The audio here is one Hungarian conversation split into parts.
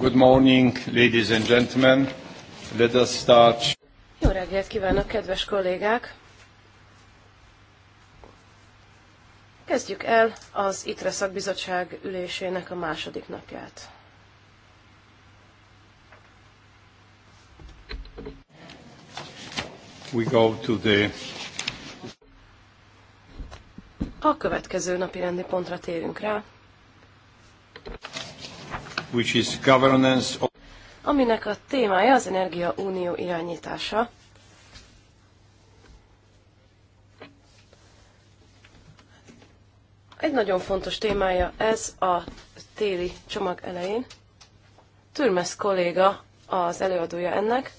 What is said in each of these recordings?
Good morning, ladies and gentlemen. Let us start. Jó reggelt kívánok, kedves kollégák! Kezdjük el az ITRE szakbizottság ülésének a második napját. We go to the... A következő napi rendi pontra térünk rá which is governance of aminek a témája az Energia Unió irányítása. Egy nagyon fontos témája ez a téli csomag elején. Türmes kolléga az előadója ennek.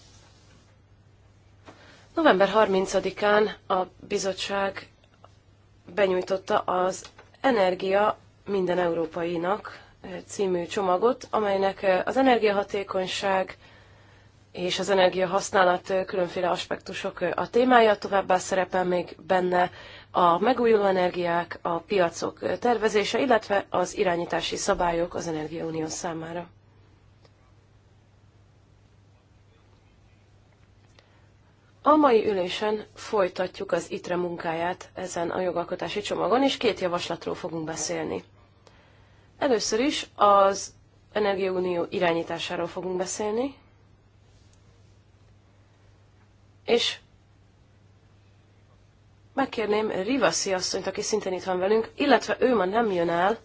November 30-án a bizottság benyújtotta az Energia minden európainak című csomagot, amelynek az energiahatékonyság és az energiahasználat különféle aspektusok a témája, továbbá szerepel még benne a megújuló energiák, a piacok tervezése, illetve az irányítási szabályok az Energiaunió számára. A mai ülésen folytatjuk az ITRE munkáját ezen a jogalkotási csomagon, és két javaslatról fogunk beszélni. Először is az Energiaunió irányításáról fogunk beszélni, és megkérném Rivasi asszonyt, aki szintén itt van velünk, illetve ő ma nem jön el,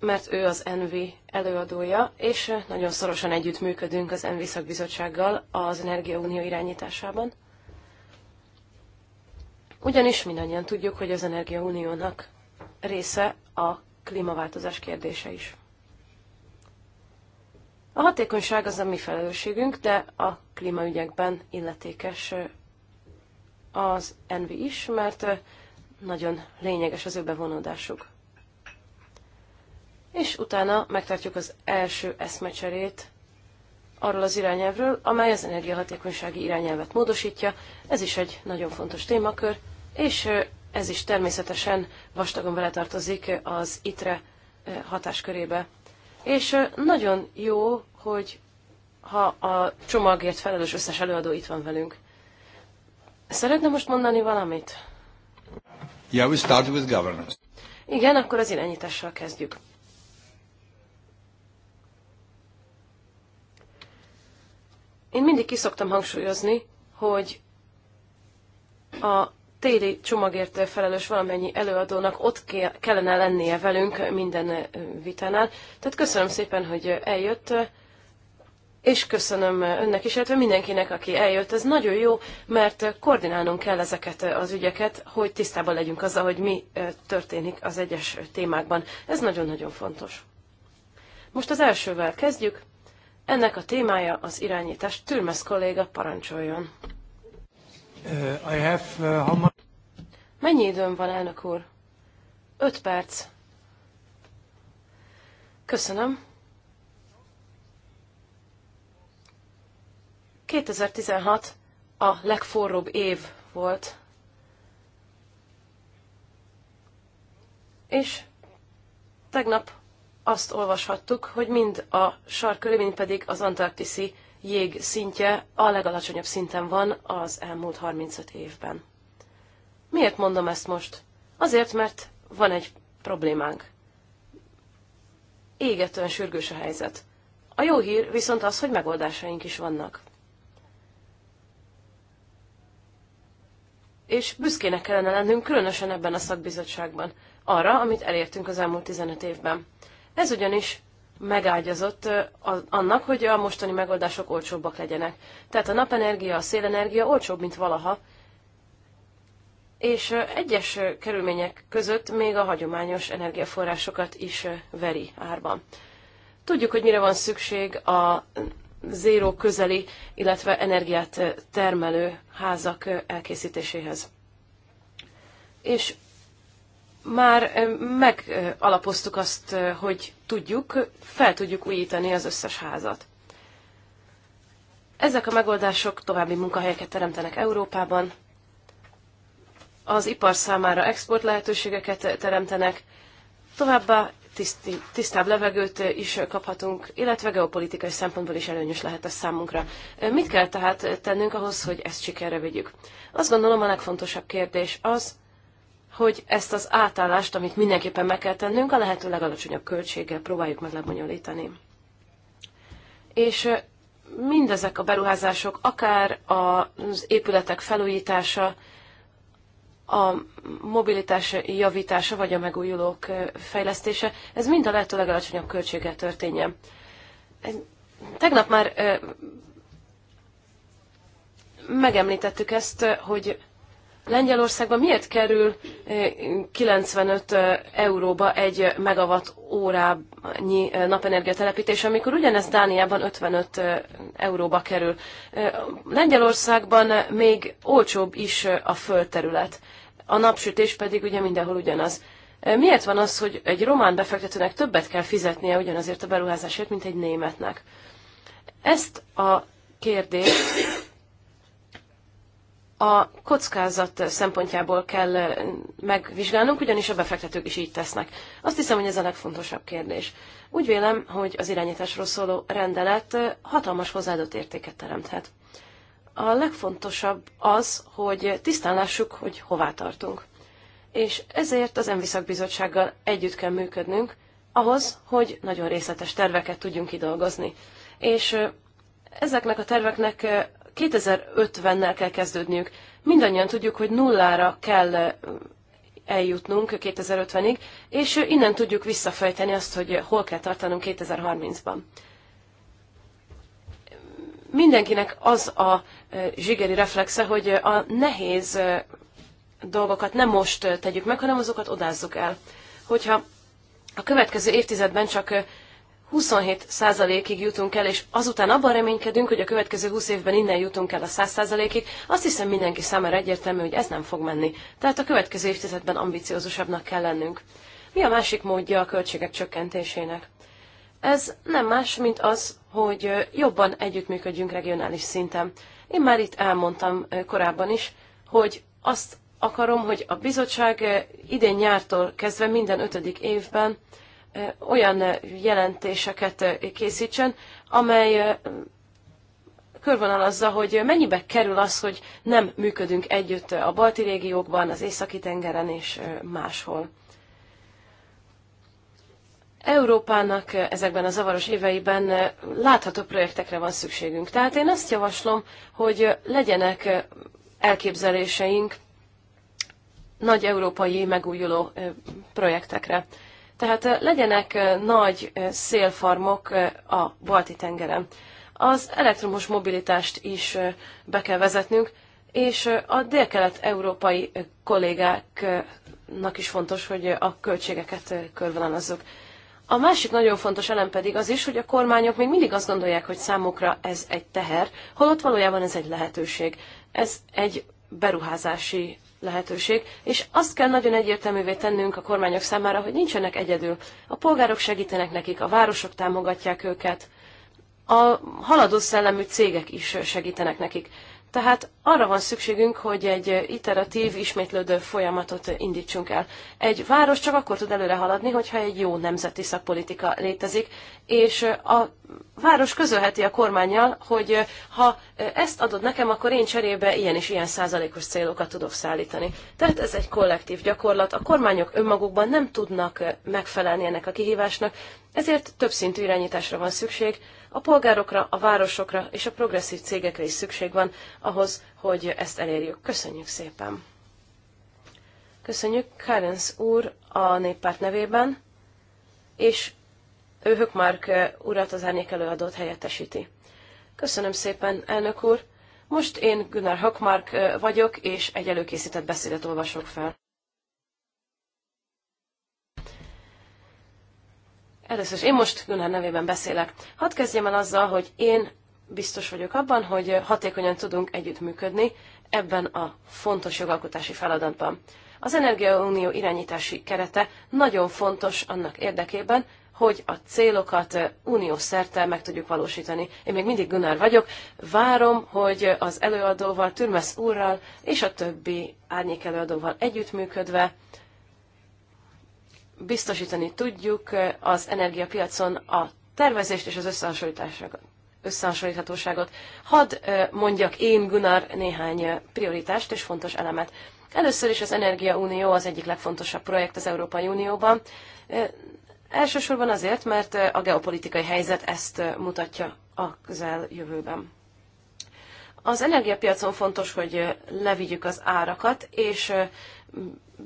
mert ő az Envi előadója, és nagyon szorosan együttműködünk az Envi szakbizottsággal az Energiaunió irányításában. Ugyanis mindannyian tudjuk, hogy az Energiauniónak része a klímaváltozás kérdése is. A hatékonyság az a mi felelősségünk, de a klímaügyekben illetékes az Envi is, mert nagyon lényeges az ő bevonódásuk. És utána megtartjuk az első eszmecserét arról az irányelvről, amely az energiahatékonysági irányelvet módosítja. Ez is egy nagyon fontos témakör, és ez is természetesen vastagon beletartozik az ITRE hatáskörébe. És nagyon jó, hogy ha a csomagért felelős összes előadó itt van velünk. Szeretne most mondani valamit? Yeah, we start with governance. Igen, akkor az irányítással kezdjük. Én mindig kiszoktam hangsúlyozni, hogy a téli csomagért felelős valamennyi előadónak ott kellene lennie velünk minden vitánál. Tehát köszönöm szépen, hogy eljött, és köszönöm önnek is, illetve mindenkinek, aki eljött. Ez nagyon jó, mert koordinálnunk kell ezeket az ügyeket, hogy tisztában legyünk azzal, hogy mi történik az egyes témákban. Ez nagyon-nagyon fontos. Most az elsővel kezdjük. Ennek a témája az irányítás. Türmes kolléga parancsoljon. Uh, I have, uh, how much... Mennyi időm van, elnök úr? Öt perc. Köszönöm. 2016 a legforróbb év volt. És tegnap azt olvashattuk, hogy mind a sarköri, mind pedig az antarktiszi jég szintje a legalacsonyabb szinten van az elmúlt 35 évben. Miért mondom ezt most? Azért, mert van egy problémánk. Égetően sürgős a helyzet. A jó hír viszont az, hogy megoldásaink is vannak. És büszkének kellene lennünk, különösen ebben a szakbizottságban, arra, amit elértünk az elmúlt 15 évben. Ez ugyanis megágyazott annak, hogy a mostani megoldások olcsóbbak legyenek. Tehát a napenergia, a szélenergia olcsóbb, mint valaha, és egyes körülmények között még a hagyományos energiaforrásokat is veri árban. Tudjuk, hogy mire van szükség a zéró közeli, illetve energiát termelő házak elkészítéséhez. És már megalapoztuk azt, hogy tudjuk, fel tudjuk újítani az összes házat. Ezek a megoldások további munkahelyeket teremtenek Európában, az ipar számára export lehetőségeket teremtenek, továbbá tiszti, tisztább levegőt is kaphatunk, illetve geopolitikai szempontból is előnyös lehet ez számunkra. Mit kell tehát tennünk ahhoz, hogy ezt sikerre vigyük? Azt gondolom a legfontosabb kérdés az, hogy ezt az átállást, amit mindenképpen meg kell tennünk, a lehető legalacsonyabb költséggel próbáljuk meg lebonyolítani. És mindezek a beruházások, akár az épületek felújítása, a mobilitás javítása, vagy a megújulók fejlesztése, ez mind a lehető legalacsonyabb költséggel történjen. Tegnap már megemlítettük ezt, hogy Lengyelországban miért kerül 95 eh, eh, euróba egy megawatt órányi eh, napenergia telepítés, amikor ugyanez Dániában 55 euróba kerül? Lengyelországban még olcsóbb is a földterület, a napsütés pedig ugye mindenhol ugyanaz. Miért van az, hogy egy román befektetőnek többet kell fizetnie ugyanazért a beruházásért, mint egy németnek? Ezt a kérdést a kockázat szempontjából kell megvizsgálnunk, ugyanis a befektetők is így tesznek. Azt hiszem, hogy ez a legfontosabb kérdés. Úgy vélem, hogy az irányításról szóló rendelet hatalmas hozzáadott értéket teremthet. A legfontosabb az, hogy tisztán lássuk, hogy hová tartunk. És ezért az Enviszak Bizottsággal együtt kell működnünk, ahhoz, hogy nagyon részletes terveket tudjunk kidolgozni. És ezeknek a terveknek 2050-nel kell kezdődniük. Mindannyian tudjuk, hogy nullára kell eljutnunk 2050-ig, és innen tudjuk visszafejteni azt, hogy hol kell tartanunk 2030-ban. Mindenkinek az a zsigeri reflexe, hogy a nehéz dolgokat nem most tegyük meg, hanem azokat odázzuk el. Hogyha a következő évtizedben csak 27%-ig jutunk el, és azután abban reménykedünk, hogy a következő 20 évben innen jutunk el a 100%-ig, azt hiszem mindenki számára egyértelmű, hogy ez nem fog menni. Tehát a következő évtizedben ambiciózusabbnak kell lennünk. Mi a másik módja a költségek csökkentésének? Ez nem más, mint az, hogy jobban együttműködjünk regionális szinten. Én már itt elmondtam korábban is, hogy azt akarom, hogy a bizottság idén nyártól kezdve minden ötödik évben olyan jelentéseket készítsen, amely körvonalazza, hogy mennyibe kerül az, hogy nem működünk együtt a balti régiókban, az északi tengeren és máshol. Európának ezekben a zavaros éveiben látható projektekre van szükségünk. Tehát én azt javaslom, hogy legyenek elképzeléseink nagy európai megújuló projektekre. Tehát legyenek nagy szélfarmok a balti tengeren. Az elektromos mobilitást is be kell vezetnünk, és a délkelet-európai kollégáknak is fontos, hogy a költségeket körvonalazzuk. A másik nagyon fontos elem pedig az is, hogy a kormányok még mindig azt gondolják, hogy számukra ez egy teher, holott valójában ez egy lehetőség. Ez egy beruházási lehetőség, és azt kell nagyon egyértelművé tennünk a kormányok számára, hogy nincsenek egyedül. A polgárok segítenek nekik, a városok támogatják őket, a haladó szellemű cégek is segítenek nekik. Tehát arra van szükségünk, hogy egy iteratív, ismétlődő folyamatot indítsunk el. Egy város csak akkor tud előre haladni, hogyha egy jó nemzeti szakpolitika létezik, és a város közölheti a kormányjal, hogy ha ezt adod nekem, akkor én cserébe ilyen és ilyen százalékos célokat tudok szállítani. Tehát ez egy kollektív gyakorlat. A kormányok önmagukban nem tudnak megfelelni ennek a kihívásnak, ezért többszintű irányításra van szükség, a polgárokra, a városokra és a progresszív cégekre is szükség van ahhoz, hogy ezt elérjük. Köszönjük szépen! Köszönjük Kárenc úr a néppárt nevében, és ő Hökmark eh, urat az árnyék előadót helyettesíti. Köszönöm szépen, elnök úr! Most én Gunnar Hökmark eh, vagyok, és egy előkészített beszédet olvasok fel. Először is én most Gunnar nevében beszélek. Hadd kezdjem el azzal, hogy én biztos vagyok abban, hogy hatékonyan tudunk együttműködni ebben a fontos jogalkotási feladatban. Az Energiaunió irányítási kerete nagyon fontos annak érdekében, hogy a célokat uniós szerte meg tudjuk valósítani. Én még mindig Gunnar vagyok, várom, hogy az előadóval, Türmes úrral és a többi árnyék előadóval együttműködve biztosítani tudjuk az energiapiacon a tervezést és az összehasonlíthatóságot. Hadd mondjak én, Gunnar, néhány prioritást és fontos elemet. Először is az energia unió az egyik legfontosabb projekt az Európai Unióban. Elsősorban azért, mert a geopolitikai helyzet ezt mutatja a közeljövőben. Az energiapiacon fontos, hogy levigyük az árakat, és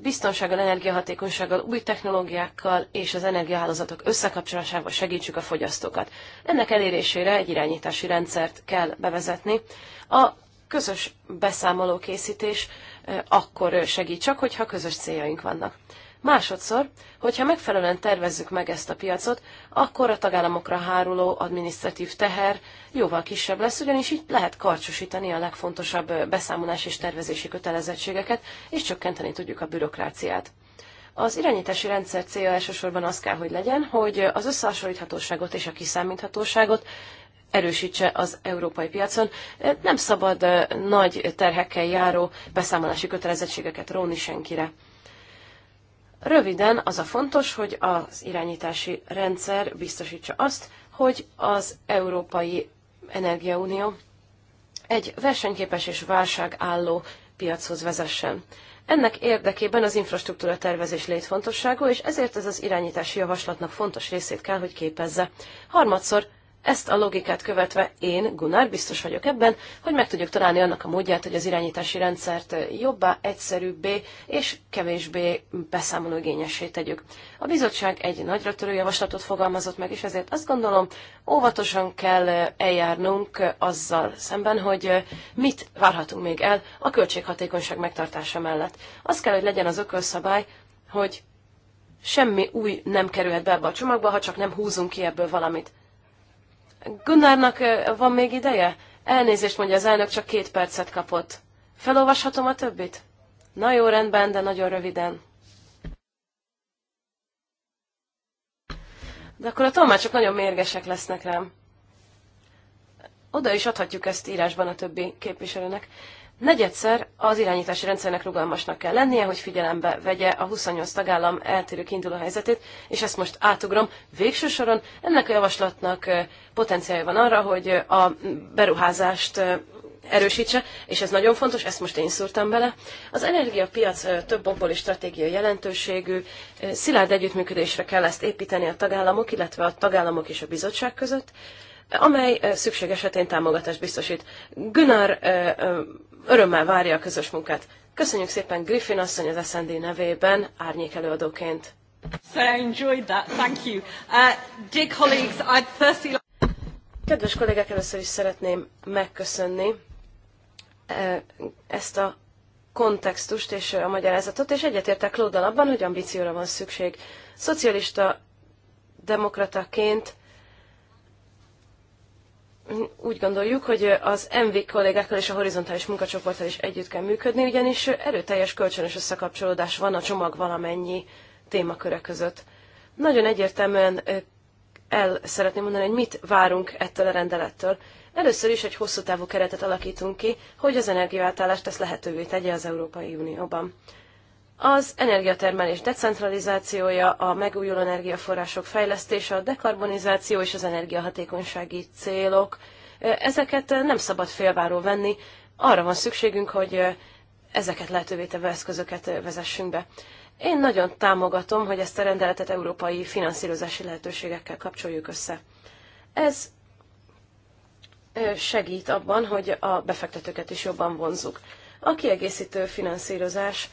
biztonsággal, energiahatékonysággal, új technológiákkal és az energiahálózatok összekapcsolásával segítsük a fogyasztókat. Ennek elérésére egy irányítási rendszert kell bevezetni. A közös beszámolókészítés eh, akkor segít csak, hogyha közös céljaink vannak. Másodszor, hogyha megfelelően tervezzük meg ezt a piacot, akkor a tagállamokra háruló adminisztratív teher jóval kisebb lesz, ugyanis így lehet karcsosítani a legfontosabb beszámolás és tervezési kötelezettségeket, és csökkenteni tudjuk a bürokráciát. Az irányítási rendszer célja elsősorban az kell, hogy legyen, hogy az összehasonlíthatóságot és a kiszámíthatóságot erősítse az európai piacon. Nem szabad nagy terhekkel járó beszámolási kötelezettségeket róni senkire. Röviden az a fontos, hogy az irányítási rendszer biztosítsa azt, hogy az Európai Energiaunió egy versenyképes és válságálló piachoz vezessen. Ennek érdekében az infrastruktúra tervezés létfontosságú, és ezért ez az irányítási javaslatnak fontos részét kell, hogy képezze. Harmadszor ezt a logikát követve én, Gunnar, biztos vagyok ebben, hogy meg tudjuk találni annak a módját, hogy az irányítási rendszert jobbá, egyszerűbbé és kevésbé beszámolóigényessé tegyük. A bizottság egy nagyra törő javaslatot fogalmazott meg, és ezért azt gondolom, óvatosan kell eljárnunk azzal szemben, hogy mit várhatunk még el a költséghatékonyság megtartása mellett. Az kell, hogy legyen az ökölszabály, hogy semmi új nem kerülhet be ebbe a csomagba, ha csak nem húzunk ki ebből valamit. Gunnárnak van még ideje? Elnézést mondja az elnök, csak két percet kapott. Felolvashatom a többit? Na jó, rendben, de nagyon röviden. De akkor a tolmácsok nagyon mérgesek lesznek rám. Oda is adhatjuk ezt írásban a többi képviselőnek. Negyedszer az irányítási rendszernek rugalmasnak kell lennie, hogy figyelembe vegye a 28 tagállam eltérő kiinduló helyzetét, és ezt most átugrom. Végső soron ennek a javaslatnak potenciálja van arra, hogy a beruházást erősítse, és ez nagyon fontos, ezt most én szúrtam bele. Az energiapiac több okból is stratégiai jelentőségű, szilárd együttműködésre kell ezt építeni a tagállamok, illetve a tagállamok és a bizottság között, amely szükség esetén támogatást biztosít. Gunnar örömmel várja a közös munkát. Köszönjük szépen Griffin asszony az SND nevében, árnyék előadóként. So I enjoyed that, thank you. Uh, dear colleagues, I'd firstly... Kedves kollégák, először is szeretném megköszönni ezt a kontextust és a magyarázatot, és egyetértek Lóddal abban, hogy ambícióra van szükség. Szocialista demokrataként úgy gondoljuk, hogy az MV kollégákkal és a horizontális munkacsoporttal is együtt kell működni, ugyanis erőteljes kölcsönös összekapcsolódás van a csomag valamennyi témaköre között. Nagyon egyértelműen el szeretném mondani, hogy mit várunk ettől a rendelettől. Először is egy hosszú távú keretet alakítunk ki, hogy az energiaátállást ezt lehetővé tegye az Európai Unióban. Az energiatermelés decentralizációja, a megújuló energiaforrások fejlesztése, a dekarbonizáció és az energiahatékonysági célok, ezeket nem szabad félváról venni, arra van szükségünk, hogy ezeket lehetővé tevő eszközöket vezessünk be. Én nagyon támogatom, hogy ezt a rendeletet európai finanszírozási lehetőségekkel kapcsoljuk össze. Ez segít abban, hogy a befektetőket is jobban vonzuk. A kiegészítő finanszírozás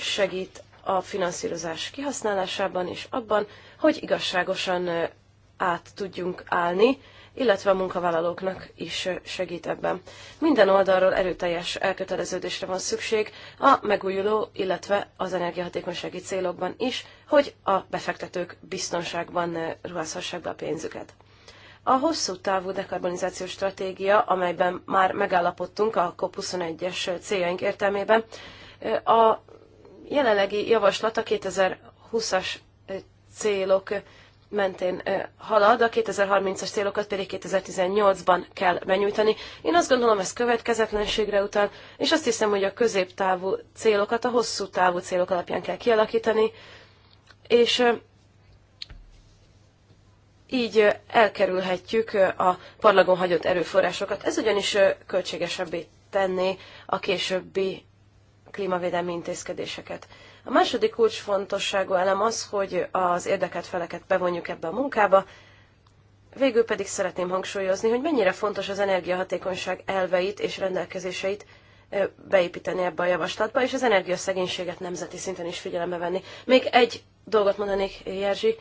segít a finanszírozás kihasználásában és abban, hogy igazságosan át tudjunk állni, illetve a munkavállalóknak is segít ebben. Minden oldalról erőteljes elköteleződésre van szükség a megújuló, illetve az energiahatékonysági célokban is, hogy a befektetők biztonságban ruházhassák be a pénzüket. A hosszú távú dekarbonizációs stratégia, amelyben már megállapodtunk a COP21-es céljaink értelmében, a jelenlegi javaslat a 2020-as célok mentén halad, a 2030-as célokat pedig 2018-ban kell benyújtani. Én azt gondolom, ez következetlenségre utal, és azt hiszem, hogy a középtávú célokat a hosszú távú célok alapján kell kialakítani, és így elkerülhetjük a parlagon hagyott erőforrásokat. Ez ugyanis költségesebbé tenni a későbbi klímavédelmi intézkedéseket. A második kulcsfontosságú elem az, hogy az érdekelt feleket bevonjuk ebbe a munkába, Végül pedig szeretném hangsúlyozni, hogy mennyire fontos az energiahatékonyság elveit és rendelkezéseit beépíteni ebbe a javaslatba, és az energiaszegénységet nemzeti szinten is figyelembe venni. Még egy dolgot mondanék, Jerzsi,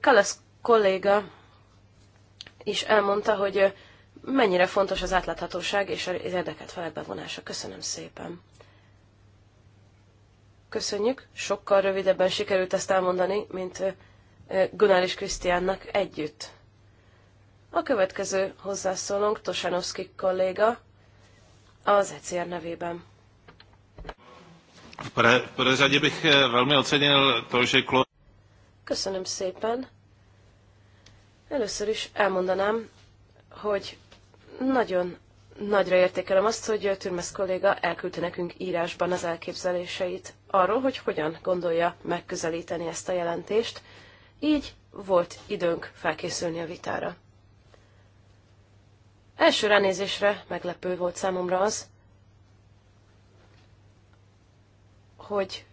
Kalasz kolléga is elmondta, hogy mennyire fontos az átláthatóság és az érdeket felek bevonása. Köszönöm szépen. Köszönjük. Sokkal rövidebben sikerült ezt elmondani, mint Gunnar és Krisztiánnak együtt. A következő hozzászólónk Tosanowski kolléga az ECR nevében. Pre, prvé řadě bych eh, velmi ocenil to, že Köszönöm szépen. Először is elmondanám, hogy nagyon nagyra értékelem azt, hogy Türmes kolléga elküldte nekünk írásban az elképzeléseit arról, hogy hogyan gondolja megközelíteni ezt a jelentést. Így volt időnk felkészülni a vitára. Első ránézésre meglepő volt számomra az, hogy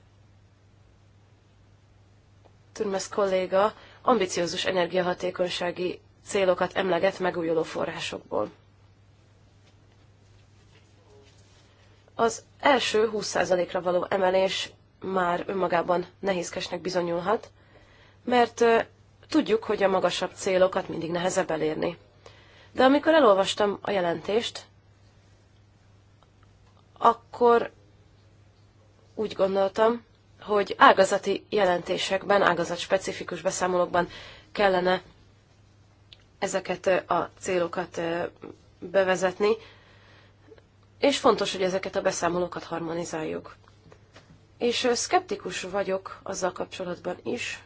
Turmes kolléga ambiciózus energiahatékonysági célokat emleget megújuló forrásokból. Az első 20%-ra való emelés már önmagában nehézkesnek bizonyulhat, mert tudjuk, hogy a magasabb célokat mindig nehezebb elérni. De amikor elolvastam a jelentést, akkor úgy gondoltam, hogy ágazati jelentésekben, ágazatspecifikus beszámolókban kellene ezeket a célokat bevezetni, és fontos, hogy ezeket a beszámolókat harmonizáljuk. És szkeptikus vagyok azzal kapcsolatban is,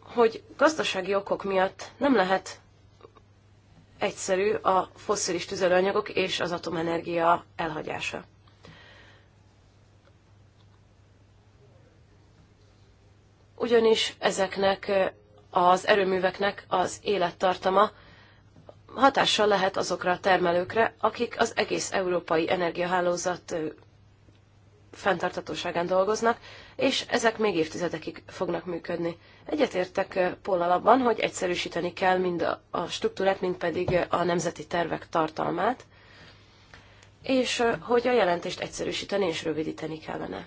hogy gazdasági okok miatt nem lehet egyszerű a fosszilis tüzelőanyagok és az atomenergia elhagyása. ugyanis ezeknek az erőműveknek az élettartama hatással lehet azokra a termelőkre, akik az egész európai energiahálózat fenntartatóságán dolgoznak, és ezek még évtizedekig fognak működni. Egyetértek Póllal abban, hogy egyszerűsíteni kell mind a struktúrát, mind pedig a nemzeti tervek tartalmát, és hogy a jelentést egyszerűsíteni és rövidíteni kellene.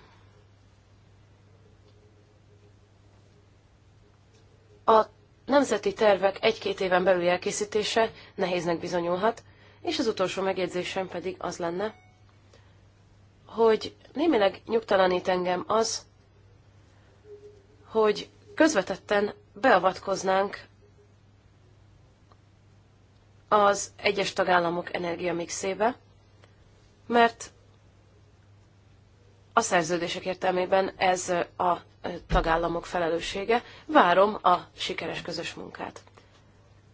A nemzeti tervek egy-két éven belül elkészítése nehéznek bizonyulhat, és az utolsó megjegyzésem pedig az lenne, hogy némileg nyugtalanít engem az, hogy közvetetten beavatkoznánk az egyes tagállamok energiamixébe, mert a szerződések értelmében ez a eh, tagállamok felelőssége. Várom a sikeres közös munkát.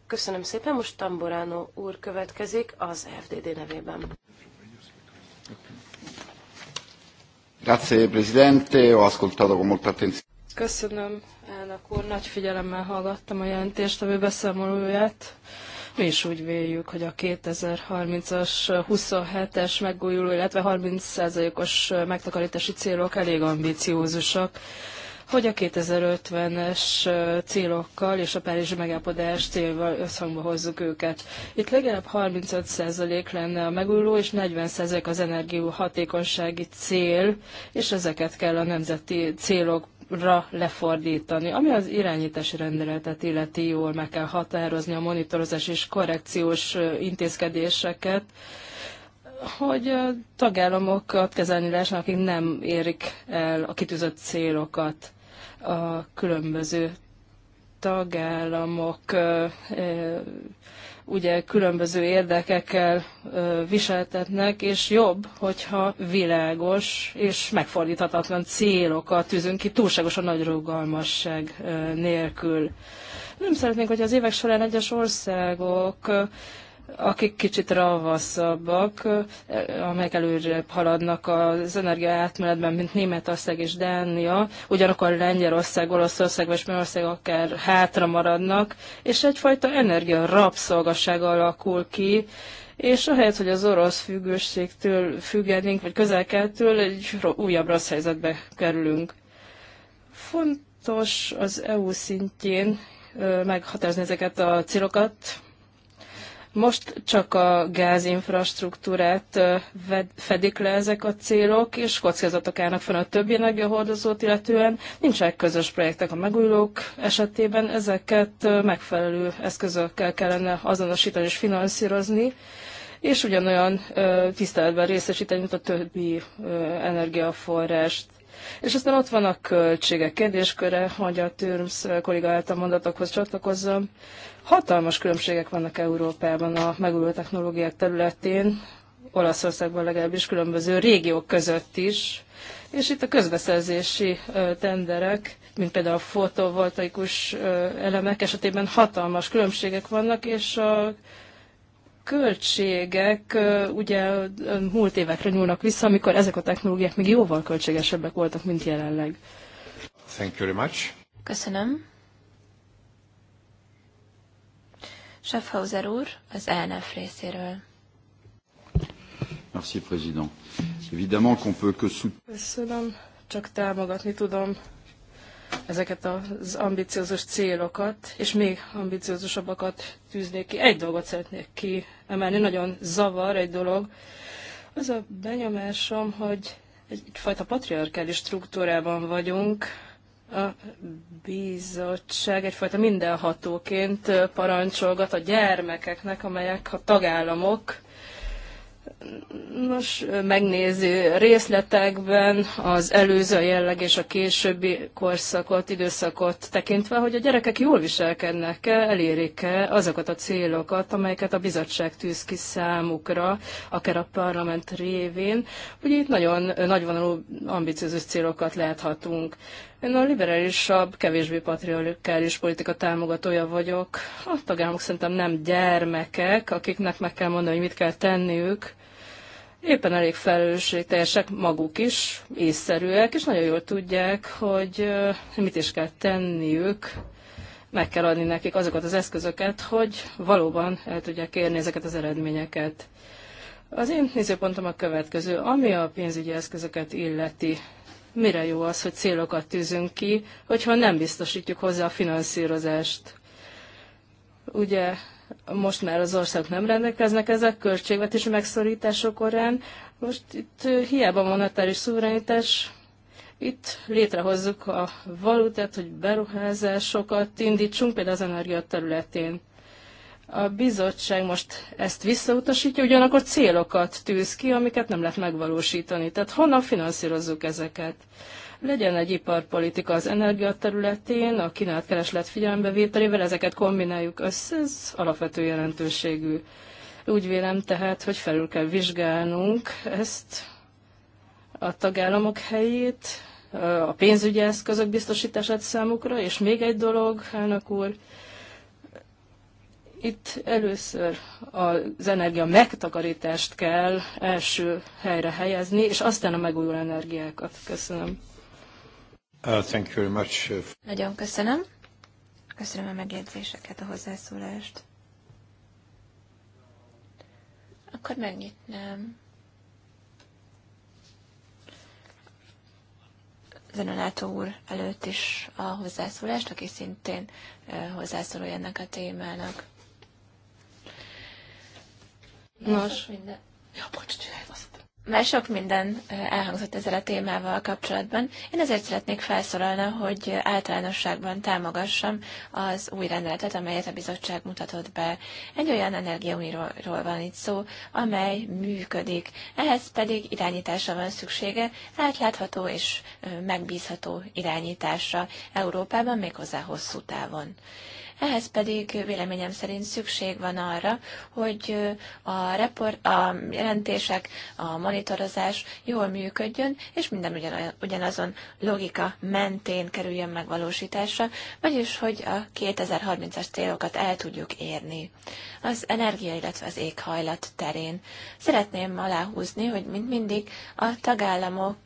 Köszönöm szépen, most Tamboránó úr következik az FDD nevében. Grazie Presidente, ascoltato con molta attenzione. Köszönöm, elnök úr, nagy figyelemmel hallgattam a jelentést, ami beszámolóját. Mi is úgy véljük, hogy a 2030-as 27-es megújuló, illetve 30%-os megtakarítási célok elég ambiciózusak hogy a 2050-es célokkal és a Párizsi megállapodás célval összhangba hozzuk őket. Itt legalább 35% lenne a megújuló, és 40% az energiahatékonysági cél, és ezeket kell a nemzeti célok ra lefordítani. Ami az irányítási rendeletet illeti, jól meg kell határozni a monitorozás és korrekciós intézkedéseket, hogy a tagállamokat kezelni lehessen, akik nem érik el a kitűzött célokat a különböző tagállamok ugye különböző érdekekkel viseltetnek, és jobb, hogyha világos és megfordíthatatlan célokat tűzünk ki túlságosan nagy rugalmasság nélkül. Nem szeretnénk, hogy az évek során egyes országok akik kicsit ravaszabbak, eh, amelyek előre haladnak az energia átmenetben, mint Németország és Dánia, ugyanakkor Lengyelország, Olaszország vagy Spanyolország akár hátra maradnak, és egyfajta energia rabszolgasság alakul ki, és ahelyett, hogy az orosz függőségtől függenénk, vagy közelkeltől, egy újabb rossz helyzetbe kerülünk. Fontos az EU szintjén meghatározni ezeket a célokat, most csak a gázinfrastruktúrát fedik le ezek a célok, és kockázatok állnak fel a többi energiahordozót, illetően nincsenek közös projektek a megújulók esetében, ezeket megfelelő eszközökkel kellene azonosítani és finanszírozni, és ugyanolyan tiszteletben részesíteni, mint a többi energiaforrást. És aztán ott van a költségek kérdésköre, hogy a Türms kolléga által mondatokhoz csatlakozzam. Hatalmas különbségek vannak Európában a megújuló technológiák területén, Olaszországban legalábbis különböző régiók között is, és itt a közbeszerzési tenderek, mint például a fotovoltaikus elemek esetében hatalmas különbségek vannak, és a költségek ugye múlt évekre nyúlnak vissza, amikor ezek a technológiák még jóval költségesebbek voltak, mint jelenleg. Thank you very much. Köszönöm. Schaffhauser úr az ENF részéről. Merci, président. Évidemment qu'on peut que Köszönöm, csak támogatni tudom ezeket az ambiciózus célokat, és még ambiciózusabbakat tűznék ki. Egy dolgot szeretnék ki emelni nagyon zavar egy dolog. Az a benyomásom, hogy egyfajta patriarkális struktúrában vagyunk, a bizottság egyfajta mindenhatóként parancsolgat a gyermekeknek, amelyek a tagállamok, Nos, megnézi részletekben az előző jelleg és a későbbi korszakot, időszakot tekintve, hogy a gyerekek jól viselkednek-e, elérik-e azokat a célokat, amelyeket a bizottság tűz ki számukra, akár a parlament révén. hogy itt nagyon nagyvonalú, ambiciózus célokat láthatunk. Én a liberálisabb, kevésbé patriarkális politika támogatója vagyok. A tagállamok szerintem nem gyermekek, akiknek meg kell mondani, hogy mit kell tenniük, éppen elég felelősségteljesek maguk is, észszerűek, és nagyon jól tudják, hogy mit is kell tenniük, meg kell adni nekik azokat az eszközöket, hogy valóban el tudják érni ezeket az eredményeket. Az én nézőpontom a következő. Ami a pénzügyi eszközöket illeti, mire jó az, hogy célokat tűzünk ki, hogyha nem biztosítjuk hozzá a finanszírozást? Ugye most már az országok nem rendelkeznek ezek költségvetési megszorítások orán. Most itt hiába monetáris szuverenitás, itt létrehozzuk a valutát, hogy beruházásokat indítsunk, például az energia területén. A bizottság most ezt visszautasítja, ugyanakkor célokat tűz ki, amiket nem lehet megvalósítani. Tehát honnan finanszírozzuk ezeket? Legyen egy iparpolitika az energia területén, a kínált kereslet figyelembevételével, ezeket kombináljuk össze, ez alapvető jelentőségű. Úgy vélem tehát, hogy felül kell vizsgálnunk ezt a tagállamok helyét, a pénzügyi eszközök biztosítását számukra, és még egy dolog, elnök úr, itt először az energia megtakarítást kell első helyre helyezni, és aztán a megújuló energiákat. Köszönöm. Uh, thank you very much. Uh, Nagyon köszönöm. Köszönöm a megjegyzéseket, a hozzászólást. Akkor megnyitnám. Zenonátó úr előtt is a hozzászólást, aki szintén uh, hozzászólója ennek a témának. Nos. Minden. Ja, bocs, csinálj az. Már sok minden elhangzott ezzel a témával kapcsolatban. Én ezért szeretnék felszólalni, hogy általánosságban támogassam az új rendeletet, amelyet a bizottság mutatott be. Egy olyan energiauniról van itt szó, amely működik. Ehhez pedig irányításra van szüksége, átlátható és megbízható irányításra Európában, méghozzá hosszú távon. Ehhez pedig véleményem szerint szükség van arra, hogy a, report, a jelentések, a monitorozás jól működjön, és minden ugyanazon logika mentén kerüljön megvalósításra, vagyis hogy a 2030-as célokat el tudjuk érni. Az energia, illetve az éghajlat terén. Szeretném aláhúzni, hogy mint mindig a tagállamok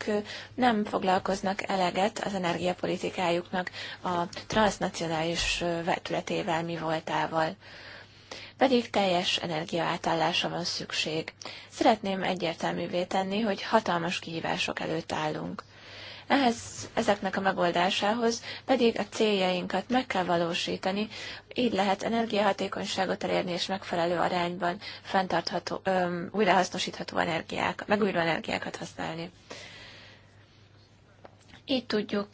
nem foglalkoznak eleget az energiapolitikájuknak a transnacionális vetület helyzetével, mi voltával. Pedig teljes energiaátállása van szükség. Szeretném egyértelművé tenni, hogy hatalmas kihívások előtt állunk. Ehhez, ezeknek a megoldásához pedig a céljainkat meg kell valósítani, így lehet energiahatékonyságot elérni és megfelelő arányban fenntartható, öm, újrahasznosítható energiák, megújuló energiákat használni. Így tudjuk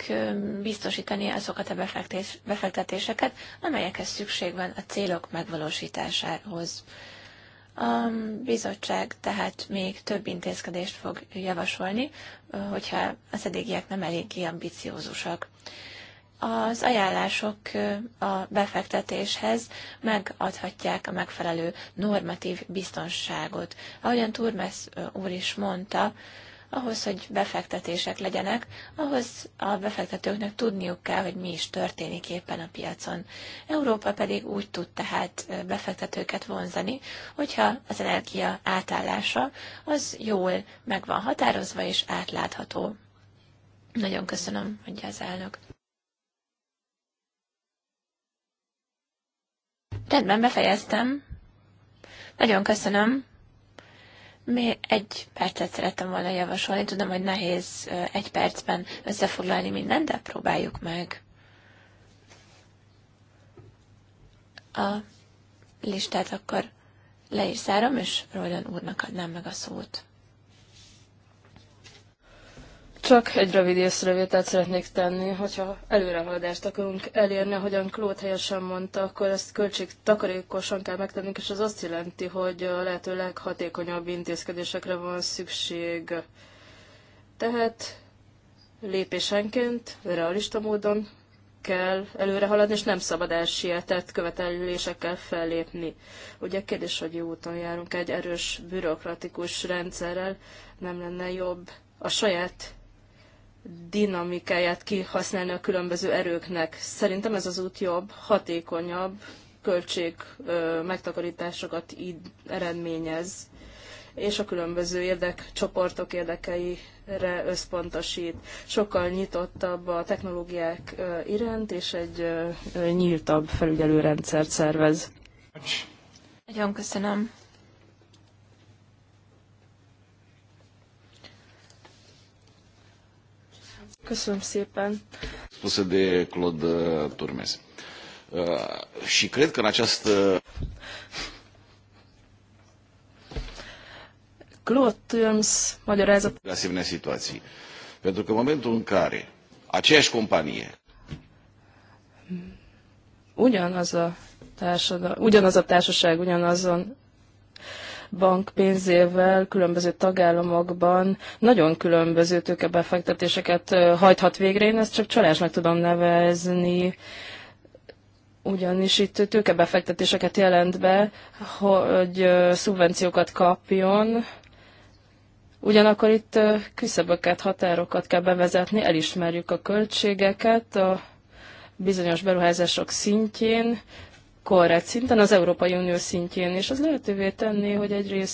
biztosítani azokat a befektetéseket, amelyekhez szükség van a célok megvalósításához. A bizottság tehát még több intézkedést fog javasolni, hogyha az eddigiek nem eléggé ambiciózusak. Az ajánlások a befektetéshez megadhatják a megfelelő normatív biztonságot. Ahogyan Turmes úr is mondta, ahhoz, hogy befektetések legyenek, ahhoz a befektetőknek tudniuk kell, hogy mi is történik éppen a piacon. Európa pedig úgy tud tehát befektetőket vonzani, hogyha az energia átállása az jól meg van határozva és átlátható. Nagyon köszönöm, mondja az elnök. Rendben, befejeztem. Nagyon köszönöm. Mi egy percet szerettem volna javasolni, tudom, hogy nehéz egy percben összefoglalni mindent, de próbáljuk meg. A listát akkor le is zárom, és Roldan úrnak adnám meg a szót. Csak egy rövid észrevételt szeretnék tenni, hogyha előrehaladást akarunk elérni, ahogyan Klót helyesen mondta, akkor ezt takarékosan kell megtennünk, és az azt jelenti, hogy a lehető leghatékonyabb intézkedésekre van szükség. Tehát lépésenként, realista módon kell előrehaladni, és nem szabad elsietett követelésekkel fellépni. Ugye kérdés, hogy jó úton járunk egy erős bürokratikus rendszerrel, nem lenne jobb a saját dinamikáját kihasználni a különböző erőknek. Szerintem ez az út jobb, hatékonyabb, költség ö, megtakarításokat így eredményez, és a különböző érdekcsoportok érdekeire összpontosít. Sokkal nyitottabb a technológiák ö, iránt, és egy ö, nyíltabb felügyelőrendszert szervez. Nagyon köszönöm. Köszönöm szépen. Spuse de Claude Turmes. Uh, și cred că în această... Claude Turmes magyarázat. De asemenea situații. Pentru că în momentul în care aceeași companie ugyanaz a, társadal, ugyanaz a társaság, ugyanazon bank pénzével különböző tagállamokban nagyon különböző tőkebefektetéseket hajthat végre. Én ezt csak csalásnak tudom nevezni ugyanis itt tőkebefektetéseket jelent be, hogy szubvenciókat kapjon, ugyanakkor itt küszöböket, határokat kell bevezetni, elismerjük a költségeket a bizonyos beruházások szintjén, korrekt szinten, az Európai Unió szintjén, és az lehetővé tenni, hogy egy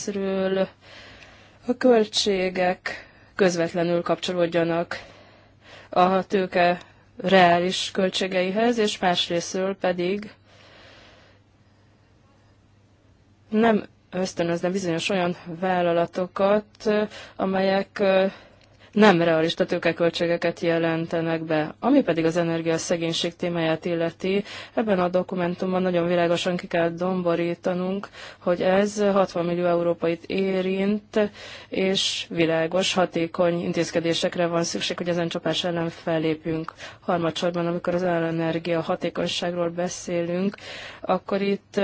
a költségek közvetlenül kapcsolódjanak a tőke reális költségeihez, és másrésztről pedig nem ösztönözne bizonyos olyan vállalatokat, amelyek nem realista tőkeköltségeket jelentenek be. Ami pedig az energiaszegénység témáját illeti, ebben a dokumentumban nagyon világosan ki kell domborítanunk, hogy ez 60 millió európait érint, és világos, hatékony intézkedésekre van szükség, hogy ezen csapás ellen fellépjünk. Harmadsorban, amikor az energia hatékonyságról beszélünk, akkor itt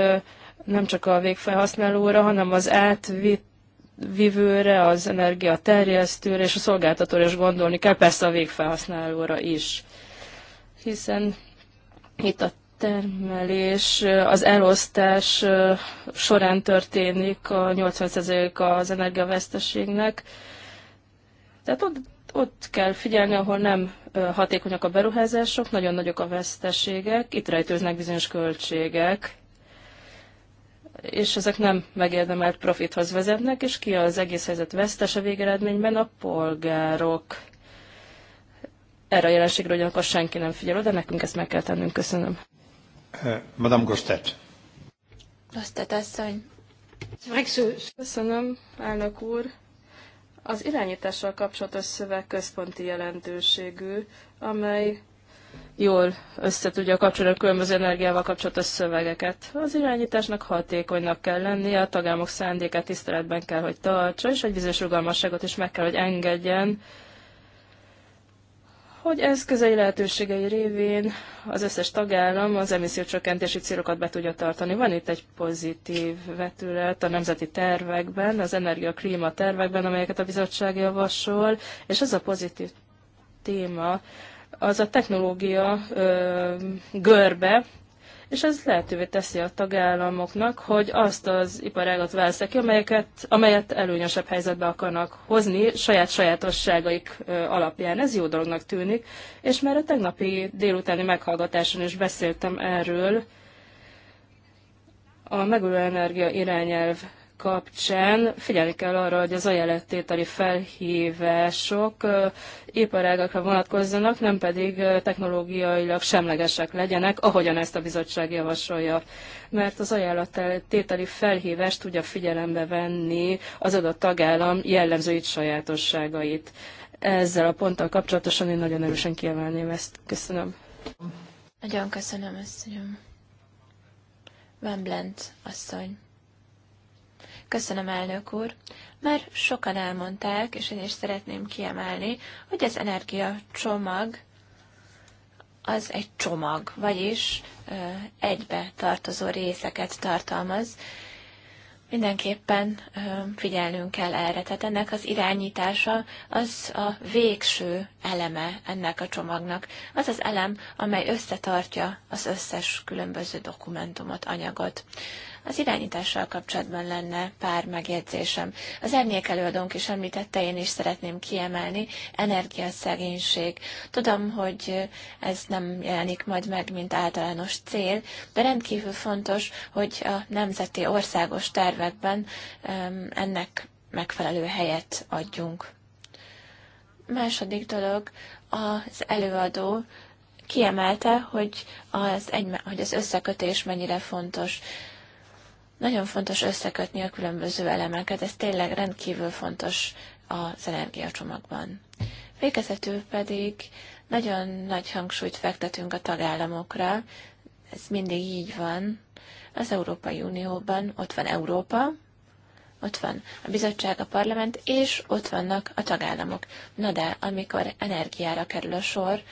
nem csak a végfelhasználóra, hanem az átvitt vivőre, az energia terjesztőre és a szolgáltatóra is gondolni kell, persze a végfelhasználóra is. Hiszen itt a termelés, az elosztás során történik a 80% az energiaveszteségnek. Tehát ott, ott kell figyelni, ahol nem hatékonyak a beruházások, nagyon nagyok a veszteségek, itt rejtőznek bizonyos költségek és ezek nem megérdemelt profithoz vezetnek, és ki az egész helyzet vesztese végeredményben a polgárok. Erre a jelenségre ugyanakkor senki nem figyel de nekünk ezt meg kell tennünk. Köszönöm. Eh, Madame Gostet. Gostet asszony. Köszönöm, elnök úr. Az irányítással kapcsolatos szöveg központi jelentőségű, amely jól összetudja kapcsolni a különböző energiával kapcsolatos szövegeket. Az irányításnak hatékonynak kell lennie, a tagállamok szándékát tiszteletben kell, hogy tartsa, és egy bizonyos rugalmasságot is meg kell, hogy engedjen, hogy eszközei lehetőségei révén az összes tagállam az emissziócsökkentési célokat be tudja tartani. Van itt egy pozitív vetület a nemzeti tervekben, az energia-klíma tervekben, amelyeket a bizottság javasol, és az a pozitív téma, az a technológia ö, görbe, és ez lehetővé teszi a tagállamoknak, hogy azt az iparágat válszak ki, amelyeket, amelyet előnyösebb helyzetbe akarnak hozni saját sajátosságaik alapján. Ez jó dolognak tűnik, és már a tegnapi délutáni meghallgatáson is beszéltem erről, a megújuló energia irányelv kapcsán figyelni kell arra, hogy az ajánlattételi felhívások iparágakra vonatkozzanak, nem pedig technológiailag semlegesek legyenek, ahogyan ezt a bizottság javasolja. Mert az ajánlattételi felhívást tudja figyelembe venni az adott tagállam jellemzőit, sajátosságait. Ezzel a ponttal kapcsolatosan én nagyon erősen kiemelném ezt. Köszönöm. Nagyon köszönöm, asszonyom. Van Blent, asszony. Köszönöm, elnök úr. Már sokan elmondták, és én is szeretném kiemelni, hogy az csomag, az egy csomag, vagyis egybe tartozó részeket tartalmaz. Mindenképpen figyelnünk kell erre. Tehát ennek az irányítása az a végső eleme ennek a csomagnak. Az az elem, amely összetartja az összes különböző dokumentumot, anyagot. Az irányítással kapcsolatban lenne pár megjegyzésem. Az árnyék előadónk is említette, én is szeretném kiemelni, energiaszegénység. Tudom, hogy ez nem jelenik majd meg, mint általános cél, de rendkívül fontos, hogy a nemzeti országos tervekben ennek megfelelő helyet adjunk. Második dolog, az előadó kiemelte, hogy az, egy, hogy az összekötés mennyire fontos. Nagyon fontos összekötni a különböző elemeket, ez tényleg rendkívül fontos az energiacsomagban. Végezetül pedig nagyon nagy hangsúlyt fektetünk a tagállamokra, ez mindig így van. Az Európai Unióban ott van Európa, ott van a bizottság, a parlament, és ott vannak a tagállamok. Na de, amikor energiára kerül a sor,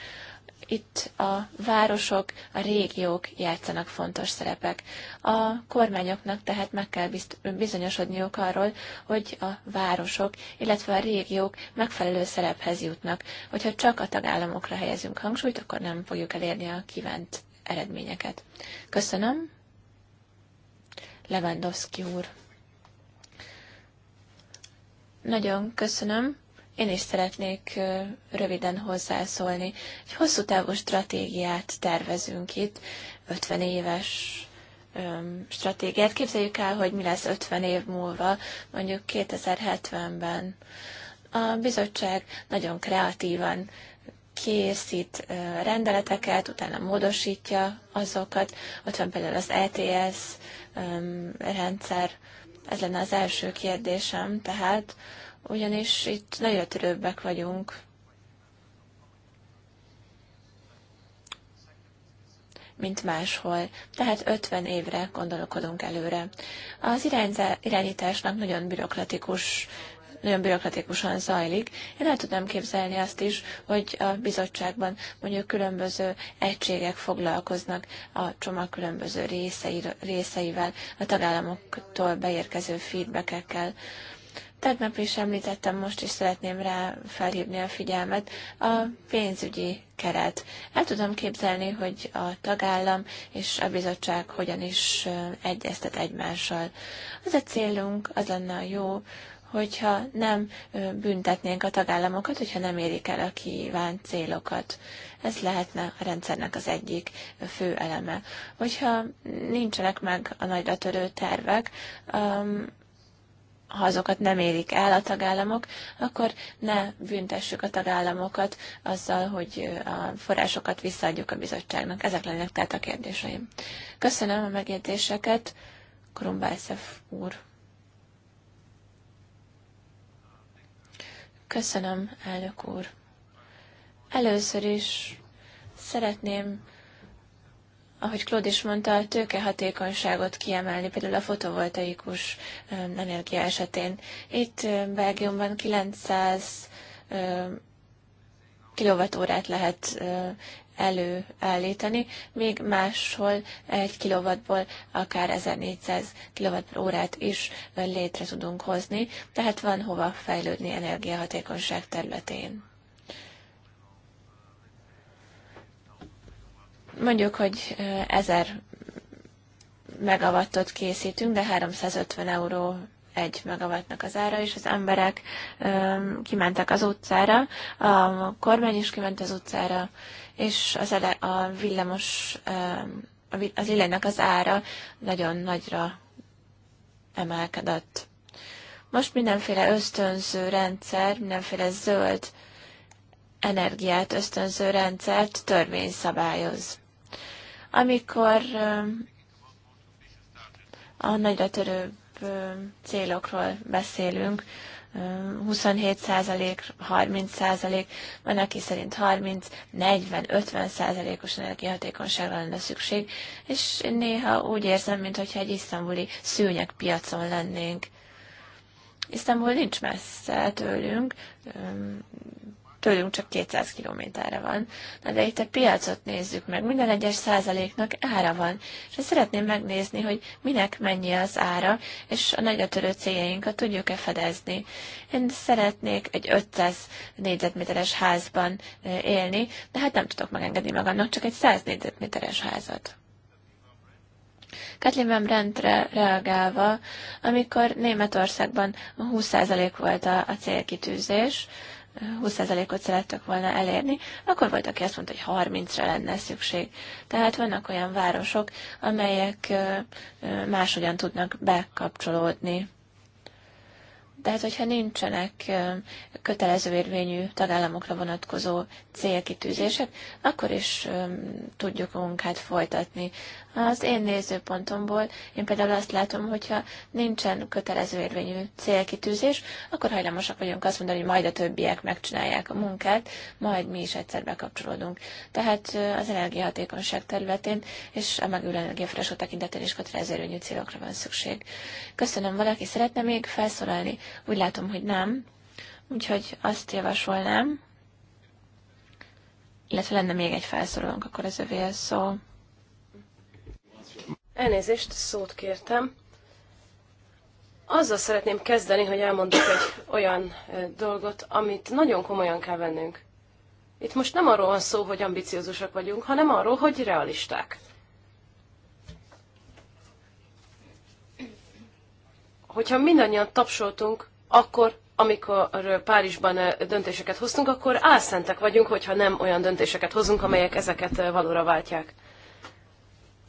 itt a városok, a régiók játszanak fontos szerepek. A kormányoknak tehát meg kell bizonyosodniuk arról, hogy a városok, illetve a régiók megfelelő szerephez jutnak. Hogyha csak a tagállamokra helyezünk hangsúlyt, akkor nem fogjuk elérni a kívánt eredményeket. Köszönöm. Lewandowski úr. Nagyon köszönöm. Én is szeretnék röviden hozzászólni. Egy hosszú távú stratégiát tervezünk itt, 50 éves stratégiát. Képzeljük el, hogy mi lesz 50 év múlva, mondjuk 2070-ben. A bizottság nagyon kreatívan készít rendeleteket, utána módosítja azokat. Ott van például az ETS rendszer. Ez lenne az első kérdésem, tehát ugyanis itt nagyra törőbbek vagyunk. mint máshol, tehát 50 évre gondolkodunk előre. Az irányításnak nagyon bürokratikus nagyon bürokratikusan zajlik. Én el tudnám képzelni azt is, hogy a bizottságban mondjuk különböző egységek foglalkoznak a csomag különböző részei, részeivel, a tagállamoktól beérkező feedbackekkel. Tegnap is említettem, most is szeretném rá felhívni a figyelmet, a pénzügyi keret. El tudom képzelni, hogy a tagállam és a bizottság hogyan is egyeztet egymással. Az a célunk, az lenne a jó, hogyha nem büntetnénk a tagállamokat, hogyha nem érik el a kívánt célokat. Ez lehetne a rendszernek az egyik fő eleme. Hogyha nincsenek meg a nagyra törő tervek, ha azokat nem érik el a tagállamok, akkor ne büntessük a tagállamokat azzal, hogy a forrásokat visszaadjuk a bizottságnak. Ezek lennek tehát a kérdéseim. Köszönöm a megjegyzéseket, Krumbászef úr. Köszönöm, elnök úr. Először is szeretném ahogy Claude is mondta, a tőkehatékonyságot kiemelni, például a fotovoltaikus energia esetén. Itt Belgiumban 900 kilovatórát lehet előállítani, még máshol egy kilovatból akár 1400 kilovatórát is létre tudunk hozni, tehát van hova fejlődni energiahatékonyság területén. Mondjuk, hogy 1000 megawattot készítünk, de 350 euró egy megawattnak az ára, és az emberek um, kimentek az utcára, a kormány is kiment az utcára, és az ele, a villamos, um, az illetnek az ára nagyon nagyra emelkedett. Most mindenféle ösztönző rendszer, mindenféle zöld energiát ösztönző rendszert törvény szabályoz amikor a nagyra törőbb célokról beszélünk, 27 százalék, 30 százalék, van, aki szerint 30, 40, 50 százalékos energiahatékonyságra lenne szükség, és néha úgy érzem, mintha egy isztambuli szűnyek piacon lennénk. Isztambul nincs messze tőlünk, tőlünk csak 200 kilométerre van. Na de itt a piacot nézzük meg, minden egyes százaléknak ára van, és szeretném megnézni, hogy minek mennyi az ára, és a nagyatörő céljainkat tudjuk-e fedezni. Én szeretnék egy 500 négyzetméteres házban élni, de hát nem tudok megengedni magamnak csak egy 100 négyzetméteres házat. Kathleen Brandt-re reagálva, amikor Németországban 20% volt a, a célkitűzés, 20%-ot szerettek volna elérni, akkor volt, aki azt mondta, hogy 30-ra lenne szükség. Tehát vannak olyan városok, amelyek máshogyan tudnak bekapcsolódni. Tehát, hogyha nincsenek kötelező érvényű tagállamokra vonatkozó célkitűzések, akkor is tudjuk a munkát folytatni. Az én nézőpontomból én például azt látom, hogyha nincsen kötelező érvényű célkitűzés, akkor hajlamosak vagyunk azt mondani, hogy majd a többiek megcsinálják a munkát, majd mi is egyszer bekapcsolódunk. Tehát az energiahatékonyság területén és a megülő energiafresó tekintetén is kötelező érvényű célokra van szükség. Köszönöm, valaki szeretne még felszólalni? Úgy látom, hogy nem. Úgyhogy azt javasolnám, illetve lenne még egy felszólalónk, akkor az övé szó. Elnézést, szót kértem. Azzal szeretném kezdeni, hogy elmondok egy olyan dolgot, amit nagyon komolyan kell vennünk. Itt most nem arról van szó, hogy ambiciózusak vagyunk, hanem arról, hogy realisták. Hogyha mindannyian tapsoltunk, akkor amikor Párizsban döntéseket hoztunk, akkor álszentek vagyunk, hogyha nem olyan döntéseket hozunk, amelyek ezeket valóra váltják.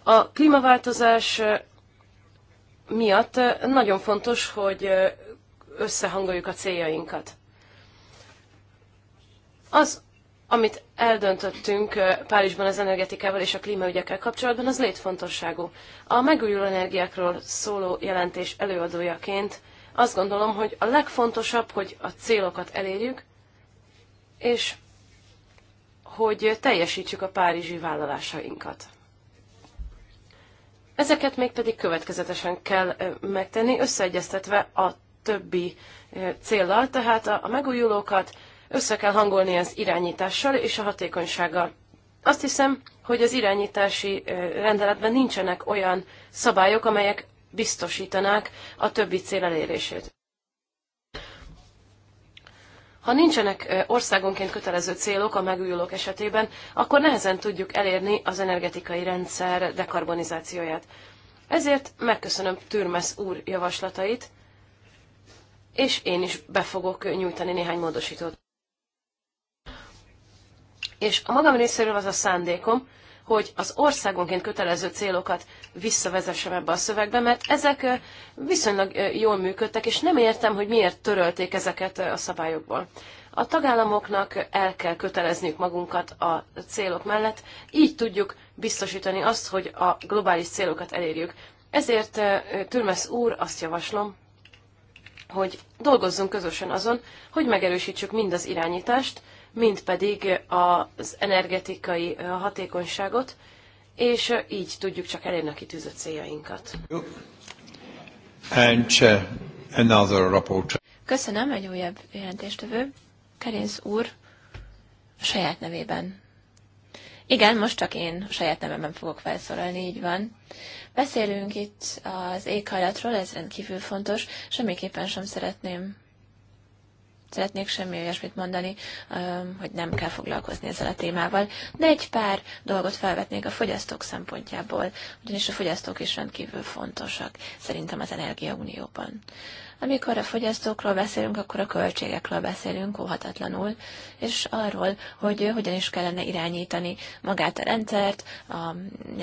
A klímaváltozás miatt nagyon fontos, hogy összehangoljuk a céljainkat. Az, amit eldöntöttünk Párizsban az energetikával és a klímaügyekkel kapcsolatban, az létfontosságú. A megújuló energiákról szóló jelentés előadójaként azt gondolom, hogy a legfontosabb, hogy a célokat elérjük, és hogy teljesítsük a párizsi vállalásainkat. Ezeket mégpedig következetesen kell megtenni, összeegyeztetve a többi céllal, tehát a megújulókat össze kell hangolni az irányítással és a hatékonysággal. Azt hiszem, hogy az irányítási rendeletben nincsenek olyan szabályok, amelyek biztosítanák a többi cél elérését. Ha nincsenek országonként kötelező célok a megújulók esetében, akkor nehezen tudjuk elérni az energetikai rendszer dekarbonizációját. Ezért megköszönöm Türmes úr javaslatait, és én is be fogok nyújtani néhány módosítót. És a magam részéről az a szándékom, hogy az országonként kötelező célokat visszavezessem ebbe a szövegbe, mert ezek viszonylag jól működtek, és nem értem, hogy miért törölték ezeket a szabályokból. A tagállamoknak el kell kötelezniük magunkat a célok mellett, így tudjuk biztosítani azt, hogy a globális célokat elérjük. Ezért Türmesz úr azt javaslom, hogy dolgozzunk közösen azon, hogy megerősítsük mind az irányítást, mind pedig az energetikai hatékonyságot, és így tudjuk csak elérni a kitűzött céljainkat. And, uh, another report. Köszönöm, egy újabb jelentéstevő. Kerinz úr, saját nevében. Igen, most csak én a saját nevemben fogok felszólalni, így van. Beszélünk itt az éghajlatról, ez rendkívül fontos, semmiképpen sem szeretném szeretnék semmi olyasmit mondani, hogy nem kell foglalkozni ezzel a témával, de egy pár dolgot felvetnék a fogyasztók szempontjából, ugyanis a fogyasztók is rendkívül fontosak szerintem az Energiaunióban. Amikor a fogyasztókról beszélünk, akkor a költségekről beszélünk óhatatlanul, és arról, hogy hogyan is kellene irányítani magát a rendszert, a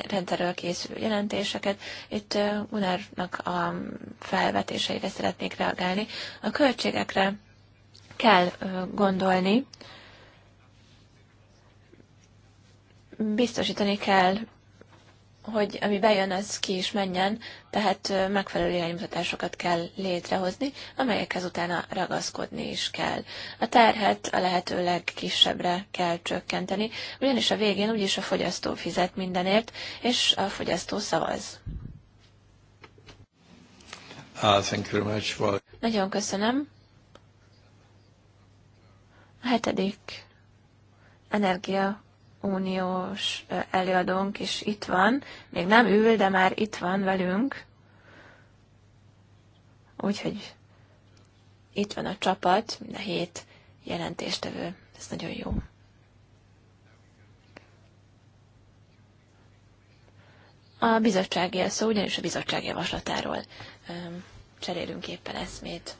rendszerről készülő jelentéseket. Itt unárnak a felvetéseire szeretnék reagálni. A költségekre kell gondolni, biztosítani kell, hogy ami bejön, az ki is menjen, tehát megfelelő iránymutatásokat kell létrehozni, amelyekhez utána ragaszkodni is kell. A terhet a lehető legkisebbre kell csökkenteni, ugyanis a végén úgyis a fogyasztó fizet mindenért, és a fogyasztó szavaz. Ah, thank you very much for... Nagyon köszönöm. A hetedik energia uniós előadónk is itt van. Még nem ül, de már itt van velünk. Úgyhogy itt van a csapat, mind a hét jelentéstevő. Ez nagyon jó. A bizottsági a szó, ugyanis a bizottság javaslatáról cserélünk éppen eszmét.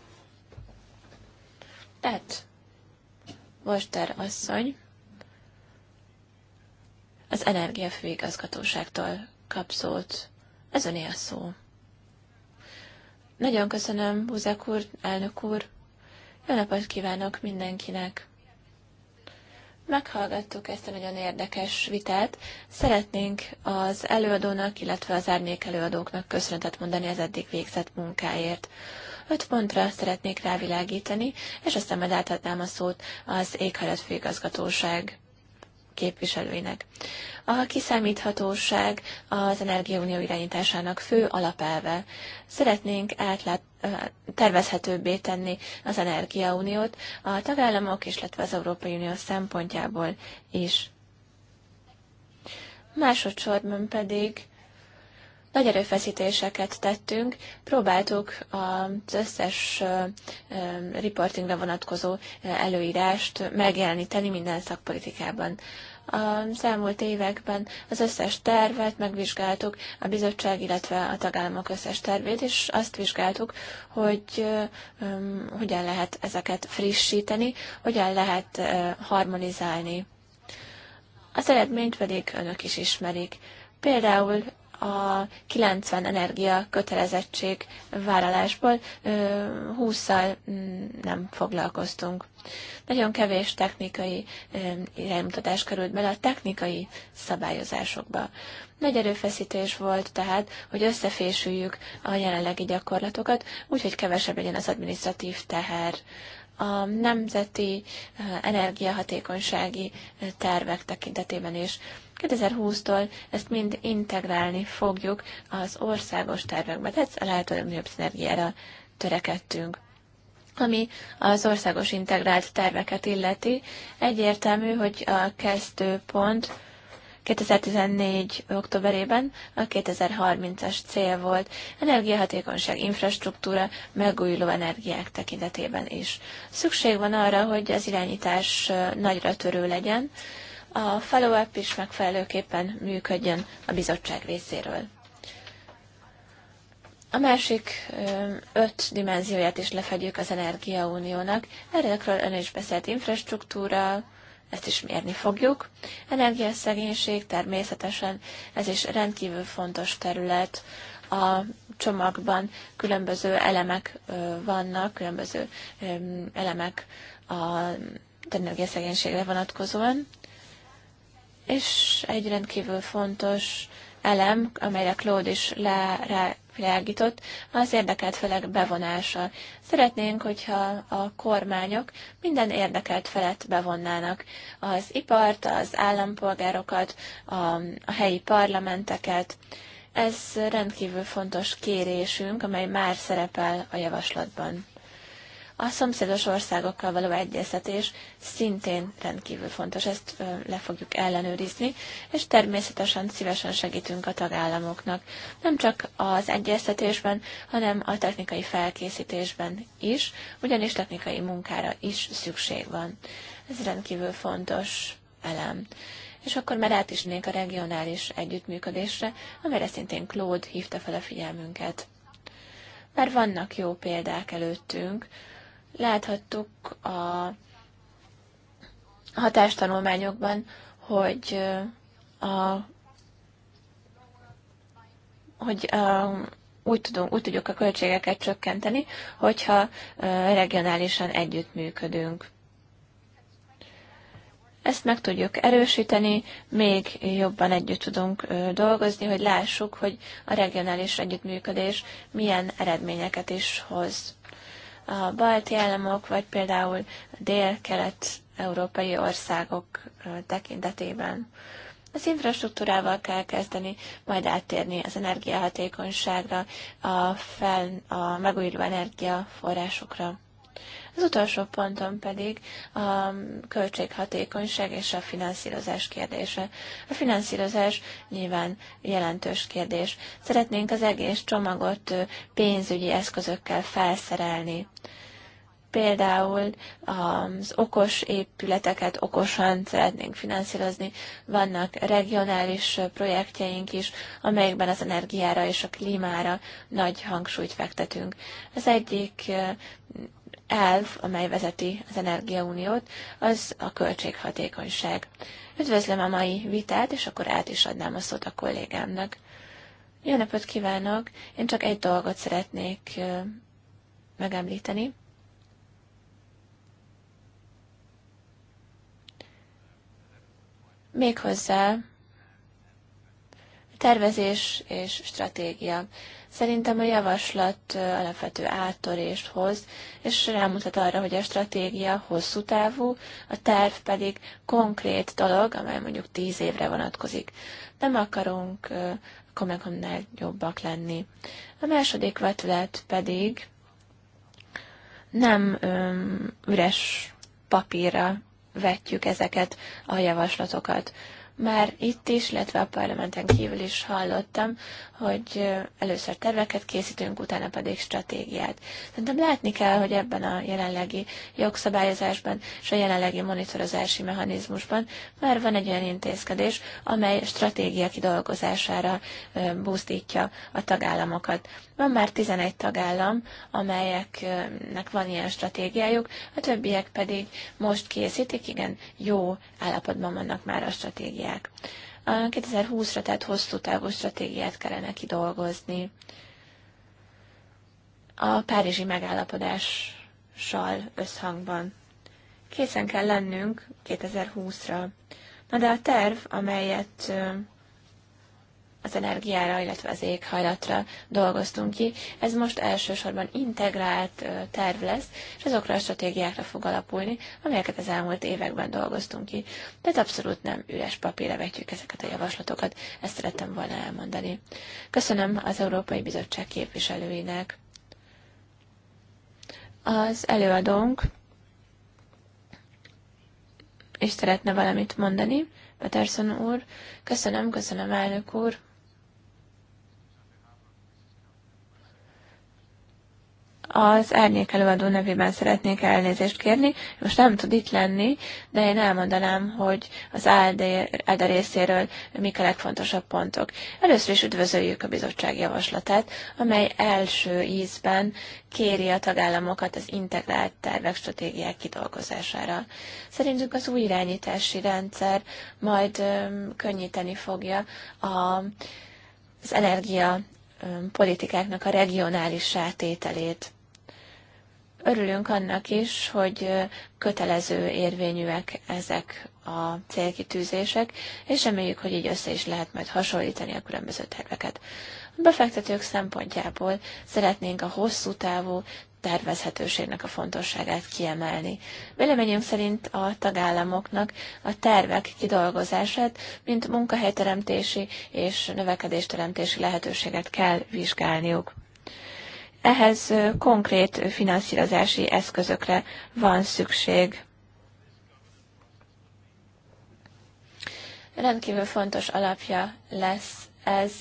Tehát Volster asszony az Energiafőigazgatóságtól kap szót. Ez öné a szó. Nagyon köszönöm, Buzek úr, elnök úr. Jó napot kívánok mindenkinek! Meghallgattuk ezt a nagyon érdekes vitát. Szeretnénk az előadónak, illetve az árnyék előadóknak köszönetet mondani az eddig végzett munkáért. Öt pontra szeretnék rávilágítani, és aztán majd átadnám a szót az főigazgatóság képviselőinek. A kiszámíthatóság az Energiaunió irányításának fő alapelve. Szeretnénk átlát, tervezhetőbbé tenni az Energiauniót a tagállamok, illetve az Európai Unió szempontjából is. Másodszorban pedig nagy erőfeszítéseket tettünk, próbáltuk az összes reportingra vonatkozó előírást megjeleníteni minden szakpolitikában az elmúlt években az összes tervet megvizsgáltuk, a bizottság, illetve a tagállamok összes tervét, és azt vizsgáltuk, hogy um, hogyan lehet ezeket frissíteni, hogyan lehet uh, harmonizálni. Az eredményt pedig önök is ismerik. Például a 90 energia kötelezettség vállalásból 20-szal mm, nem foglalkoztunk. Nagyon kevés technikai iránymutatás került bele a technikai szabályozásokba. Nagy erőfeszítés volt tehát, hogy összefésüljük a jelenlegi gyakorlatokat, úgyhogy kevesebb legyen az adminisztratív teher a nemzeti eh, energiahatékonysági eh, tervek tekintetében is. 2020-tól ezt mind integrálni fogjuk az országos tervekbe, tehát a lehető legnagyobb szinergiára törekedtünk. Ami az országos integrált terveket illeti, egyértelmű, hogy a kezdőpont 2014. októberében a 2030-as cél volt energiahatékonyság, infrastruktúra, megújuló energiák tekintetében is. Szükség van arra, hogy az irányítás nagyra törő legyen, a follow-up is megfelelőképpen működjön a bizottság részéről. A másik öt dimenzióját is lefedjük az Energiauniónak. Erről ön is beszélt infrastruktúra, ezt is mérni fogjuk. Energiaszegénység természetesen, ez is rendkívül fontos terület. A csomagban különböző elemek vannak, különböző elemek az energiaszegénységre vonatkozóan, és egy rendkívül fontos elem, amelyre Claude is reagított, az érdekelt felek bevonása. Szeretnénk, hogyha a kormányok minden érdekelt felet bevonnának. Az ipart, az állampolgárokat, a, a helyi parlamenteket. Ez rendkívül fontos kérésünk, amely már szerepel a javaslatban. A szomszédos országokkal való egyeztetés szintén rendkívül fontos, ezt le fogjuk ellenőrizni, és természetesen szívesen segítünk a tagállamoknak, nem csak az egyeztetésben, hanem a technikai felkészítésben is, ugyanis technikai munkára is szükség van. Ez rendkívül fontos elem. És akkor már át is a regionális együttműködésre, amire szintén Claude hívta fel a figyelmünket. Már vannak jó példák előttünk, Láthattuk a hatástanulmányokban, hogy a, hogy a, úgy, tudunk, úgy tudjuk a költségeket csökkenteni, hogyha regionálisan együttműködünk. Ezt meg tudjuk erősíteni, még jobban együtt tudunk dolgozni, hogy lássuk, hogy a regionális együttműködés milyen eredményeket is hoz a balti államok, vagy például dél-kelet-európai országok tekintetében. Az infrastruktúrával kell kezdeni, majd áttérni az energiahatékonyságra, a, fel, a megújuló energiaforrásokra. Az utolsó ponton pedig a költséghatékonyság és a finanszírozás kérdése. A finanszírozás nyilván jelentős kérdés. Szeretnénk az egész csomagot pénzügyi eszközökkel felszerelni például az okos épületeket okosan szeretnénk finanszírozni. Vannak regionális projektjeink is, amelyekben az energiára és a klímára nagy hangsúlyt fektetünk. Az egyik elv, amely vezeti az Energiauniót, az a költséghatékonyság. Üdvözlöm a mai vitát, és akkor át is adnám a szót a kollégámnak. Jó napot kívánok! Én csak egy dolgot szeretnék megemlíteni. Méghozzá tervezés és stratégia. Szerintem a javaslat alapvető áttörést hoz, és rámutat arra, hogy a stratégia hosszú távú, a terv pedig konkrét dolog, amely mondjuk tíz évre vonatkozik. Nem akarunk komekomnál jobbak lenni. A második vetület pedig nem öm, üres papírra vetjük ezeket a javaslatokat. Már itt is, illetve a parlamenten kívül is hallottam, hogy először terveket készítünk, utána pedig stratégiát. Szerintem látni kell, hogy ebben a jelenlegi jogszabályozásban és a jelenlegi monitorozási mechanizmusban már van egy olyan intézkedés, amely stratégia kidolgozására buzdítja a tagállamokat. Van már 11 tagállam, amelyeknek van ilyen stratégiájuk, a többiek pedig most készítik, igen, jó állapotban vannak már a stratégiák. A 2020-ra, tehát hosszú távú stratégiát kellene kidolgozni. A párizsi megállapodással összhangban. Készen kell lennünk 2020-ra. Na de a terv, amelyet az energiára, illetve az éghajlatra dolgoztunk ki. Ez most elsősorban integrált terv lesz, és azokra a stratégiákra fog alapulni, amelyeket az elmúlt években dolgoztunk ki. Tehát abszolút nem üres papírra vetjük ezeket a javaslatokat, ezt szerettem volna elmondani. Köszönöm az Európai Bizottság képviselőinek. Az előadónk és szeretne valamit mondani, Peterson úr. Köszönöm, köszönöm, elnök úr. Az árnyék előadó nevében szeretnék elnézést kérni. Most nem tud itt lenni, de én elmondanám, hogy az ELDE részéről mik a legfontosabb pontok. Először is üdvözöljük a bizottság javaslatát, amely első ízben kéri a tagállamokat az integrált tervek stratégiák kidolgozására. Szerintük az új irányítási rendszer majd könnyíteni fogja a az energia politikáknak a regionális sátételét. Örülünk annak is, hogy kötelező érvényűek ezek a célkitűzések, és reméljük, hogy így össze is lehet majd hasonlítani a különböző terveket. A befektetők szempontjából szeretnénk a hosszú távú tervezhetőségnek a fontosságát kiemelni. Véleményünk szerint a tagállamoknak a tervek kidolgozását, mint munkahelyteremtési és növekedésteremtési lehetőséget kell vizsgálniuk. Ehhez konkrét finanszírozási eszközökre van szükség. Rendkívül fontos alapja lesz ez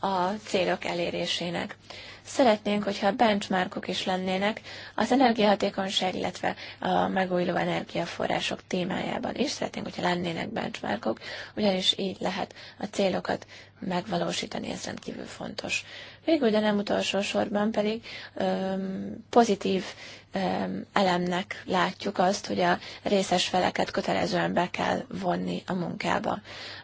a célok elérésének. Szeretnénk, hogyha benchmarkok is lennének az energiahatékonyság, illetve a megújuló energiaforrások témájában is. Szeretnénk, hogyha lennének benchmarkok, ugyanis így lehet a célokat megvalósítani, ez rendkívül fontos. Végül, de nem utolsó sorban pedig öm, pozitív öm, elemnek látjuk azt, hogy a részes feleket kötelezően be kell vonni a munkába.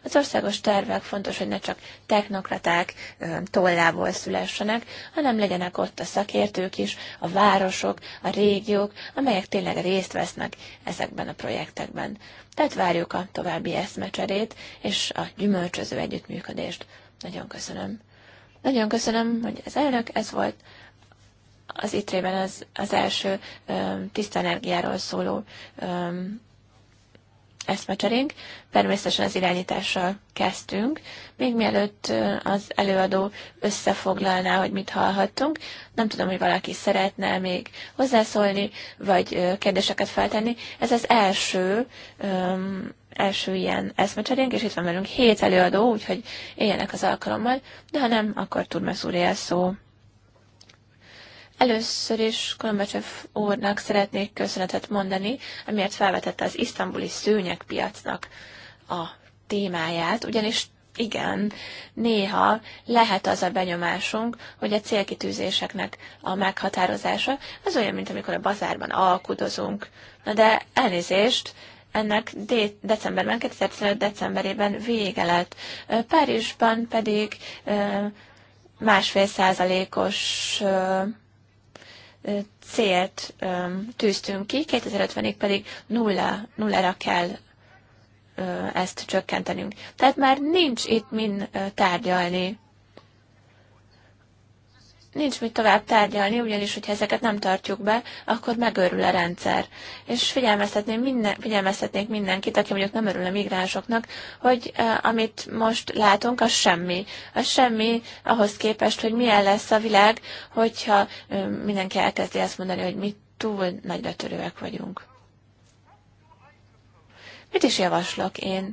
Az országos tervek fontos, hogy ne csak technokraták öm, tollából szülessenek, hanem legyenek ott a szakértők is, a városok, a régiók, amelyek tényleg részt vesznek ezekben a projektekben. Tehát várjuk a további eszmecserét és a gyümölcsöző együttműködést. Nagyon köszönöm. Nagyon köszönöm, hogy az elnök, ez volt az ITRE-ben az, az első um, tiszta energiáról szóló um, eszmecserénk. Természetesen az irányítással kezdtünk. Még mielőtt az előadó összefoglalná, hogy mit hallhattunk, nem tudom, hogy valaki szeretne még hozzászólni, vagy kérdéseket feltenni. Ez az első um, első ilyen eszmecserénk, és itt van velünk hét előadó, úgyhogy éljenek az alkalommal, de ha nem, akkor Turmes úr él szó. Először is Kolombacsev úrnak szeretnék köszönetet mondani, amiért felvetette az isztambuli szőnyegpiacnak a témáját, ugyanis igen, néha lehet az a benyomásunk, hogy a célkitűzéseknek a meghatározása az olyan, mint amikor a bazárban alkudozunk. Na de elnézést, ennek de- decemberben, 2015 decemberében vége lett. Párizsban pedig másfél százalékos célt tűztünk ki, 2050-ig pedig nulla, nullára kell ezt csökkentenünk. Tehát már nincs itt min tárgyalni nincs mit tovább tárgyalni, ugyanis, hogyha ezeket nem tartjuk be, akkor megőrül a rendszer. És figyelmeztetném minden, figyelmeztetnék mindenkit, aki mondjuk nem örül a migránsoknak, hogy eh, amit most látunk, az semmi. Az semmi ahhoz képest, hogy milyen lesz a világ, hogyha eh, mindenki elkezdi azt mondani, hogy mi túl nagyra törőek vagyunk. Mit is javaslok én?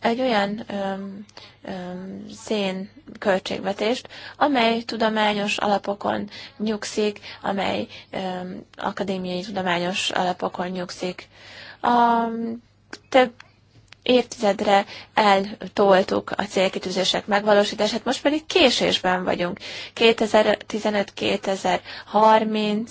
egy olyan öm, öm, szén költségvetést, amely tudományos alapokon nyugszik, amely öm, akadémiai tudományos alapokon nyugszik. A több évtizedre eltoltuk a célkitűzések megvalósítását, most pedig késésben vagyunk. 2015-2030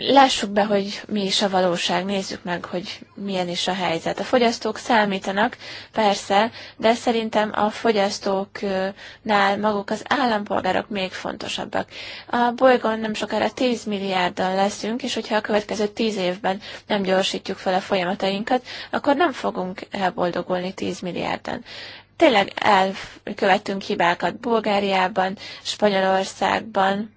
Lássuk be, hogy mi is a valóság, nézzük meg, hogy milyen is a helyzet. A fogyasztók számítanak, persze, de szerintem a fogyasztóknál maguk az állampolgárok még fontosabbak. A bolygón nem sokára 10 milliárdan leszünk, és hogyha a következő 10 évben nem gyorsítjuk fel a folyamatainkat, akkor nem fogunk elboldogulni 10 milliárdan tényleg elkövetünk hibákat Bulgáriában, Spanyolországban,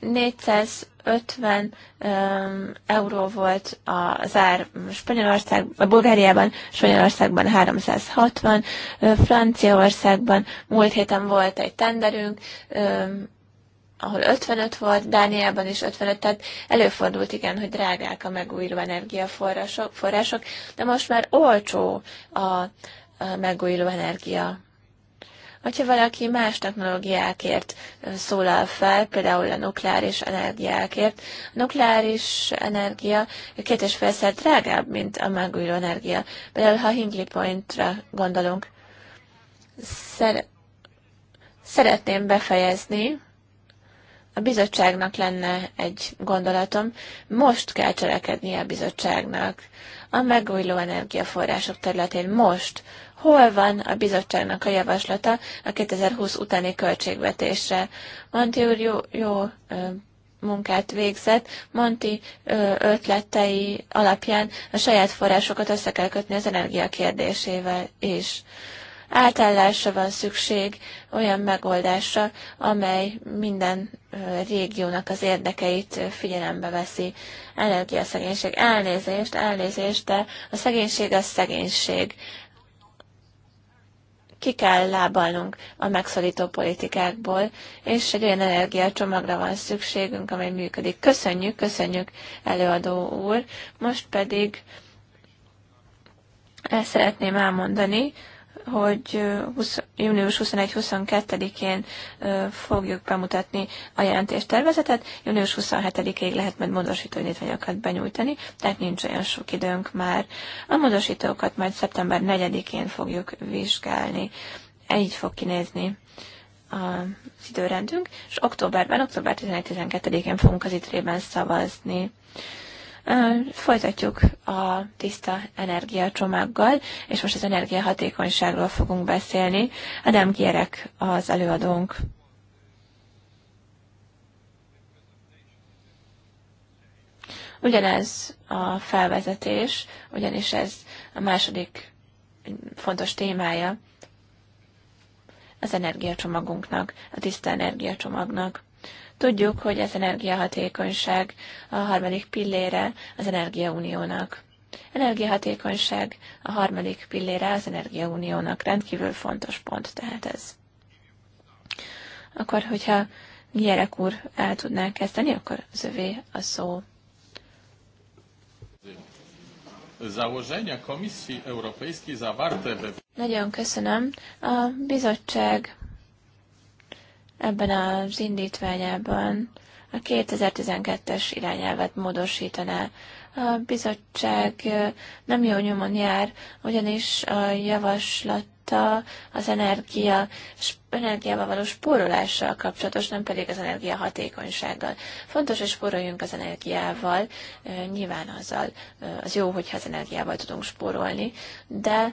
450 um, euró volt az ár Spanyolország, a Bulgáriában, Spanyolországban 360, Franciaországban múlt héten volt egy tenderünk, um, ahol 55 volt, Dániában is 55, tehát előfordult igen, hogy drágák a megújuló energiaforrások, források, de most már olcsó a, a megújuló energia Hogyha valaki más technológiákért szólal fel, például a nukleáris energiákért, a nukleáris energia két és félszer drágább, mint a megújuló energia. Például, ha Hinkley Pointra gondolunk, szer- szeretném befejezni, a bizottságnak lenne egy gondolatom, most kell cselekednie a bizottságnak a megújuló energiaforrások területén most, hol van a bizottságnak a javaslata a 2020 utáni költségvetésre. Monti úr jó, jó munkát végzett. Monti ötletei alapján a saját forrásokat össze kell kötni az energia kérdésével is. Átállásra van szükség olyan megoldásra, amely minden régiónak az érdekeit figyelembe veszi. Energiaszegénység, elnézést, elnézést, de a szegénység az szegénység ki kell lábalnunk a megszorító politikákból, és egy olyan energiacsomagra van szükségünk, amely működik. Köszönjük, köszönjük, előadó úr. Most pedig el szeretném elmondani, hogy 20, június 21-22-én fogjuk bemutatni a jelentés tervezetet, június 27-ig lehet majd módosító indítványokat benyújtani, tehát nincs olyan sok időnk már. A módosítókat majd szeptember 4-én fogjuk vizsgálni. Így fog kinézni az időrendünk, és októberben, október 11-12-én fogunk az itrében szavazni. Folytatjuk a tiszta energiacsomaggal, és most az energiahatékonyságról fogunk beszélni. Adam Kierek az előadónk. Ugyanez a felvezetés, ugyanis ez a második fontos témája az energiacsomagunknak, a tiszta energiacsomagnak. Tudjuk, hogy az energiahatékonyság a harmadik pillére az energiauniónak. Energiahatékonyság a harmadik pillére az energiauniónak. Rendkívül fontos pont tehát ez. Akkor, hogyha Gyerek úr el tudná kezdeni, akkor zövé a szó. Nagyon köszönöm. A bizottság ebben az indítványában a 2012-es irányelvet módosítaná. A bizottság nem jó nyomon jár, ugyanis a javaslata az energia, energiával való spórolással kapcsolatos, nem pedig az energia hatékonysággal. Fontos, hogy spóroljunk az energiával, nyilván azzal az jó, hogyha az energiával tudunk spórolni, de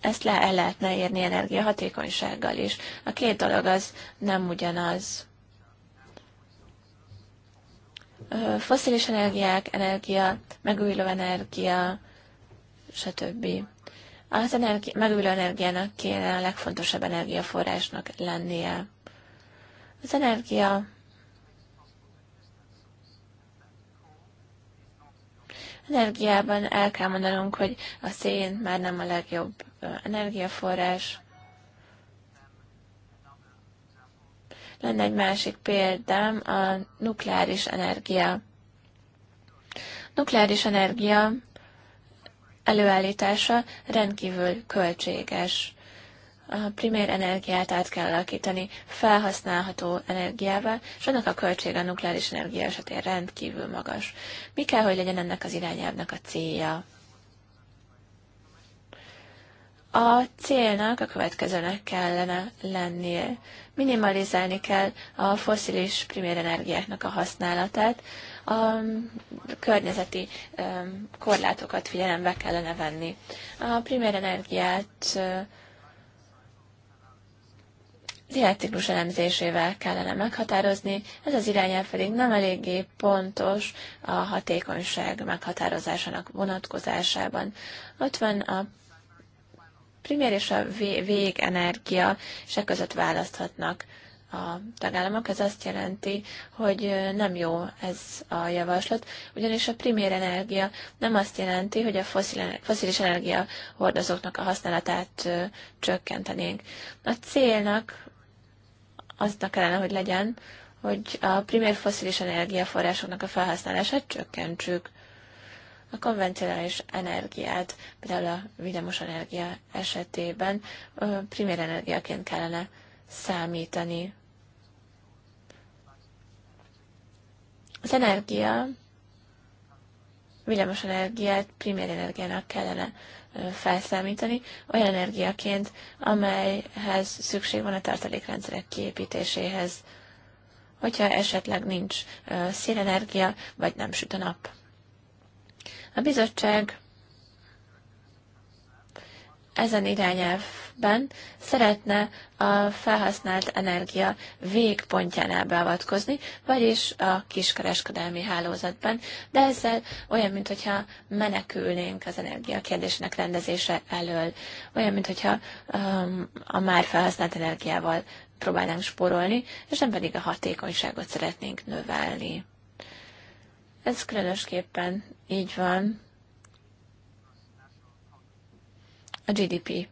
ezt le el lehetne érni energiahatékonysággal is. A két dolog az nem ugyanaz. Foszilis energiák, energia, megújuló energia, stb. Az energi- megújuló energiának kéne a legfontosabb energiaforrásnak lennie. Az energia energiában el kell mondanunk, hogy a szén már nem a legjobb energiaforrás. Lenne egy másik példám, a nukleáris energia. Nukleáris energia előállítása rendkívül költséges. A primér energiát át kell alakítani felhasználható energiává, és annak a költsége a nukleáris energia esetén rendkívül magas. Mi kell, hogy legyen ennek az irányelvnek a célja? A célnak a következőnek kellene lennie. Minimalizálni kell a foszilis primér energiáknak a használatát, a környezeti korlátokat figyelembe kellene venni. A primér energiát az elemzésével kellene meghatározni, ez az irányel pedig nem eléggé pontos a hatékonyság meghatározásának vonatkozásában. Ott van a primér és a végenergia, és e között választhatnak a tagállamok. Ez azt jelenti, hogy nem jó ez a javaslat, ugyanis a primér energia nem azt jelenti, hogy a foszilis energia hordozóknak a használatát csökkentenénk. A célnak aznak kellene, hogy legyen, hogy a primér foszilis energiaforrásoknak a felhasználását csökkentsük a konvencionális energiát, például a villamos energia esetében primér energiaként kellene számítani. Az energia, villamos energiát primér energiának kellene felszámítani, olyan energiaként, amelyhez szükség van a tartalékrendszerek kiépítéséhez, hogyha esetleg nincs szélenergia, vagy nem süt a nap. A bizottság ezen irányelvben szeretne a felhasznált energia végpontjánál beavatkozni, vagyis a kiskereskedelmi hálózatban, de ezzel olyan, mintha menekülnénk az energia kérdésnek rendezése elől, olyan, mintha um, a már felhasznált energiával próbálnánk spórolni, és nem pedig a hatékonyságot szeretnénk növelni. Ez különösképpen így van. A GDP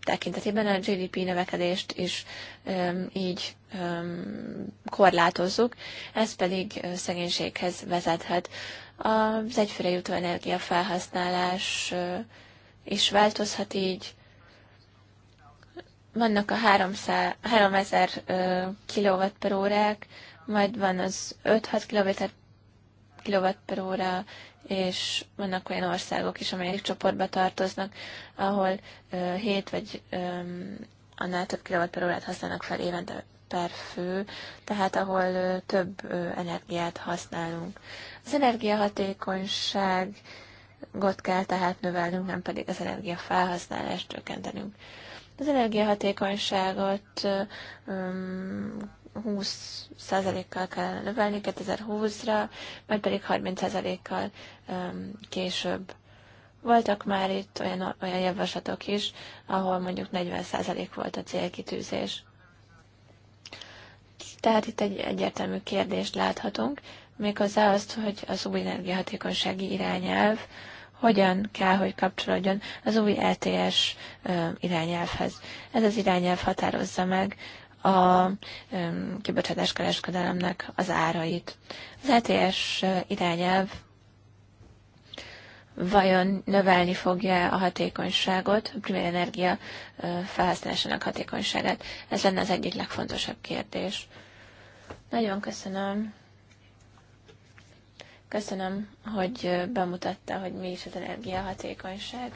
tekintetében a GDP növekedést is um, így um, korlátozzuk, ez pedig szegénységhez vezethet. Az egyfőre jutó energia felhasználás uh, is változhat így. Vannak a 3000 uh, kWh, majd van az 5-6 kWh óra, és vannak olyan országok is, amelyek csoportba tartoznak, ahol 7 vagy annál több órát használnak fel évente per fő, tehát ahol több energiát használunk. Az energiahatékonyságot kell tehát növelnünk, nem pedig az energiafelhasználást csökkentenünk. Az energiahatékonyságot 20%-kal kell növelni 2020-ra, majd pedig 30%-kal később. Voltak már itt olyan, olyan javaslatok is, ahol mondjuk 40% volt a célkitűzés. Tehát itt egy egyértelmű kérdést láthatunk, méghozzá azt, hogy az új energiahatékonysági irányelv hogyan kell, hogy kapcsolódjon az új ETS irányelvhez. Ez az irányelv határozza meg a kibocsátás kereskedelemnek az árait. Az ETS irányelv vajon növelni fogja a hatékonyságot, a primér energia felhasználásának hatékonyságát? Ez lenne az egyik legfontosabb kérdés. Nagyon köszönöm. Köszönöm, hogy bemutatta, hogy mi is az energiahatékonyság,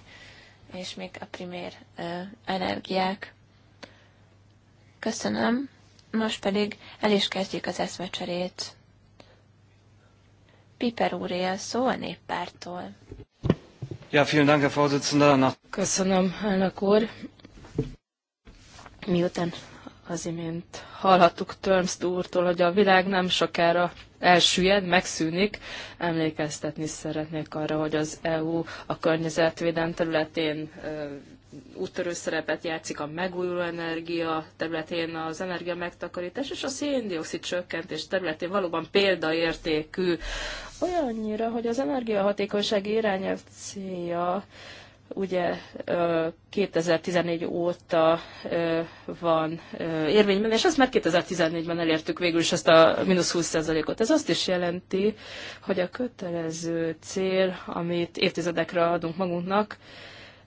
és még a primér energiák. Köszönöm. Most pedig el is kezdjük az eszmecserét. Piper úr él szó a néppártól. Ja, vielen Dank, Herr Vorsitzender. Köszönöm, elnök úr. Miután az imént hallhattuk Törms úrtól, hogy a világ nem sokára elsüllyed, megszűnik. Emlékeztetni szeretnék arra, hogy az EU a környezetvédelem területén úttörő szerepet játszik a megújuló energia területén az energia megtakarítás, és a széndiokszid csökkentés területén valóban példaértékű. Olyannyira, hogy az energiahatékonyság irányelv célja ugye 2014 óta van érvényben, és ezt már 2014-ben elértük végül is ezt a mínusz 20%-ot. Ez azt is jelenti, hogy a kötelező cél, amit évtizedekre adunk magunknak,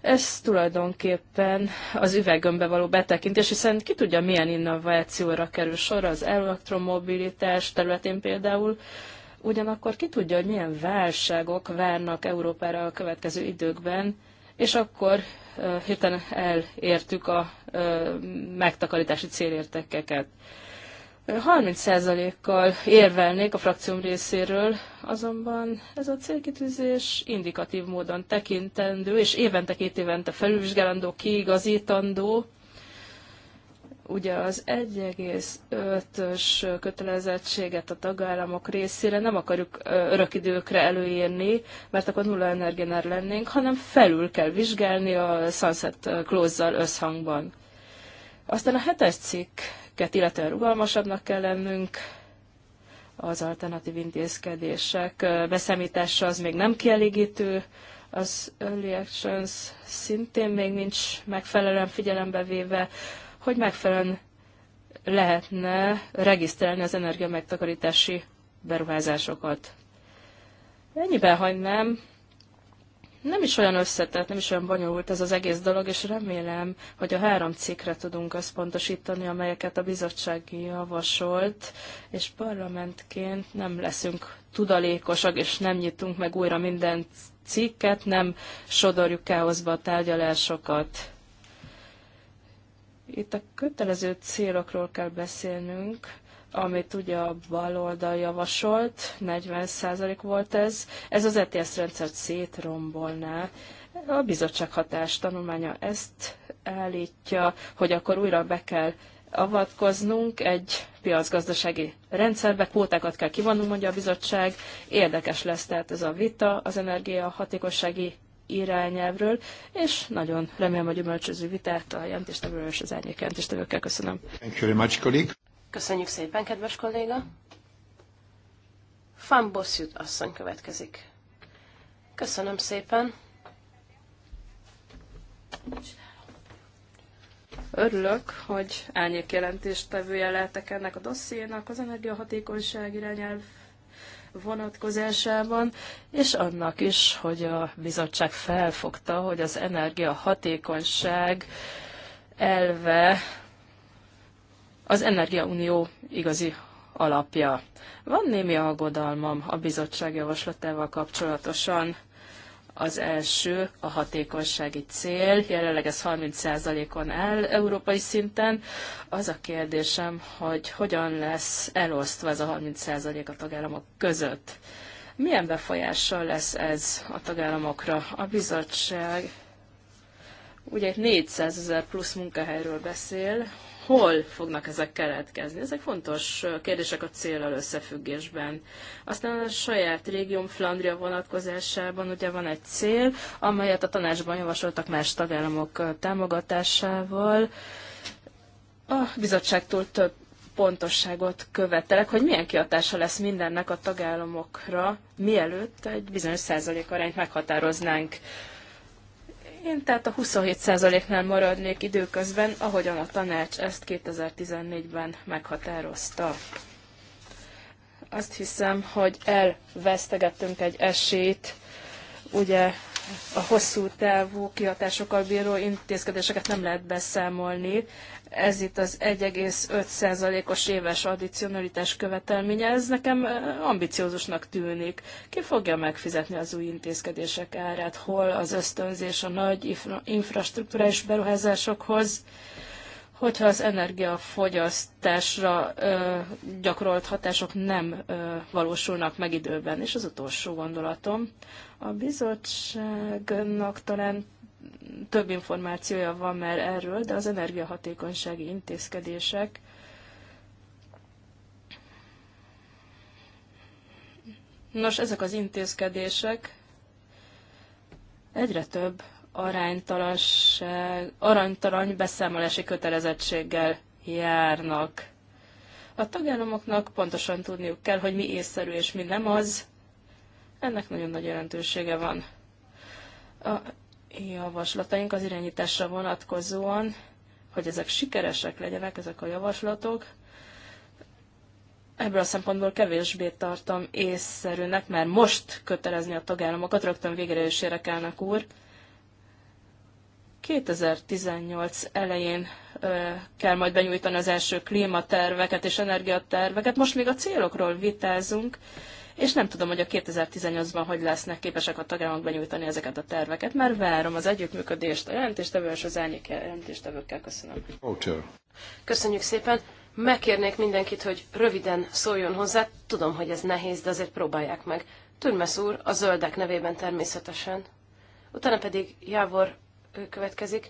ez tulajdonképpen az üvegömbbe való betekintés, hiszen ki tudja, milyen innovációra kerül sor az elektromobilitás területén például, ugyanakkor ki tudja, hogy milyen válságok várnak Európára a következő időkben, és akkor héten hirtelen elértük a megtakarítási célértekeket. 30%-kal érvelnék a frakcióm részéről, azonban ez a célkitűzés indikatív módon tekintendő, és évente, két évente felülvizsgálandó, kiigazítandó. Ugye az 1,5-ös kötelezettséget a tagállamok részére nem akarjuk örökidőkre előírni, mert akkor nulla energiánál lennénk, hanem felül kell vizsgálni a Sunset Close-zal összhangban. Aztán a hetes cikk illetve rugalmasabbnak kell lennünk, az alternatív intézkedések beszámítása az még nem kielégítő, az early actions szintén még nincs megfelelően figyelembe véve, hogy megfelelően lehetne regisztrálni az energiamegtakarítási beruházásokat. Ennyiben hagynám, nem is olyan összetett, nem is olyan bonyolult ez az egész dolog, és remélem, hogy a három cikkre tudunk összpontosítani, amelyeket a bizottság javasolt, és parlamentként nem leszünk tudalékosak, és nem nyitunk meg újra minden cikket, nem sodorjuk káoszba a tárgyalásokat. Itt a kötelező célokról kell beszélnünk, amit ugye a baloldal javasolt, 40% volt ez, ez az ETS rendszert szétrombolná. A bizottság hatás tanulmánya ezt állítja, hogy akkor újra be kell avatkoznunk egy piacgazdasági rendszerbe, kvótákat kell kivonnunk, mondja a bizottság. Érdekes lesz tehát ez a vita az energia hatékossági irányelvről, és nagyon remélem a gyümölcsöző vitát a jelentéstevőről és az árnyék jelentéstevőkkel köszönöm. Thank you very much, colleague. Köszönjük szépen, kedves kolléga. Fan Bosszút asszony következik. Köszönöm szépen. Örülök, hogy elnyék jelentéstevője lehetek ennek a dossziénak az energiahatékonyság irányelv vonatkozásában, és annak is, hogy a bizottság felfogta, hogy az energiahatékonyság elve az Energiaunió igazi alapja. Van némi aggodalmam a bizottság javaslatával kapcsolatosan. Az első a hatékonysági cél, jelenleg ez 30%-on el európai szinten. Az a kérdésem, hogy hogyan lesz elosztva ez a 30% a tagállamok között. Milyen befolyással lesz ez a tagállamokra? A bizottság ugye 400 ezer plusz munkahelyről beszél, hol fognak ezek keletkezni. Ezek fontos kérdések a célral összefüggésben. Aztán a saját régióm Flandria vonatkozásában ugye van egy cél, amelyet a tanácsban javasoltak más tagállamok támogatásával. A bizottságtól több pontosságot követelek, hogy milyen kiadása lesz mindennek a tagállamokra, mielőtt egy bizonyos százalék arányt meghatároznánk. Én tehát a 27%-nál maradnék időközben, ahogyan a tanács ezt 2014-ben meghatározta. Azt hiszem, hogy elvesztegettünk egy esélyt, ugye a hosszú távú kihatásokkal bíró intézkedéseket nem lehet beszámolni. Ez itt az 1,5%-os éves addicionalitás követelménye, ez nekem ambiciózusnak tűnik. Ki fogja megfizetni az új intézkedések árát, hol az ösztönzés a nagy infra infrastruktúrális beruházásokhoz, hogyha az energiafogyasztásra ö, gyakorolt hatások nem ö, valósulnak meg időben. És az utolsó gondolatom, a bizottságnak talán több információja van már erről, de az energiahatékonysági intézkedések Nos, ezek az intézkedések egyre több aránytalan beszámolási kötelezettséggel járnak. A tagállamoknak pontosan tudniuk kell, hogy mi észszerű és mi nem az. Ennek nagyon nagy jelentősége van. A javaslataink az irányításra vonatkozóan, hogy ezek sikeresek legyenek, ezek a javaslatok, ebből a szempontból kevésbé tartom észszerűnek, mert most kötelezni a tagállamokat, rögtön végre is érekelnek úr, 2018 elején kell majd benyújtani az első klímaterveket és energiaterveket. Most még a célokról vitázunk, és nem tudom, hogy a 2018-ban hogy lesznek képesek a tagállamok benyújtani ezeket a terveket, mert várom az együttműködést a jelentéstevő és az árnyék jelentéstevőkkel. Köszönöm. Köszönjük szépen. Megkérnék mindenkit, hogy röviden szóljon hozzá. Tudom, hogy ez nehéz, de azért próbálják meg. Türmes úr, a zöldek nevében természetesen. Utána pedig Jávor következik.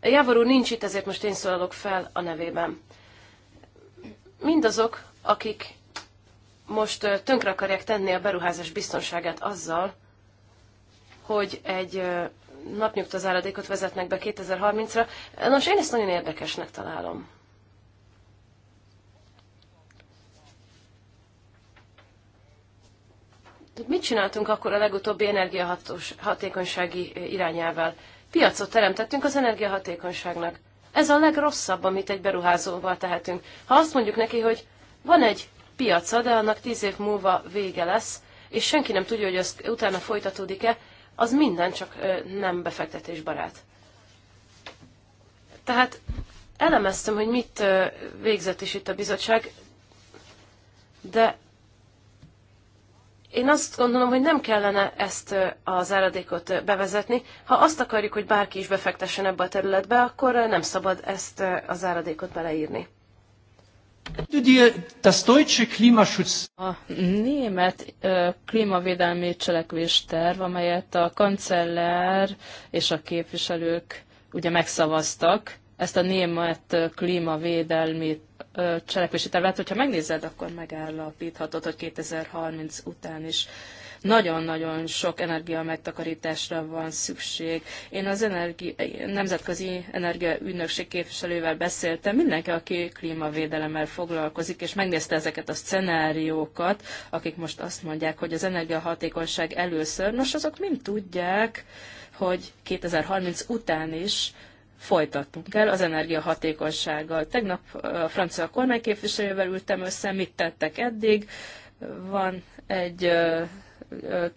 Jávor úr nincs itt, ezért most én szólalok fel a nevében. Mindazok, akik most tönkre akarják tenni a beruházás biztonságát azzal, hogy egy napnyugtazáradékot vezetnek be 2030-ra. Nos, én ezt nagyon érdekesnek találom. Mit csináltunk akkor a legutóbbi energiahatékonysági irányával? Piacot teremtettünk az energiahatékonyságnak. Ez a legrosszabb, amit egy beruházóval tehetünk. Ha azt mondjuk neki, hogy van egy piaca, de annak tíz év múlva vége lesz, és senki nem tudja, hogy az utána folytatódik-e, az minden csak nem befektetésbarát. Tehát elemeztem, hogy mit végzett is itt a bizottság, de én azt gondolom, hogy nem kellene ezt az áradékot bevezetni. Ha azt akarjuk, hogy bárki is befektessen ebbe a területbe, akkor nem szabad ezt az áradékot beleírni. A német klímavédelmi cselekvés terv, amelyet a kancellár és a képviselők ugye megszavaztak, ezt a német klímavédelmi cselekvési tervet, hogyha megnézed, akkor megállapíthatod, hogy 2030 után is nagyon-nagyon sok energia megtakarításra van szükség. Én az energi, Nemzetközi Energia Ügynökség képviselővel beszéltem, mindenki, aki klímavédelemmel foglalkozik, és megnézte ezeket a szenáriókat, akik most azt mondják, hogy az energiahatékonyság először, nos, azok mind tudják, hogy 2030 után is folytatnunk kell az energiahatékonysággal. Tegnap a francia kormány képviselővel ültem össze, mit tettek eddig. Van egy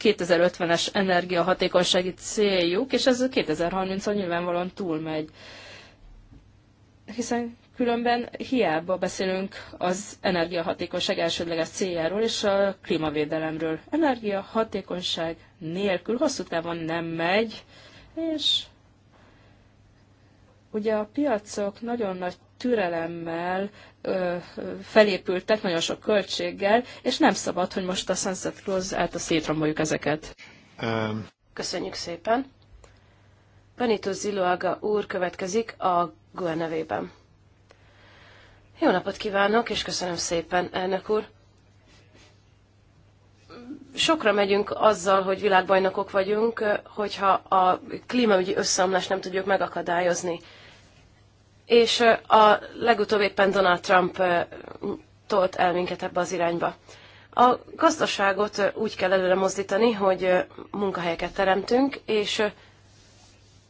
2050-es energiahatékonysági céljuk, és ez 2030-on nyilvánvalóan túlmegy. Hiszen különben hiába beszélünk az energiahatékonyság elsődleges céljáról és a klímavédelemről. Energiahatékonyság nélkül hosszú távon nem megy, és Ugye a piacok nagyon nagy türelemmel ö, felépültek, nagyon sok költséggel, és nem szabad, hogy most a Sunset Close a szétromboljuk ezeket. Um. Köszönjük szépen. Benito Ziloaga úr következik a GUE nevében. Jó napot kívánok, és köszönöm szépen, elnök úr. Sokra megyünk azzal, hogy világbajnokok vagyunk, hogyha a klímaügyi összeomlást nem tudjuk megakadályozni és a legutóbb éppen Donald Trump tolt el minket ebbe az irányba. A gazdaságot úgy kell előre mozdítani, hogy munkahelyeket teremtünk, és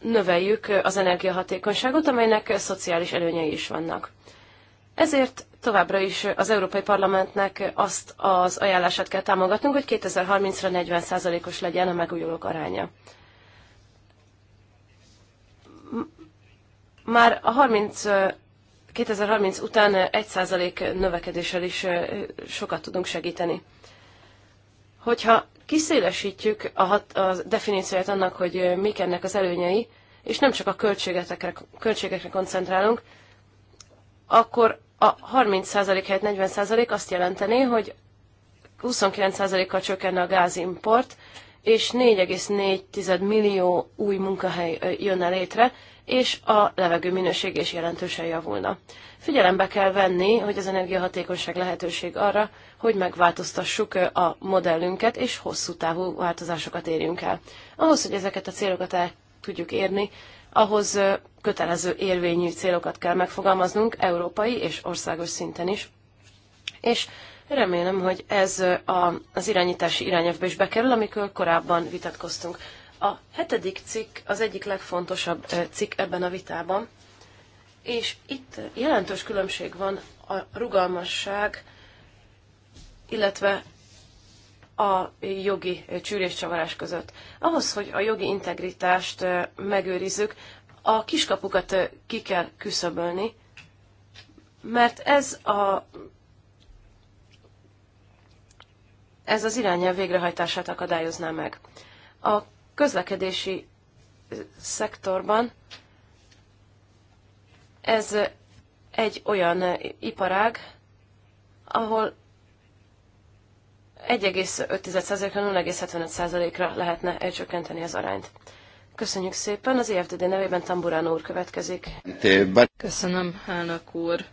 növeljük az energiahatékonyságot, amelynek szociális előnyei is vannak. Ezért továbbra is az Európai Parlamentnek azt az ajánlását kell támogatnunk, hogy 2030-ra 40%-os legyen a megújulók aránya. már a 30, 2030 után 1% növekedéssel is sokat tudunk segíteni. Hogyha kiszélesítjük a, hat, a definícióját annak, hogy mik ennek az előnyei, és nem csak a költségekre, költségekre koncentrálunk, akkor a 30% helyett 40% azt jelenteni, hogy 29%-kal csökkenne a gázimport, és 4,4 millió új munkahely jönne létre, és a levegő minőség is jelentősen javulna. Figyelembe kell venni, hogy az energiahatékonyság lehetőség arra, hogy megváltoztassuk a modellünket, és hosszú távú változásokat érjünk el. Ahhoz, hogy ezeket a célokat el tudjuk érni, ahhoz kötelező érvényű célokat kell megfogalmaznunk, európai és országos szinten is. És remélem, hogy ez a, az irányítási irányelvbe is bekerül, amikor korábban vitatkoztunk. A hetedik cikk az egyik legfontosabb cikk ebben a vitában, és itt jelentős különbség van a rugalmasság, illetve a jogi csűréscsavarás között. Ahhoz, hogy a jogi integritást megőrizzük, a kiskapukat ki kell küszöbölni, mert ez a ez az irányel végrehajtását akadályozná meg. A közlekedési eh, szektorban ez eh, egy olyan eh, iparág, ahol 1,5%-ra 0,75%-ra lehetne elcsökkenteni az arányt. Köszönjük szépen, az EFTD nevében Tamburán úr következik. Köszönöm, Hának úr.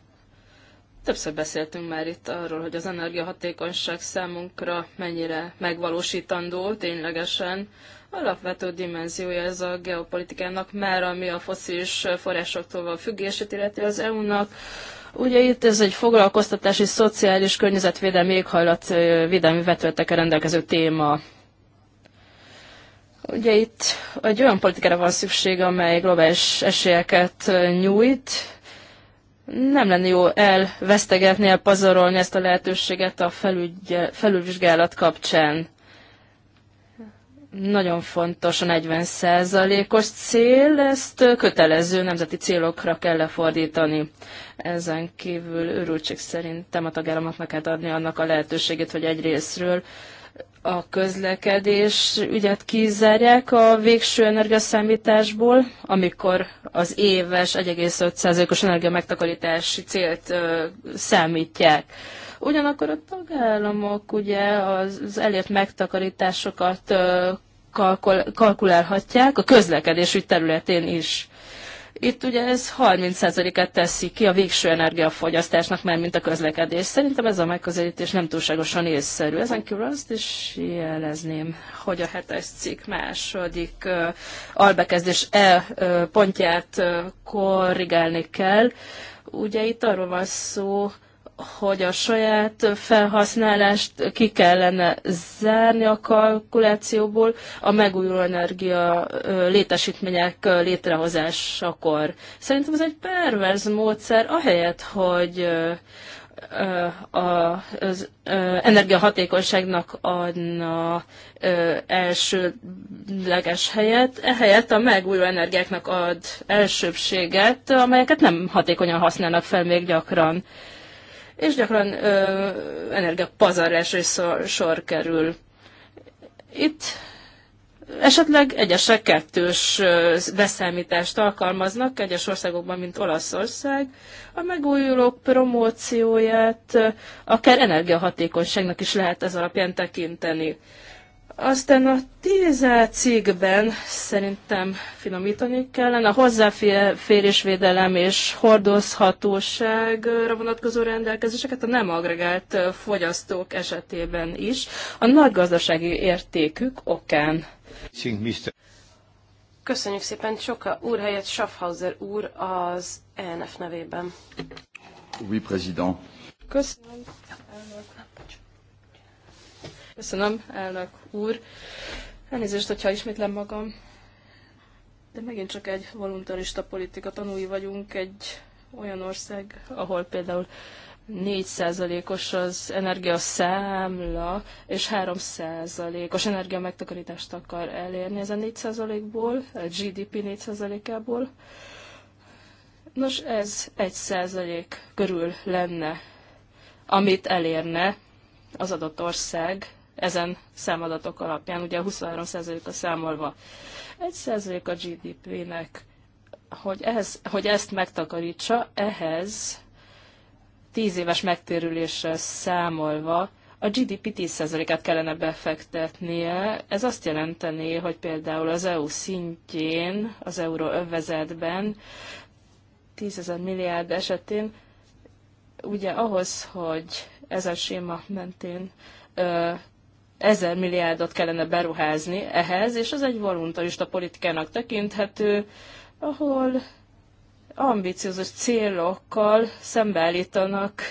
Többször beszéltünk már itt arról, hogy az energiahatékonyság számunkra mennyire megvalósítandó ténylegesen Alapvető dimenziója ez a geopolitikának már, ami a foszilis forrásoktól van függését, illetve az EU-nak. Ugye itt ez egy foglalkoztatási, szociális, környezetvédelmi, védelmi vetőtekkel rendelkező téma. Ugye itt egy olyan politikára van szükség, amely globális esélyeket nyújt. Nem lenne jó elvesztegetni, elpazarolni ezt a lehetőséget a felügy, felülvizsgálat kapcsán nagyon fontos a 40%-os cél, ezt kötelező nemzeti célokra kell lefordítani. Ezen kívül örültség szerintem a tagállamoknak kell adni annak a lehetőségét, hogy egyrésztről a közlekedés ügyet kizárják a végső energiaszámításból, amikor az éves 1,5%-os energia megtakarítási célt számítják. Ugyanakkor a tagállamok ugye az elért megtakarításokat kalkul, kalkulálhatják a közlekedésügy területén is. Itt ugye ez 30%-át teszi ki a végső energiafogyasztásnak, mert mint a közlekedés. Szerintem ez a megközelítés nem túlságosan észszerű. Ezen kívül azt is jelezném, hogy a hetes cikk második uh, albekezdés E uh, pontját uh, korrigálni kell. Ugye itt arról van szó, hogy a saját felhasználást ki kellene zárni a kalkulációból a megújuló energia létesítmények létrehozásakor. Szerintem ez egy perverz módszer, ahelyett, hogy az energiahatékonyságnak adna elsőleges helyet, ehelyett a megújuló energiáknak ad elsőbséget, amelyeket nem hatékonyan használnak fel még gyakran és gyakran energiapazarlásra is sor, sor kerül. Itt esetleg egyesek kettős beszámítást alkalmaznak egyes országokban, mint Olaszország, a megújulók promócióját akár energiahatékonyságnak is lehet ez alapján tekinteni. Aztán a tíze cikkben szerintem finomítani kellene a hozzáférésvédelem és hordozhatóságra vonatkozó rendelkezéseket a nem agregált fogyasztók esetében is a nagy gazdasági értékük okán. Köszönjük szépen, Csoka úr helyett Schaffhauser úr az ENF nevében. Oui, président. Köszönöm, elnök Köszönöm, elnök úr. Elnézést, hogyha ismétlem magam. De megint csak egy voluntarista politika tanúi vagyunk, egy olyan ország, ahol például 4%-os az energiaszámla, és 3%-os energia akar elérni ezen 4%-ból, a GDP 4%-ából. Nos, ez 1% körül lenne, amit elérne az adott ország ezen számadatok alapján, ugye 23% a számolva. 1% a GDP-nek, hogy, ehhez, hogy ezt megtakarítsa, ehhez 10 éves megtérülésre számolva a GDP 10%-át kellene befektetnie. Ez azt jelenteni, hogy például az EU szintjén, az övezetben 10 ezer milliárd esetén, ugye ahhoz, hogy ez a séma mentén ezer milliárdot kellene beruházni ehhez, és ez egy voluntarista politikának tekinthető, ahol ambiciózus célokkal szembeállítanak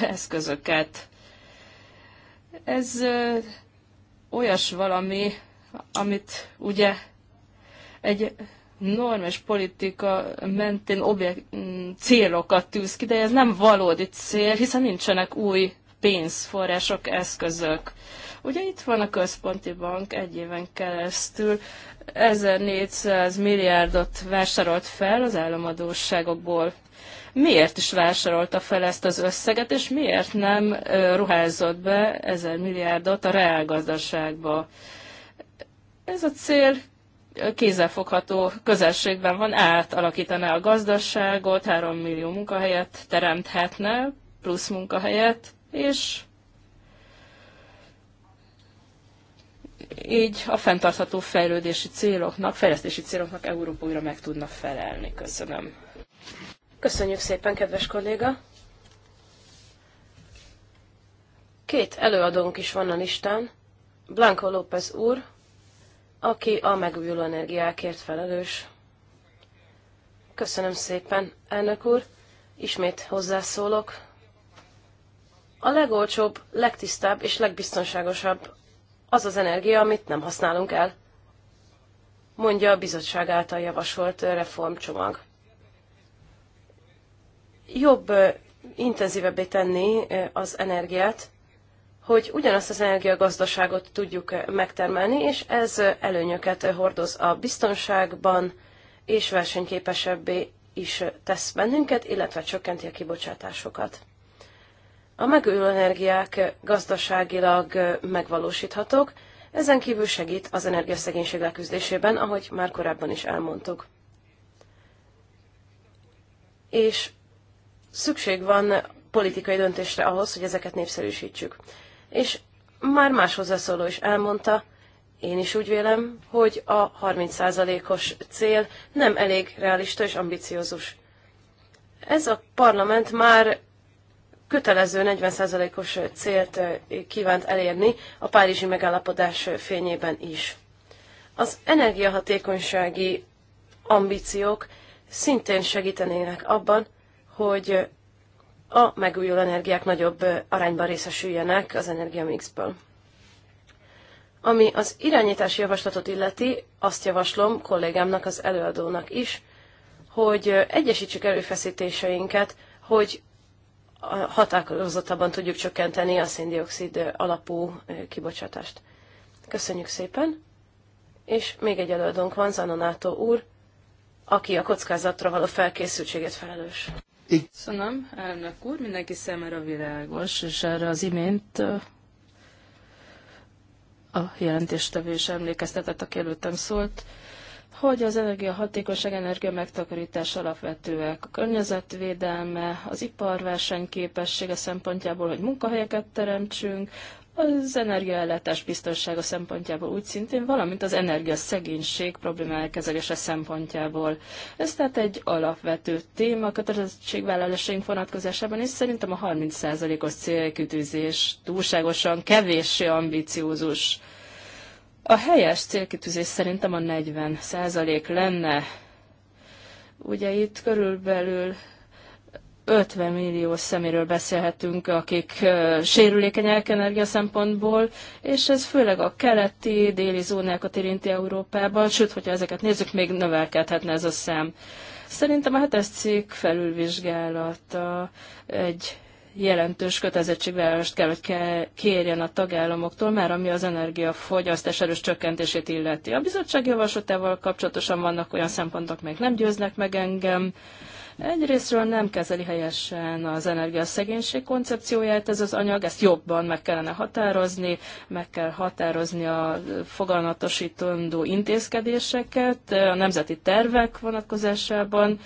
eszközöket. Ez olyas valami, amit ugye egy normális politika mentén objek- célokat tűz ki, de ez nem valódi cél, hiszen nincsenek új pénz, források, eszközök. Ugye itt van a központi bank egy éven keresztül, 1400 milliárdot vásárolt fel az államadóságokból. Miért is vásárolta fel ezt az összeget, és miért nem ruházott be 1000 milliárdot a reálgazdaságba? Ez a cél kézzelfogható közelségben van, átalakítaná a gazdaságot, 3 millió munkahelyet teremthetne, plusz munkahelyet, és így a fenntartható fejlődési céloknak, fejlesztési céloknak Európa újra meg tudna felelni. Köszönöm. Köszönjük szépen, kedves kolléga! Két előadónk is van a listán. Blanco López úr, aki a megújuló energiákért felelős. Köszönöm szépen, elnök úr. Ismét hozzászólok a legolcsóbb, legtisztább és legbiztonságosabb az az energia, amit nem használunk el, mondja a bizottság által javasolt reformcsomag. Jobb intenzívebbé tenni az energiát, hogy ugyanazt az energiagazdaságot tudjuk megtermelni, és ez előnyöket hordoz a biztonságban, és versenyképesebbé is tesz bennünket, illetve csökkenti a kibocsátásokat. A megújuló energiák gazdaságilag megvalósíthatók, ezen kívül segít az energiaszegénység leküzdésében, ahogy már korábban is elmondtuk. És szükség van politikai döntésre ahhoz, hogy ezeket népszerűsítsük. És már más hozzászóló is elmondta, én is úgy vélem, hogy a 30%-os cél nem elég realista és ambiciózus. Ez a parlament már kötelező 40%-os célt kívánt elérni a párizsi megállapodás fényében is. Az energiahatékonysági ambíciók szintén segítenének abban, hogy a megújuló energiák nagyobb arányban részesüljenek az energiamixből. Ami az irányítási javaslatot illeti, azt javaslom kollégámnak, az előadónak is, hogy egyesítsük erőfeszítéseinket, hogy határozottabban tudjuk csökkenteni a széndiokszid alapú kibocsátást. Köszönjük szépen! És még egy előadónk van, Zanonátó úr, aki a kockázatra való felkészültséget felelős. Köszönöm, elnök úr, mindenki számára világos, és erre az imént a jelentéstevő is emlékeztetett, aki előttem szólt hogy az energiahatékonyság, energia megtakarítás alapvetőek, a környezetvédelme, az ipar versenyképessége szempontjából, hogy munkahelyeket teremtsünk, az energiaellátás biztonsága szempontjából úgy szintén, valamint az energiaszegénység problémája kezelése szempontjából. Ez tehát egy alapvető téma a kötelezettségvállalásaink vonatkozásában, és szerintem a 30%-os célkütőzés túlságosan kevéssé ambiciózus. A helyes célkitűzés szerintem a 40 százalék lenne. Ugye itt körülbelül 50 millió szeméről beszélhetünk, akik sérülékenyek energia szempontból, és ez főleg a keleti, déli zónákat érinti Európában, sőt, hogyha ezeket nézzük, még növelkedhetne ez a szám. Szerintem a hetes cikk felülvizsgálata egy jelentős kötelezettségvállalást kell, hogy kérjen a tagállamoktól, már ami az energiafogyasztás erős csökkentését illeti. A bizottság javaslatával kapcsolatosan vannak olyan szempontok, még nem győznek meg engem. Egyrésztről nem kezeli helyesen az energiaszegénység koncepcióját ez az anyag, ezt jobban meg kellene határozni, meg kell határozni a fogalmatosítandó intézkedéseket a nemzeti tervek vonatkozásában,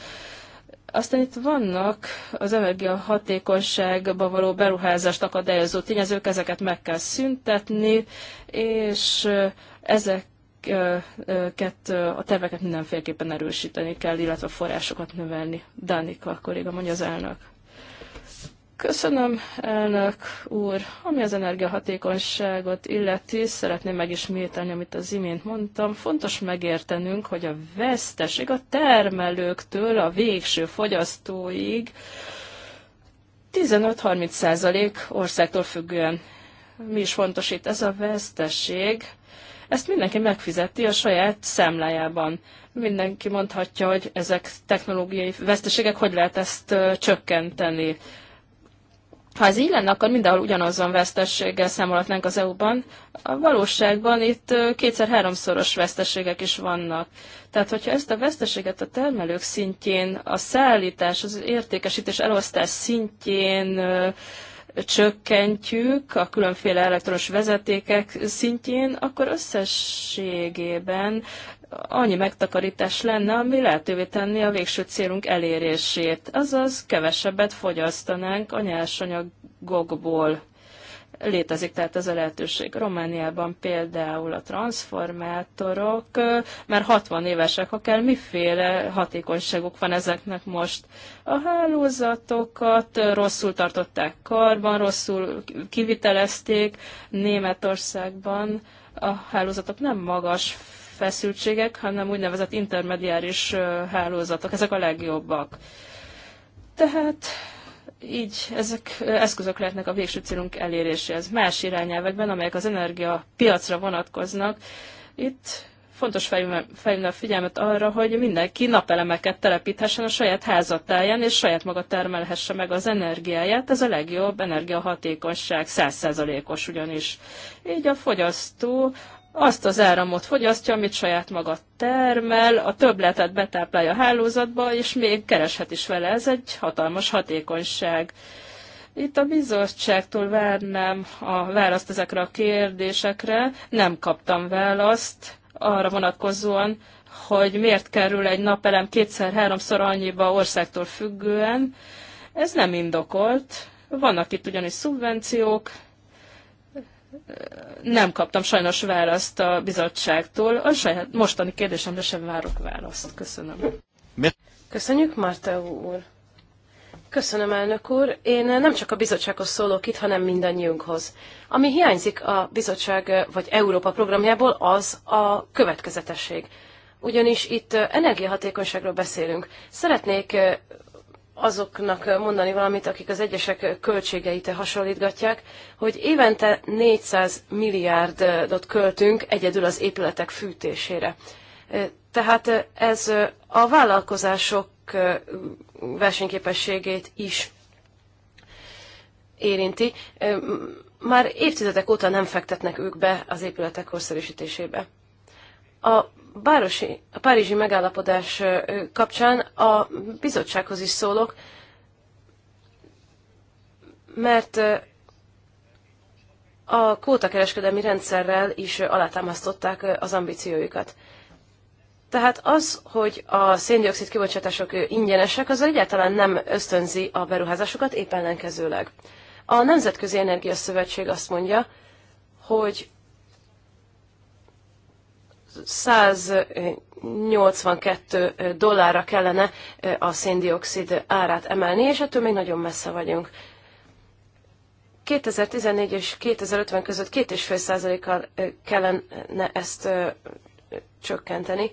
aztán itt vannak az energiahatékonyságba való beruházást akadályozó tényezők, ezeket meg kell szüntetni, és ezeket a terveket mindenféleképpen erősíteni kell, illetve a forrásokat növelni. Danika kolléga mondja az elnök. Köszönöm, elnök úr. Ami az energiahatékonyságot illeti, szeretném megismételni, amit az imént mondtam. Fontos megértenünk, hogy a veszteség a termelőktől a végső fogyasztóig 15-30 százalék országtól függően. Mi is fontos itt ez a veszteség? Ezt mindenki megfizeti a saját számlájában. Mindenki mondhatja, hogy ezek technológiai veszteségek, hogy lehet ezt csökkenteni ha ez így lenne, akkor mindenhol ugyanazon vesztességgel számolhatnánk az EU-ban. A valóságban itt kétszer-háromszoros veszteségek is vannak. Tehát, hogyha ezt a veszteséget a termelők szintjén, a szállítás, az értékesítés, elosztás szintjén csökkentjük a különféle elektronos vezetékek szintjén, akkor összességében annyi megtakarítás lenne, ami lehetővé tenni a végső célunk elérését, azaz kevesebbet fogyasztanánk a nyersanyagokból. Létezik tehát ez a lehetőség. Romániában például a transformátorok már 60 évesek, akár miféle hatékonyságuk van ezeknek most. A hálózatokat rosszul tartották karban, rosszul kivitelezték. Németországban a hálózatok nem magas feszültségek, hanem úgynevezett intermediáris hálózatok, ezek a legjobbak. Tehát így ezek eszközök lehetnek a végső célunk eléréséhez. Más irányelvekben, amelyek az energia piacra vonatkoznak, itt fontos felhívni a figyelmet arra, hogy mindenki napelemeket telepíthessen a saját házatáján, és saját maga termelhesse meg az energiáját. Ez a legjobb energiahatékonyság, százszázalékos ugyanis. Így a fogyasztó azt az áramot fogyasztja, amit saját maga termel, a többletet betáplálja a hálózatba, és még kereshet is vele. Ez egy hatalmas hatékonyság. Itt a bizottságtól várnám a választ ezekre a kérdésekre. Nem kaptam választ arra vonatkozóan, hogy miért kerül egy napelem kétszer-háromszor annyiba országtól függően. Ez nem indokolt. Vannak itt ugyanis szubvenciók, nem kaptam sajnos választ a bizottságtól. A saját mostani kérdésemre sem várok választ. Köszönöm. Köszönjük, Marta úr. Köszönöm, elnök úr. Én nem csak a bizottsághoz szólok itt, hanem mindannyiunkhoz. Ami hiányzik a bizottság vagy Európa programjából, az a következetesség. Ugyanis itt energiahatékonyságról beszélünk. Szeretnék azoknak mondani valamit, akik az egyesek költségeit hasonlítgatják, hogy évente 400 milliárdot költünk egyedül az épületek fűtésére. Tehát ez a vállalkozások versenyképességét is érinti. Már évtizedek óta nem fektetnek ők be az épületek korszerűsítésébe. A bárosi, a párizsi megállapodás kapcsán a bizottsághoz is szólok, mert a kótakereskedelmi rendszerrel is alátámasztották az ambíciójukat. Tehát az, hogy a széndiokszid kibocsátások ingyenesek, az egyáltalán nem ösztönzi a beruházásokat, épp ellenkezőleg. A Nemzetközi Energiaszövetség azt mondja, hogy 182 dollárra kellene a széndiokszid árát emelni, és ettől még nagyon messze vagyunk. 2014 és 2050 között 2,5%-kal kellene ezt csökkenteni.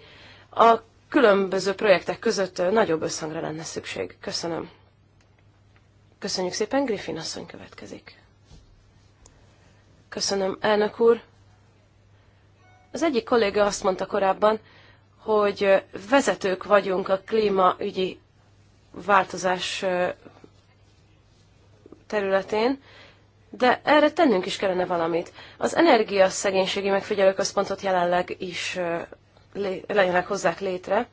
A különböző projektek között nagyobb összhangra lenne szükség. Köszönöm. Köszönjük szépen, Griffin asszony következik. Köszönöm, elnök úr. Az egyik kolléga azt mondta korábban, hogy vezetők vagyunk a klímaügyi változás területén, de erre tennünk is kellene valamit. Az energiaszegénységi megfigyelőközpontot jelenleg is legyenek hozzák létre,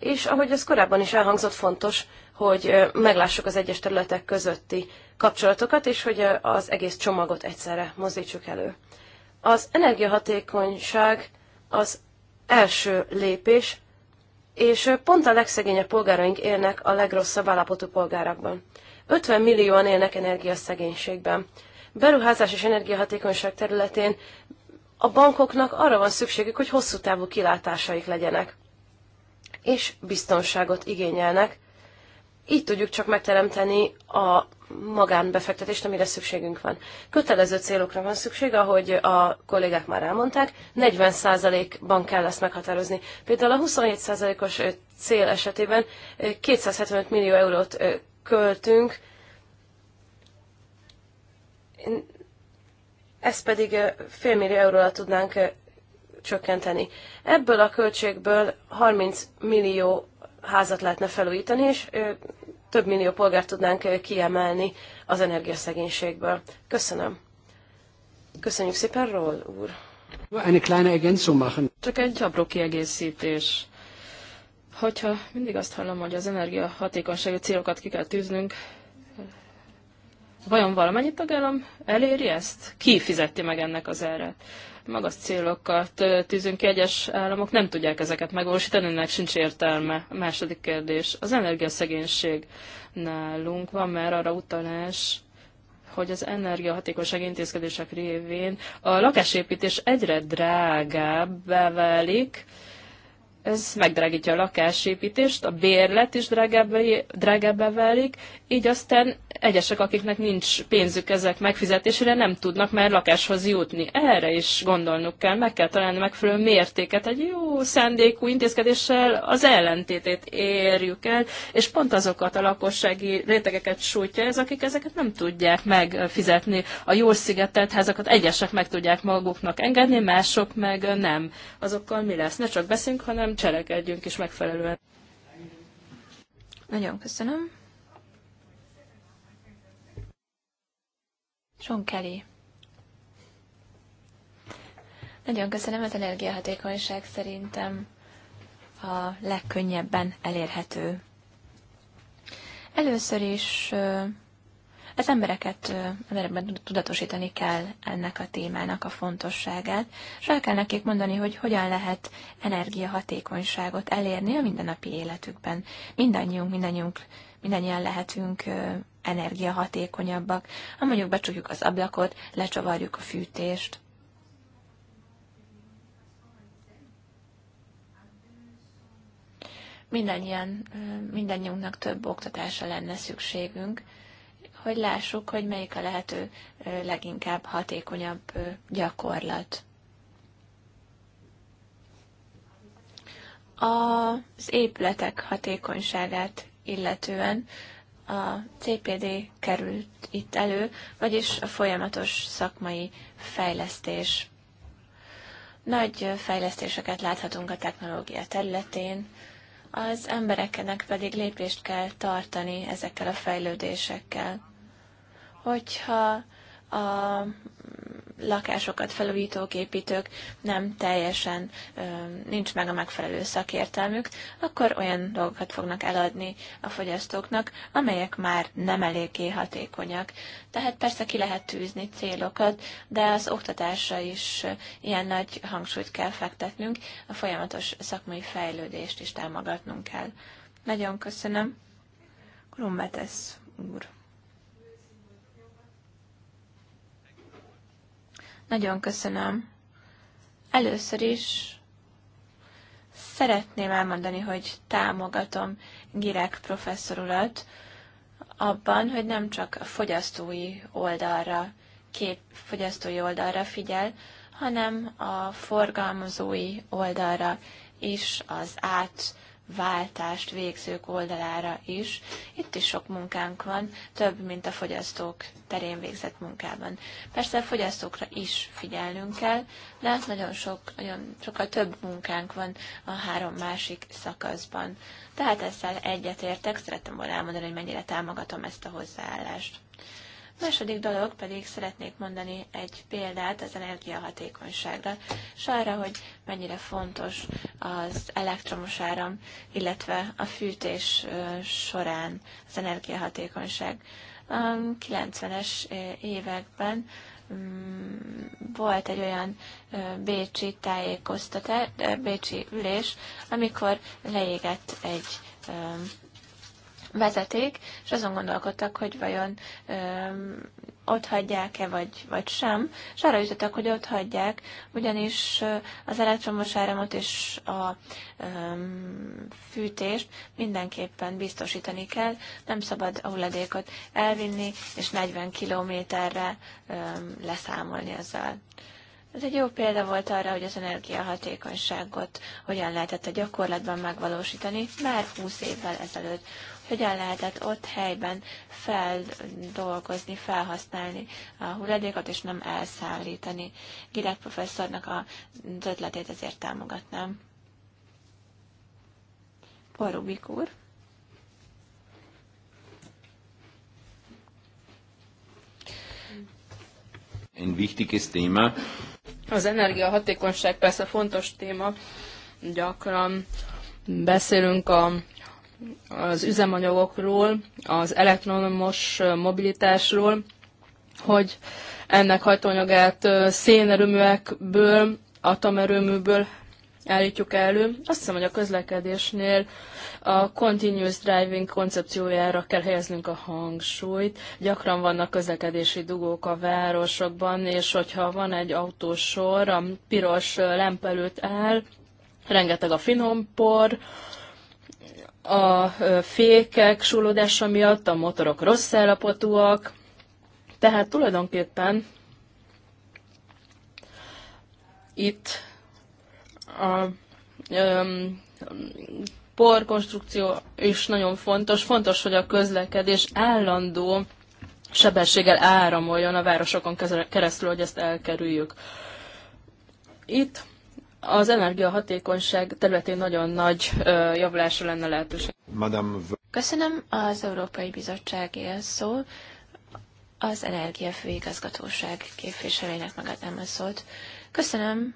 és ahogy ez korábban is elhangzott, fontos, hogy meglássuk az egyes területek közötti kapcsolatokat, és hogy az egész csomagot egyszerre mozdítsuk elő. Az energiahatékonyság az első lépés, és pont a legszegényebb polgáraink élnek a legrosszabb állapotú polgárakban. 50 millióan élnek energiaszegénységben. Beruházás és energiahatékonyság területén a bankoknak arra van szükségük, hogy hosszú távú kilátásaik legyenek, és biztonságot igényelnek, így tudjuk csak megteremteni a magánbefektetést, amire szükségünk van. Kötelező célokra van szükség, ahogy a kollégák már elmondták, 40%-ban kell ezt meghatározni. Például a 27%-os cél esetében 275 millió eurót költünk, ezt pedig félmillió euróra tudnánk csökkenteni. Ebből a költségből 30 millió házat lehetne felújítani, és több millió polgárt tudnánk kiemelni az energiaszegénységből. Köszönöm. Köszönjük szépen, Roll úr. Eine kleine Ergänzung machen. Csak egy apró kiegészítés. Hogyha mindig azt hallom, hogy az energia hatékonysági célokat ki kell tűznünk, vajon valamennyi tagállam eléri ezt? Ki fizeti meg ennek az erre? magas célokat tűzünk ki, egyes államok nem tudják ezeket megvalósítani, ennek sincs értelme. A második kérdés, az energiaszegénység nálunk van már arra utalás, hogy az energiahatékonyság intézkedések révén a lakásépítés egyre drágábbá válik, ez megdrágítja a lakásépítést, a bérlet is drágábbá válik, így aztán egyesek, akiknek nincs pénzük ezek megfizetésére, nem tudnak már lakáshoz jutni. Erre is gondolnunk kell, meg kell találni megfelelő mértéket, egy jó szándékú intézkedéssel az ellentétét érjük el, és pont azokat a lakossági rétegeket sújtja ez, akik ezeket nem tudják megfizetni. A jó szigetelt házakat egyesek meg tudják maguknak engedni, mások meg nem. Azokkal mi lesz? Ne csak beszélünk, hanem cselekedjünk is megfelelően. Nagyon köszönöm. John Kelly. Nagyon köszönöm, az hát energiahatékonyság szerintem a legkönnyebben elérhető. Először is az embereket emberekben tudatosítani kell ennek a témának a fontosságát, és el kell nekik mondani, hogy hogyan lehet energiahatékonyságot elérni a mindennapi életükben. Mindannyiunk, mindannyiunk, mindannyian lehetünk energiahatékonyabbak, ha mondjuk becsukjuk az ablakot, lecsavarjuk a fűtést, mindannyian, mindannyiunknak több oktatásra lenne szükségünk, hogy lássuk, hogy melyik a lehető leginkább hatékonyabb gyakorlat. Az épületek hatékonyságát illetően a CPD került itt elő, vagyis a folyamatos szakmai fejlesztés. Nagy fejlesztéseket láthatunk a technológia területén, az embereknek pedig lépést kell tartani ezekkel a fejlődésekkel hogyha a lakásokat felújítók, építők nem teljesen nincs meg a megfelelő szakértelmük, akkor olyan dolgokat fognak eladni a fogyasztóknak, amelyek már nem eléggé hatékonyak. Tehát persze ki lehet tűzni célokat, de az oktatásra is ilyen nagy hangsúlyt kell fektetnünk, a folyamatos szakmai fejlődést is támogatnunk kell. Nagyon köszönöm. Krumbetesz úr. Nagyon köszönöm. Először is szeretném elmondani, hogy támogatom Girek professzor urat abban, hogy nem csak a fogyasztói oldalra, kép fogyasztói oldalra figyel, hanem a forgalmazói oldalra is az át váltást végzők oldalára is. Itt is sok munkánk van, több, mint a fogyasztók terén végzett munkában. Persze a fogyasztókra is figyelnünk kell, de hát nagyon sok, nagyon sokkal több munkánk van a három másik szakaszban. Tehát ezzel egyetértek, szerettem volna elmondani, hogy mennyire támogatom ezt a hozzáállást. Második dolog pedig szeretnék mondani egy példát az energiahatékonyságra, és arra, hogy mennyire fontos az elektromos áram, illetve a fűtés során az energiahatékonyság. A 90-es években mm, volt egy olyan bécsi tájékoztatás, bécsi ülés, amikor leégett egy vezeték, és azon gondolkodtak, hogy vajon öm, ott hagyják-e, vagy, vagy sem, és arra jutottak, hogy ott hagyják, ugyanis az elektromos áramot és a öm, fűtést mindenképpen biztosítani kell, nem szabad a hulladékot elvinni, és 40 kilométerre öm, leszámolni ezzel. Ez egy jó példa volt arra, hogy az energiahatékonyságot hogyan lehetett a gyakorlatban megvalósítani már 20 évvel ezelőtt hogyan lehetett ott helyben feldolgozni, felhasználni a hulladékot, és nem elszállítani. Girek professzornak az ötletét ezért támogatnám. Porubik úr. Ein wichtiges Thema. Az energiahatékonyság persze fontos téma. Gyakran beszélünk a az üzemanyagokról, az elektromos mobilitásról, hogy ennek hatóanyagát szénerőműekből, atomerőműből állítjuk elő. Azt hiszem, hogy a közlekedésnél a continuous driving koncepciójára kell helyeznünk a hangsúlyt. Gyakran vannak közlekedési dugók a városokban, és hogyha van egy autósor, a piros lámpa előtt áll, rengeteg a finom por, a fékek súlódása miatt a motorok rossz állapotúak, tehát tulajdonképpen itt a um, porkonstrukció is nagyon fontos. Fontos, hogy a közlekedés állandó sebességgel áramoljon a városokon keresztül, hogy ezt elkerüljük. Itt az energiahatékonyság területén nagyon nagy javulásra lenne lehetőség. Madame... Köszönöm az Európai Bizottságéhez szó. Az Főigazgatóság képviselőinek megadnám a szót. Köszönöm,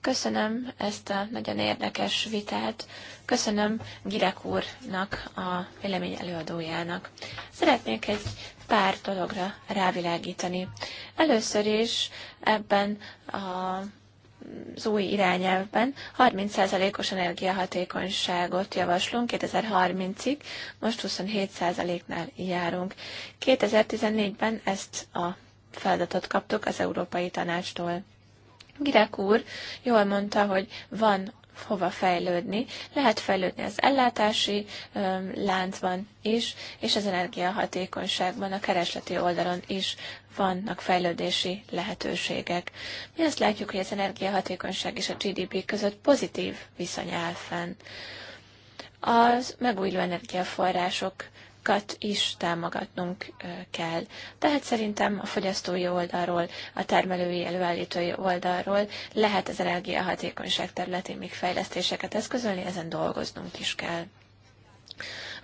köszönöm ezt a nagyon érdekes vitát. Köszönöm Girek úrnak, a vélemény előadójának. Szeretnék egy pár dologra rávilágítani. Először is ebben a az új irányelvben 30%-os energiahatékonyságot javaslunk 2030-ig, most 27%-nál járunk. 2014-ben ezt a feladatot kaptuk az Európai Tanácstól. Girek úr jól mondta, hogy van hova fejlődni. Lehet fejlődni az ellátási láncban is, és az energiahatékonyságban, a keresleti oldalon is vannak fejlődési lehetőségek. Mi azt látjuk, hogy az energiahatékonyság és a GDP között pozitív viszony áll fenn. Az megújuló energiaforrások kat is támogatnunk kell. Tehát szerintem a fogyasztói oldalról, a termelői, előállítói oldalról lehet az energiahatékonyság területén még fejlesztéseket eszközölni, ezen dolgoznunk is kell.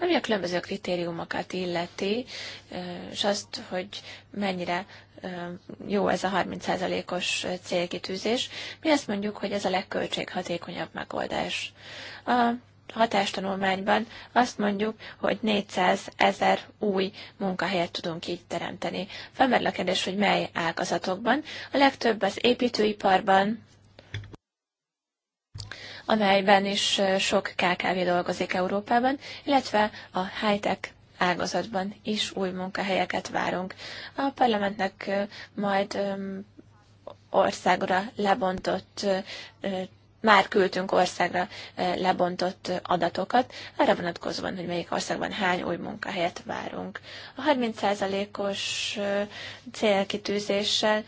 Ami a különböző kritériumokat illeti, és azt, hogy mennyire jó ez a 30%-os célkitűzés, mi azt mondjuk, hogy ez a legköltséghatékonyabb megoldás. A hatástanulmányban azt mondjuk, hogy 400 ezer új munkahelyet tudunk így teremteni. Felmerül a kérdés, hogy mely ágazatokban. A legtöbb az építőiparban, amelyben is sok KKV dolgozik Európában, illetve a high-tech ágazatban is új munkahelyeket várunk. A parlamentnek majd országra lebontott már küldtünk országra lebontott adatokat, arra vonatkozóan, hogy melyik országban hány új munkahelyet várunk. A 30%-os célkitűzéssel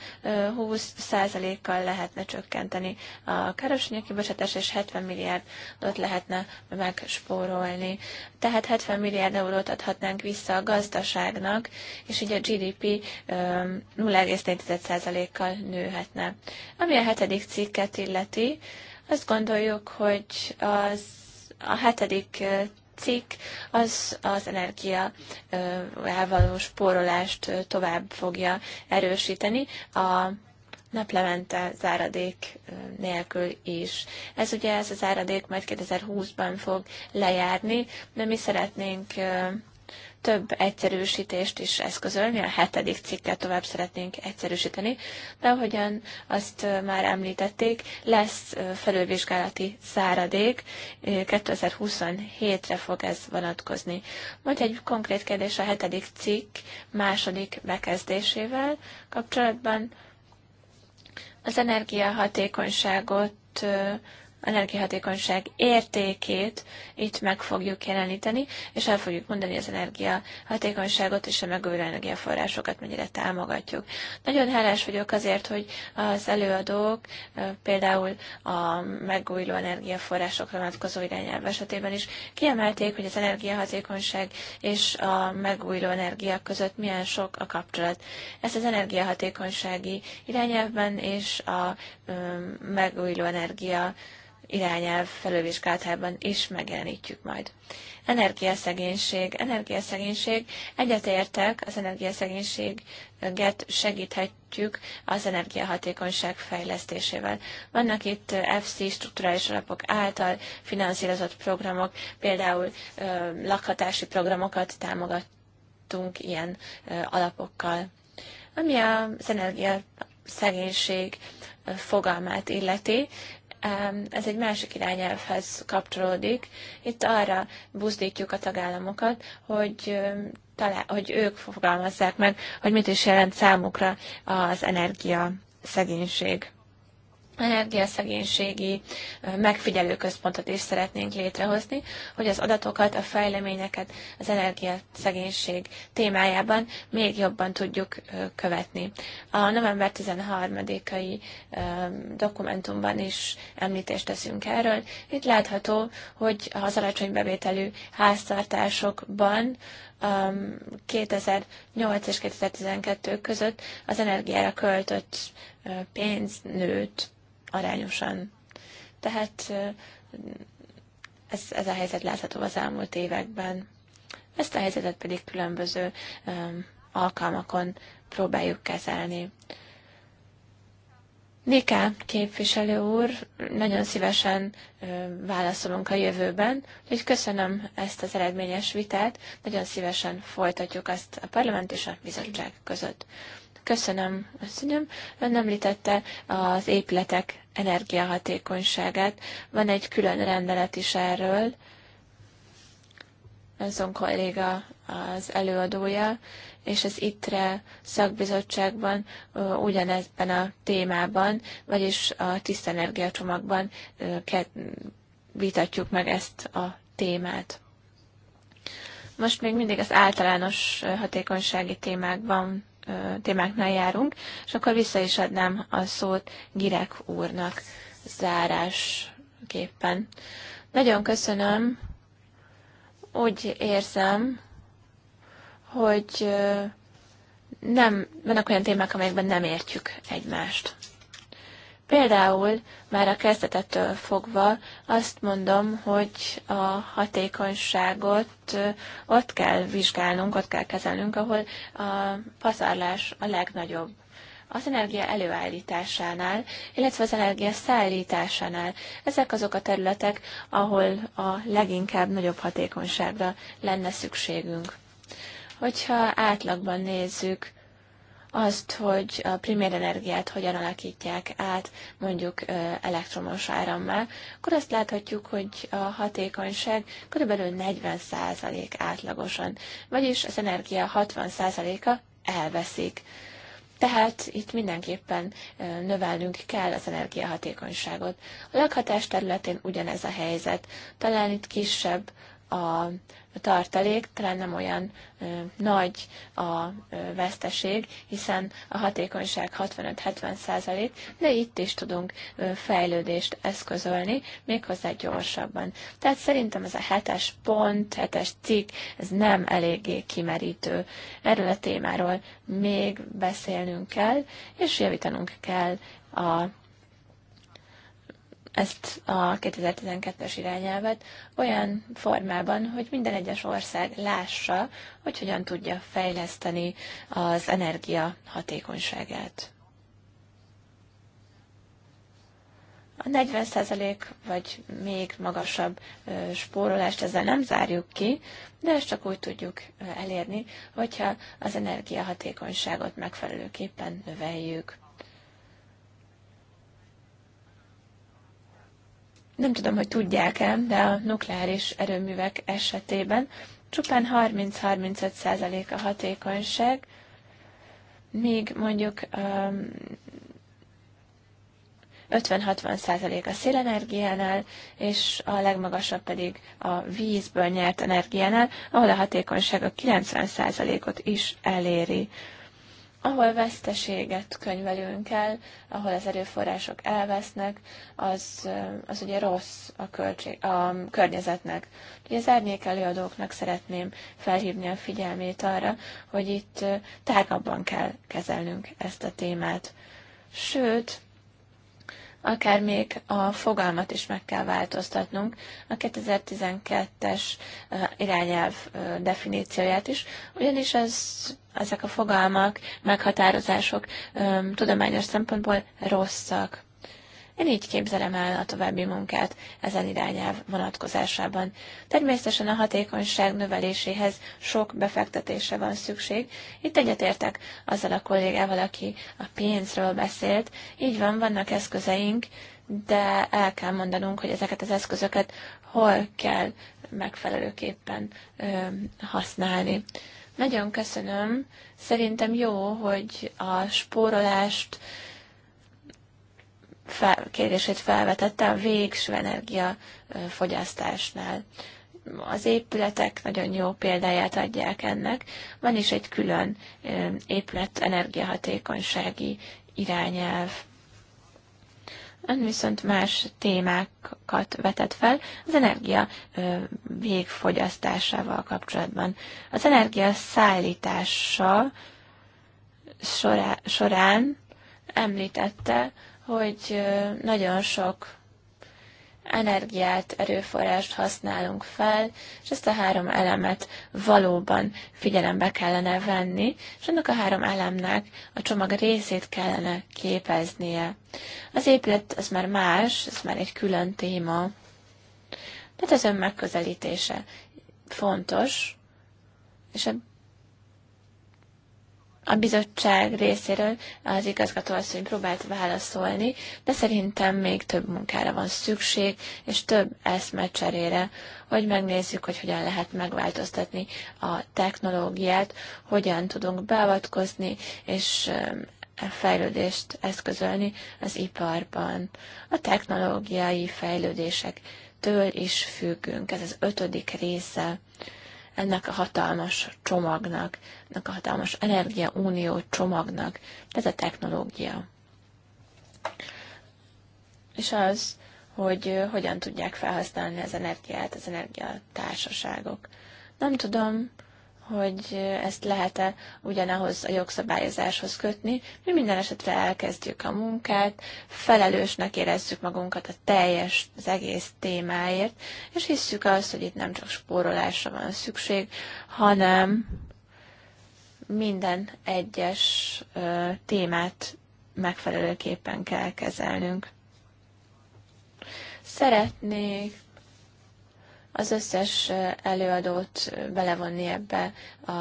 20%-kal lehetne csökkenteni a károsanyag kibocsátás, és 70 milliárdot lehetne megspórolni. Tehát 70 milliárd eurót adhatnánk vissza a gazdaságnak, és így a GDP 0,4%-kal nőhetne. Ami a hetedik cikket illeti, azt gondoljuk, hogy az a hetedik cikk az az energia elvaló spórolást tovább fogja erősíteni a naplemente záradék nélkül is. Ez ugye ez a záradék majd 2020-ban fog lejárni, de mi szeretnénk több egyszerűsítést is eszközölni, a hetedik cikket tovább szeretnénk egyszerűsíteni, de ahogyan azt már említették, lesz felülvizsgálati száradék, 2027-re fog ez vonatkozni. Majd egy konkrét kérdés a hetedik cikk második bekezdésével kapcsolatban. Az energiahatékonyságot energiahatékonyság értékét itt meg fogjuk jeleníteni, és el fogjuk mondani az energiahatékonyságot és a megújuló energiaforrásokat mennyire támogatjuk. Nagyon hálás vagyok azért, hogy az előadók például a megújuló energiaforrásokra vonatkozó irányelv esetében is kiemelték, hogy az energiahatékonyság és a megújuló energia között milyen sok a kapcsolat. Ezt az energiahatékonysági irányelvben és a megújuló energia irányelv felővizsgálatában is megjelenítjük majd. Energiaszegénység. Energiaszegénység. Egyetértek, az energiaszegénységet segíthetjük az energiahatékonyság fejlesztésével. Vannak itt FC strukturális alapok által finanszírozott programok, például ö, lakhatási programokat támogattunk ilyen ö, alapokkal. Ami az energiaszegénység fogalmát illeti ez egy másik irányelvhez kapcsolódik. Itt arra buzdítjuk a tagállamokat, hogy talál, hogy ők fogalmazzák meg, hogy mit is jelent számukra az energia szegénység energiaszegénységi megfigyelőközpontot is szeretnénk létrehozni, hogy az adatokat, a fejleményeket az energiaszegénység témájában még jobban tudjuk követni. A november 13-ai dokumentumban is említést teszünk erről. Itt látható, hogy az alacsony bevételű háztartásokban 2008 és 2012 között az energiára költött pénz nőtt arányosan. Tehát ez, ez a helyzet látható az elmúlt években. Ezt a helyzetet pedig különböző alkalmakon próbáljuk kezelni. Niká képviselő úr, nagyon szívesen válaszolunk a jövőben, úgyhogy köszönöm ezt az eredményes vitát, nagyon szívesen folytatjuk ezt a parlament és a bizottság között. Köszönöm, köszönöm. Ön említette az épületek energiahatékonyságát. Van egy külön rendelet is erről. Azon kolléga az előadója, és az ITRE szakbizottságban ugyanezben a témában, vagyis a tiszta energiacsomagban vitatjuk meg ezt a témát. Most még mindig az általános hatékonysági témákban témáknál járunk, és akkor vissza is adnám a szót Girek úrnak zárásképpen. Nagyon köszönöm, úgy érzem, hogy nem, vannak olyan témák, amelyekben nem értjük egymást. Például már a kezdetettől fogva azt mondom, hogy a hatékonyságot ott kell vizsgálnunk, ott kell kezelnünk, ahol a pazarlás a legnagyobb az energia előállításánál, illetve az energia szállításánál. Ezek azok a területek, ahol a leginkább nagyobb hatékonyságra lenne szükségünk. Hogyha átlagban nézzük azt, hogy a primér energiát hogyan alakítják át mondjuk elektromos árammal, akkor azt láthatjuk, hogy a hatékonyság kb. 40% átlagosan, vagyis az energia 60%-a elveszik. Tehát itt mindenképpen növelnünk kell az energiahatékonyságot. A lakhatás területén ugyanez a helyzet. Talán itt kisebb a tartalék, talán nem olyan ö, nagy a ö, veszteség, hiszen a hatékonyság 65-70 százalék, de itt is tudunk ö, fejlődést eszközölni, méghozzá gyorsabban. Tehát szerintem ez a hetes pont, hetes cikk, ez nem eléggé kimerítő. Erről a témáról még beszélnünk kell, és javítanunk kell a ezt a 2012-es irányelvet olyan formában, hogy minden egyes ország lássa, hogy hogyan tudja fejleszteni az energia hatékonyságát. A 40% vagy még magasabb spórolást ezzel nem zárjuk ki, de ezt csak úgy tudjuk elérni, hogyha az energiahatékonyságot megfelelőképpen növeljük. Nem tudom, hogy tudják-e, de a nukleáris erőművek esetében csupán 30-35% a hatékonyság, míg mondjuk 50-60% a szélenergiánál, és a legmagasabb pedig a vízből nyert energiánál, ahol a hatékonyság a 90%-ot is eléri ahol veszteséget könyvelünk el, ahol az erőforrások elvesznek, az, eh, az ugye rossz a, költség, a környezetnek. Ugye az árnyék előadóknak szeretném felhívni a figyelmét arra, hogy itt eh, tágabban kell kezelnünk ezt a témát. Sőt, akár még a fogalmat is meg kell változtatnunk, a 2012-es eh, irányelv eh, definícióját is, ugyanis ez, ezek a fogalmak, meghatározások eh, tudományos szempontból rosszak. Én így képzelem el a további munkát ezen irányelv vonatkozásában. Természetesen a hatékonyság növeléséhez sok befektetése van szükség. Itt egyetértek azzal a kollégával, aki a pénzről beszélt. Így van, vannak eszközeink, de el kell mondanunk, hogy ezeket az eszközöket hol kell megfelelőképpen ö, használni. Nagyon köszönöm. Szerintem jó, hogy a spórolást, fel, kérdését felvetette a végső energiafogyasztásnál. Az épületek nagyon jó példáját adják ennek. Van is egy külön épület energiahatékonysági irányelv. Ön viszont más témákat vetett fel az energia végfogyasztásával kapcsolatban. Az energia szállítása során említette, hogy nagyon sok energiát, erőforrást használunk fel, és ezt a három elemet valóban figyelembe kellene venni, és ennek a három elemnek a csomag részét kellene képeznie. Az épület az már más, ez már egy külön téma. Tehát az ön megközelítése fontos, és a bizottság részéről az igazgatóasszony próbált válaszolni, de szerintem még több munkára van szükség, és több eszmecserére, hogy megnézzük, hogy hogyan lehet megváltoztatni a technológiát, hogyan tudunk beavatkozni, és fejlődést eszközölni az iparban. A technológiai fejlődések től is függünk, ez az ötödik része ennek a hatalmas csomagnak, ennek a hatalmas energiaunió csomagnak. Ez a technológia. És az, hogy hogyan tudják felhasználni az energiát az energiatársaságok. Nem tudom, hogy ezt lehet-e ugyanahoz a jogszabályozáshoz kötni. Mi minden esetre elkezdjük a munkát, felelősnek érezzük magunkat a teljes, az egész témáért, és hisszük azt, hogy itt nem csak spórolásra van szükség, hanem minden egyes ö, témát megfelelőképpen kell kezelnünk. Szeretnék az összes előadót belevonni ebbe a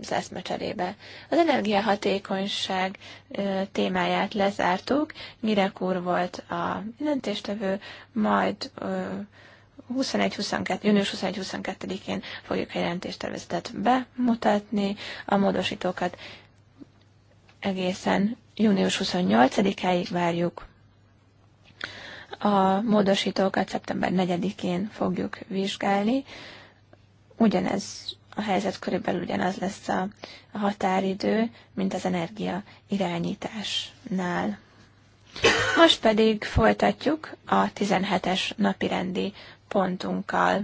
az eszmecserébe. Az energiahatékonyság témáját lezártuk, Girek úr volt a jelentéstevő, majd 21-22, június 21-22-én fogjuk a jelentéstervezetet bemutatni, a módosítókat egészen június 28-áig várjuk. A módosítókat szeptember 4-én fogjuk vizsgálni. Ugyanez a helyzet körülbelül ugyanaz lesz a, határidő, mint az energia irányításnál. Most pedig folytatjuk a 17-es napirendi pontunkkal.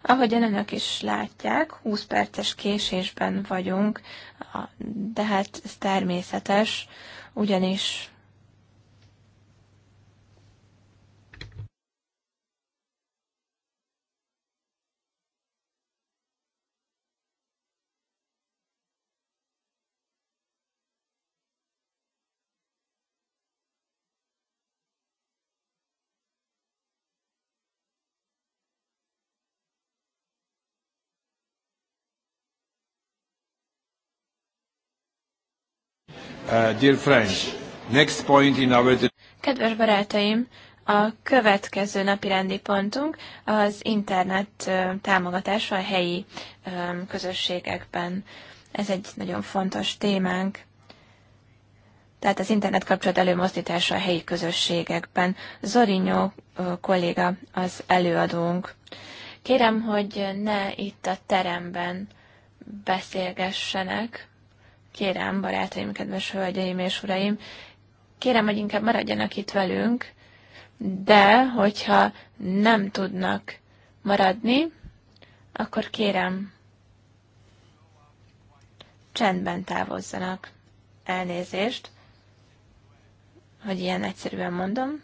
Ahogyan önök is látják, 20 perces késésben vagyunk, de hát ez természetes, ugyanis Uh, dear friends, next point in our... Kedves barátaim, a következő napi rendi pontunk az internet uh, támogatása a helyi um, közösségekben. Ez egy nagyon fontos témánk. Tehát az internet kapcsolat előmozdítása a helyi közösségekben. Zorinyó uh, kolléga az előadónk. Kérem, hogy ne itt a teremben beszélgessenek, Kérem, barátaim, kedves hölgyeim és uraim, kérem, hogy inkább maradjanak itt velünk, de hogyha nem tudnak maradni, akkor kérem, csendben távozzanak. Elnézést, hogy ilyen egyszerűen mondom.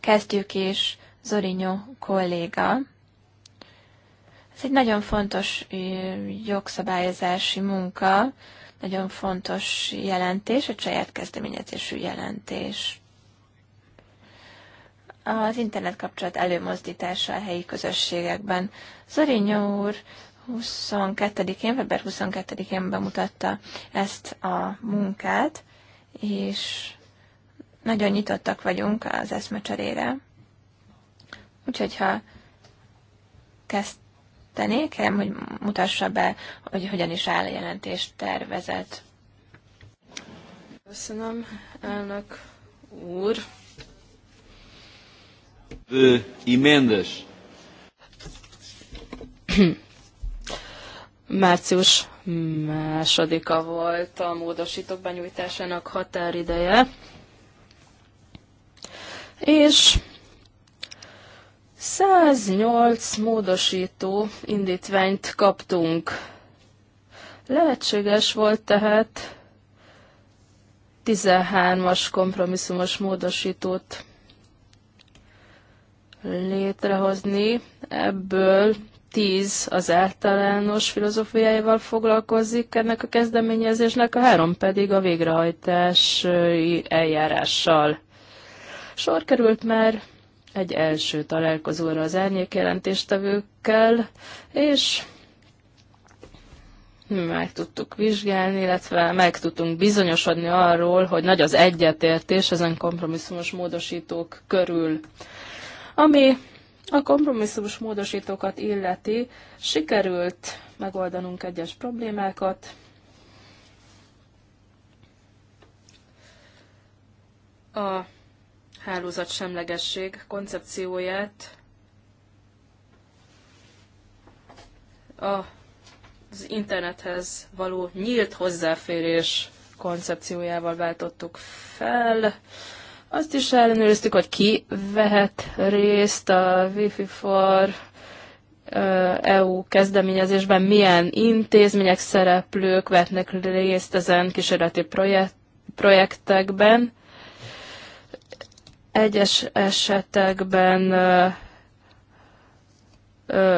Kezdjük is Zorinyó kolléga. Ez egy nagyon fontos jogszabályozási munka, nagyon fontos jelentés, egy saját kezdeményezésű jelentés. Az internet kapcsolat előmozdítása a helyi közösségekben. Zorinyó úr 22-én, február 22-én bemutatta ezt a munkát, és nagyon nyitottak vagyunk az eszmecserére. Úgyhogy ha kezd, tennék, hanem hogy mutassa be, hogy hogyan is áll a jelentést tervezet. Köszönöm, elnök úr. De Imendes. Március másodika volt a módosítók benyújtásának határideje. És 108 módosító indítványt kaptunk. Lehetséges volt tehát 13-as kompromisszumos módosítót létrehozni. Ebből 10 az általános filozófiáival foglalkozik ennek a kezdeményezésnek, a három pedig a végrehajtási eljárással. Sor került már egy első találkozóra az jelentéstevőkkel, és meg tudtuk vizsgálni, illetve meg tudtunk bizonyosodni arról, hogy nagy az egyetértés ezen kompromisszumos módosítók körül. Ami a kompromisszumos módosítókat illeti, sikerült megoldanunk egyes problémákat, a hálózat semlegesség koncepcióját az internethez való nyílt hozzáférés koncepciójával váltottuk fel. Azt is ellenőriztük, hogy ki vehet részt a Wi-Fi for EU kezdeményezésben, milyen intézmények, szereplők vetnek részt ezen kísérleti projekt, projektekben. Egyes esetekben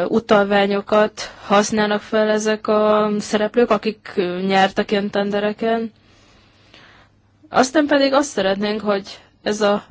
utalványokat használnak fel ezek a szereplők, akik nyertek ilyen tendereken. Aztán pedig azt szeretnénk, hogy ez a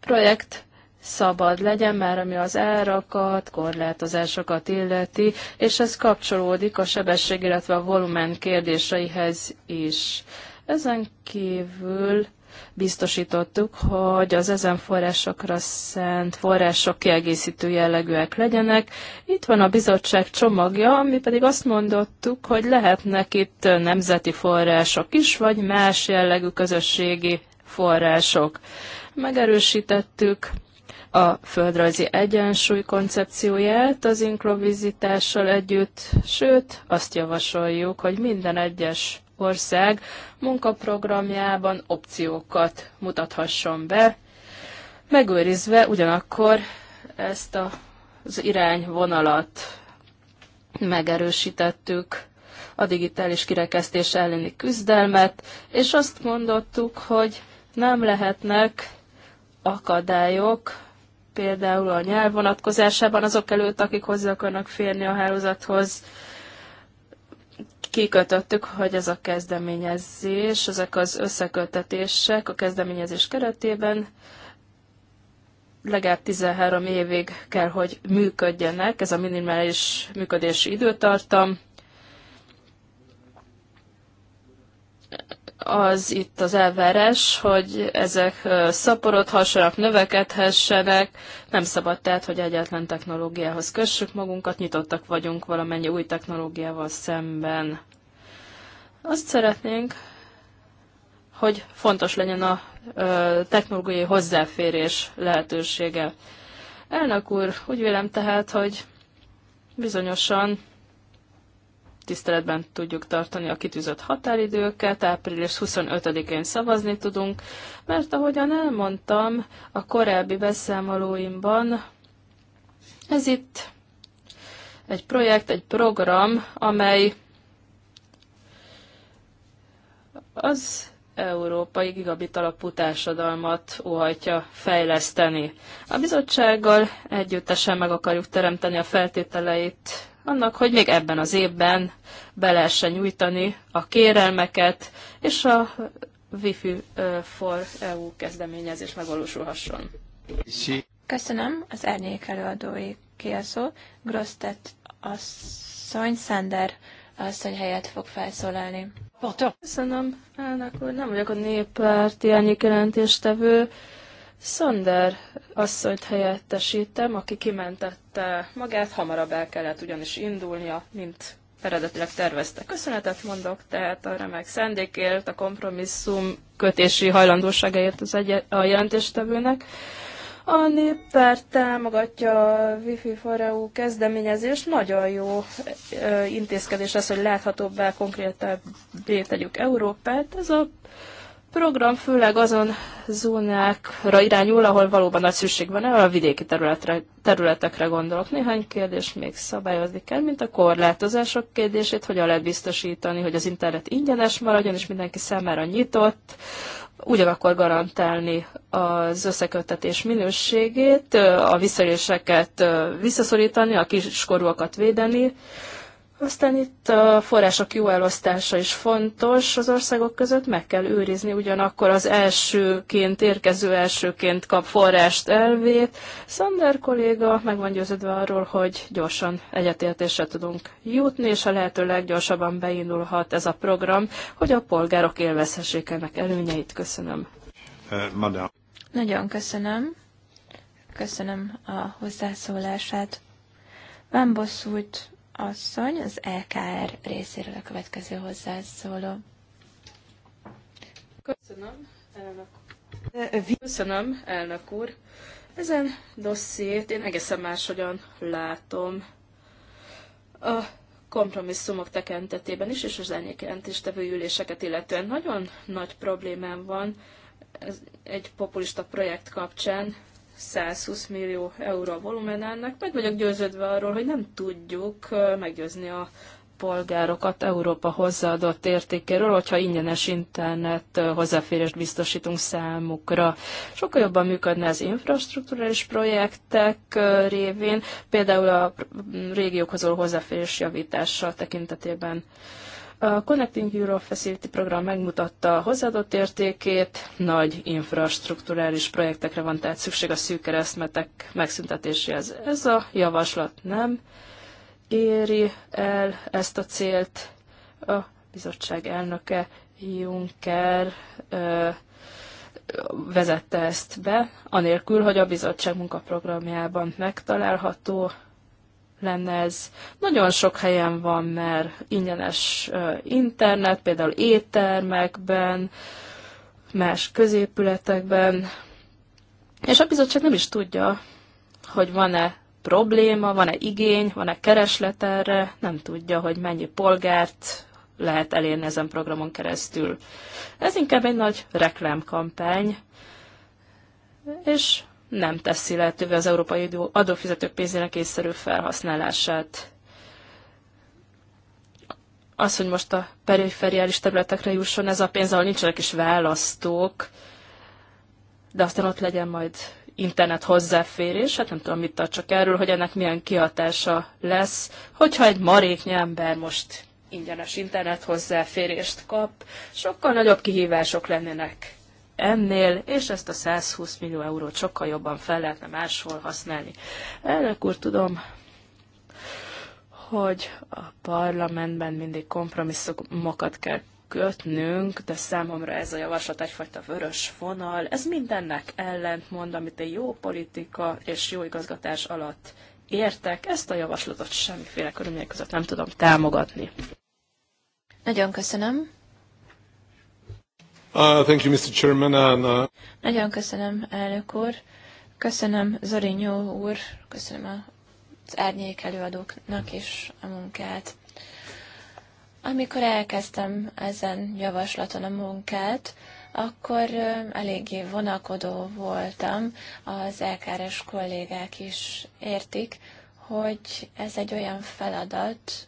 projekt szabad legyen már, ami az árakat, korlátozásokat illeti, és ez kapcsolódik a sebesség, illetve a volumen kérdéseihez is. Ezen kívül biztosítottuk, hogy az ezen forrásokra szent források kiegészítő jellegűek legyenek. Itt van a bizottság csomagja, ami pedig azt mondottuk, hogy lehetnek itt nemzeti források is, vagy más jellegű közösségi források. Megerősítettük a földrajzi egyensúly koncepcióját az inklovizitással együtt, sőt, azt javasoljuk, hogy minden egyes ország munkaprogramjában opciókat mutathasson be, megőrizve ugyanakkor ezt a, az irányvonalat megerősítettük a digitális kirekesztés elleni küzdelmet, és azt mondottuk, hogy nem lehetnek akadályok, például a nyelv vonatkozásában azok előtt, akik hozzá akarnak férni a hálózathoz, kikötöttük, hogy ez a kezdeményezés, ezek az összeköltetések a kezdeményezés keretében legalább 13 évig kell, hogy működjenek, ez a minimális működési időtartam az itt az elvárás, hogy ezek szaporodhassanak, növekedhessenek, nem szabad tehát, hogy egyetlen technológiához kössük magunkat, nyitottak vagyunk valamennyi új technológiával szemben. Azt szeretnénk, hogy fontos legyen a technológiai hozzáférés lehetősége. Elnök úr, úgy vélem tehát, hogy bizonyosan tiszteletben tudjuk tartani a kitűzött határidőket, április 25-én szavazni tudunk, mert ahogyan elmondtam a korábbi beszámolóimban, ez itt egy projekt, egy program, amely az európai gigabit alapú társadalmat óhajtja fejleszteni. A bizottsággal együttesen meg akarjuk teremteni a feltételeit annak, hogy még ebben az évben be lehessen nyújtani a kérelmeket, és a Wi-Fi for EU kezdeményezés megvalósulhasson. Köszönöm az árnyék előadói kiaszó. Grosztett asszony, Szender asszony helyett fog felszólalni. Köszönöm, elnök úr. Nem vagyok a néppárti árnyék jelentéstevő. Sander, asszonyt helyettesítem, aki kimentette magát, hamarabb el kellett ugyanis indulnia, mint eredetileg tervezte. Köszönetet mondok tehát a remek szendékért, a kompromisszum kötési hajlandóságért az egy- a jelentéstevőnek. A néppárt támogatja a Wi-Fi for kezdeményezés. Nagyon jó intézkedés az, hogy láthatóbbá, konkrétabbé tegyük Európát. Ez a program főleg azon zónákra irányul, ahol valóban nagy szükség van, a vidéki területre, területekre gondolok. Néhány kérdés még szabályozni kell, mint a korlátozások kérdését, hogyan lehet biztosítani, hogy az internet ingyenes maradjon, és mindenki számára nyitott, ugyanakkor garantálni az összeköttetés minőségét, a visszaéléseket visszaszorítani, a kiskorúakat védeni, aztán itt a források jó elosztása is fontos az országok között, meg kell őrizni ugyanakkor az elsőként, érkező elsőként kap forrást elvét. Szander kolléga meg van győződve arról, hogy gyorsan egyetértésre tudunk jutni, és a lehető leggyorsabban beindulhat ez a program, hogy a polgárok élvezhessék ennek előnyeit. Köszönöm. Eh, Madame. Nagyon köszönöm. Köszönöm a hozzászólását. Van bosszút asszony, az LKR e részéről a következő hozzászóló. Köszönöm, elnök. Köszönöm, elnök úr. Ezen dossziét én egészen máshogyan látom. A kompromisszumok tekintetében is, és az elnyékjelentéstevő üléseket illetően nagyon nagy problémám van ez egy populista projekt kapcsán, 120 millió euró a volumenának. Meg vagyok győződve arról, hogy nem tudjuk meggyőzni a polgárokat Európa hozzáadott értékéről, hogyha ingyenes internet hozzáférést biztosítunk számukra. Sokkal jobban működne az infrastruktúrális projektek révén, például a régiókhoz való hozzáférés javítása tekintetében. A Connecting Europe Facility program megmutatta a hozzáadott értékét, nagy infrastruktúrális projektekre van tehát szükség a szűk keresztmetek megszüntetéséhez. Ez a javaslat nem éri el ezt a célt. A bizottság elnöke Juncker vezette ezt be, anélkül, hogy a bizottság munkaprogramjában megtalálható lenne ez. Nagyon sok helyen van mert ingyenes internet, például éttermekben, más középületekben, és a bizottság nem is tudja, hogy van-e probléma, van-e igény, van-e kereslet erre, nem tudja, hogy mennyi polgárt lehet elérni ezen programon keresztül. Ez inkább egy nagy reklámkampány, és nem teszi lehetővé az európai adófizetők pénzének észszerű felhasználását. Az, hogy most a perifériális területekre jusson ez a pénz, ahol nincsenek is választók, de aztán ott legyen majd internet hozzáférés, hát nem tudom, mit csak erről, hogy ennek milyen kihatása lesz, hogyha egy maréknyi ember most ingyenes internet hozzáférést kap, sokkal nagyobb kihívások lennének ennél, és ezt a 120 millió eurót sokkal jobban fel lehetne máshol használni. Elnök úr, tudom, hogy a parlamentben mindig kompromisszumokat kell kötnünk, de számomra ez a javaslat egyfajta vörös vonal. Ez mindennek ellentmond, amit egy jó politika és jó igazgatás alatt értek. Ezt a javaslatot semmiféle körülmények között nem tudom támogatni. Nagyon köszönöm. Uh, thank you, Mr. Chairman. And, uh... Nagyon köszönöm, elnök úr. Köszönöm Zorinyó úr, köszönöm az árnyék előadóknak is a munkát. Amikor elkezdtem ezen javaslaton a munkát, akkor uh, eléggé vonakodó voltam, az LKR-es kollégák is értik, hogy ez egy olyan feladat,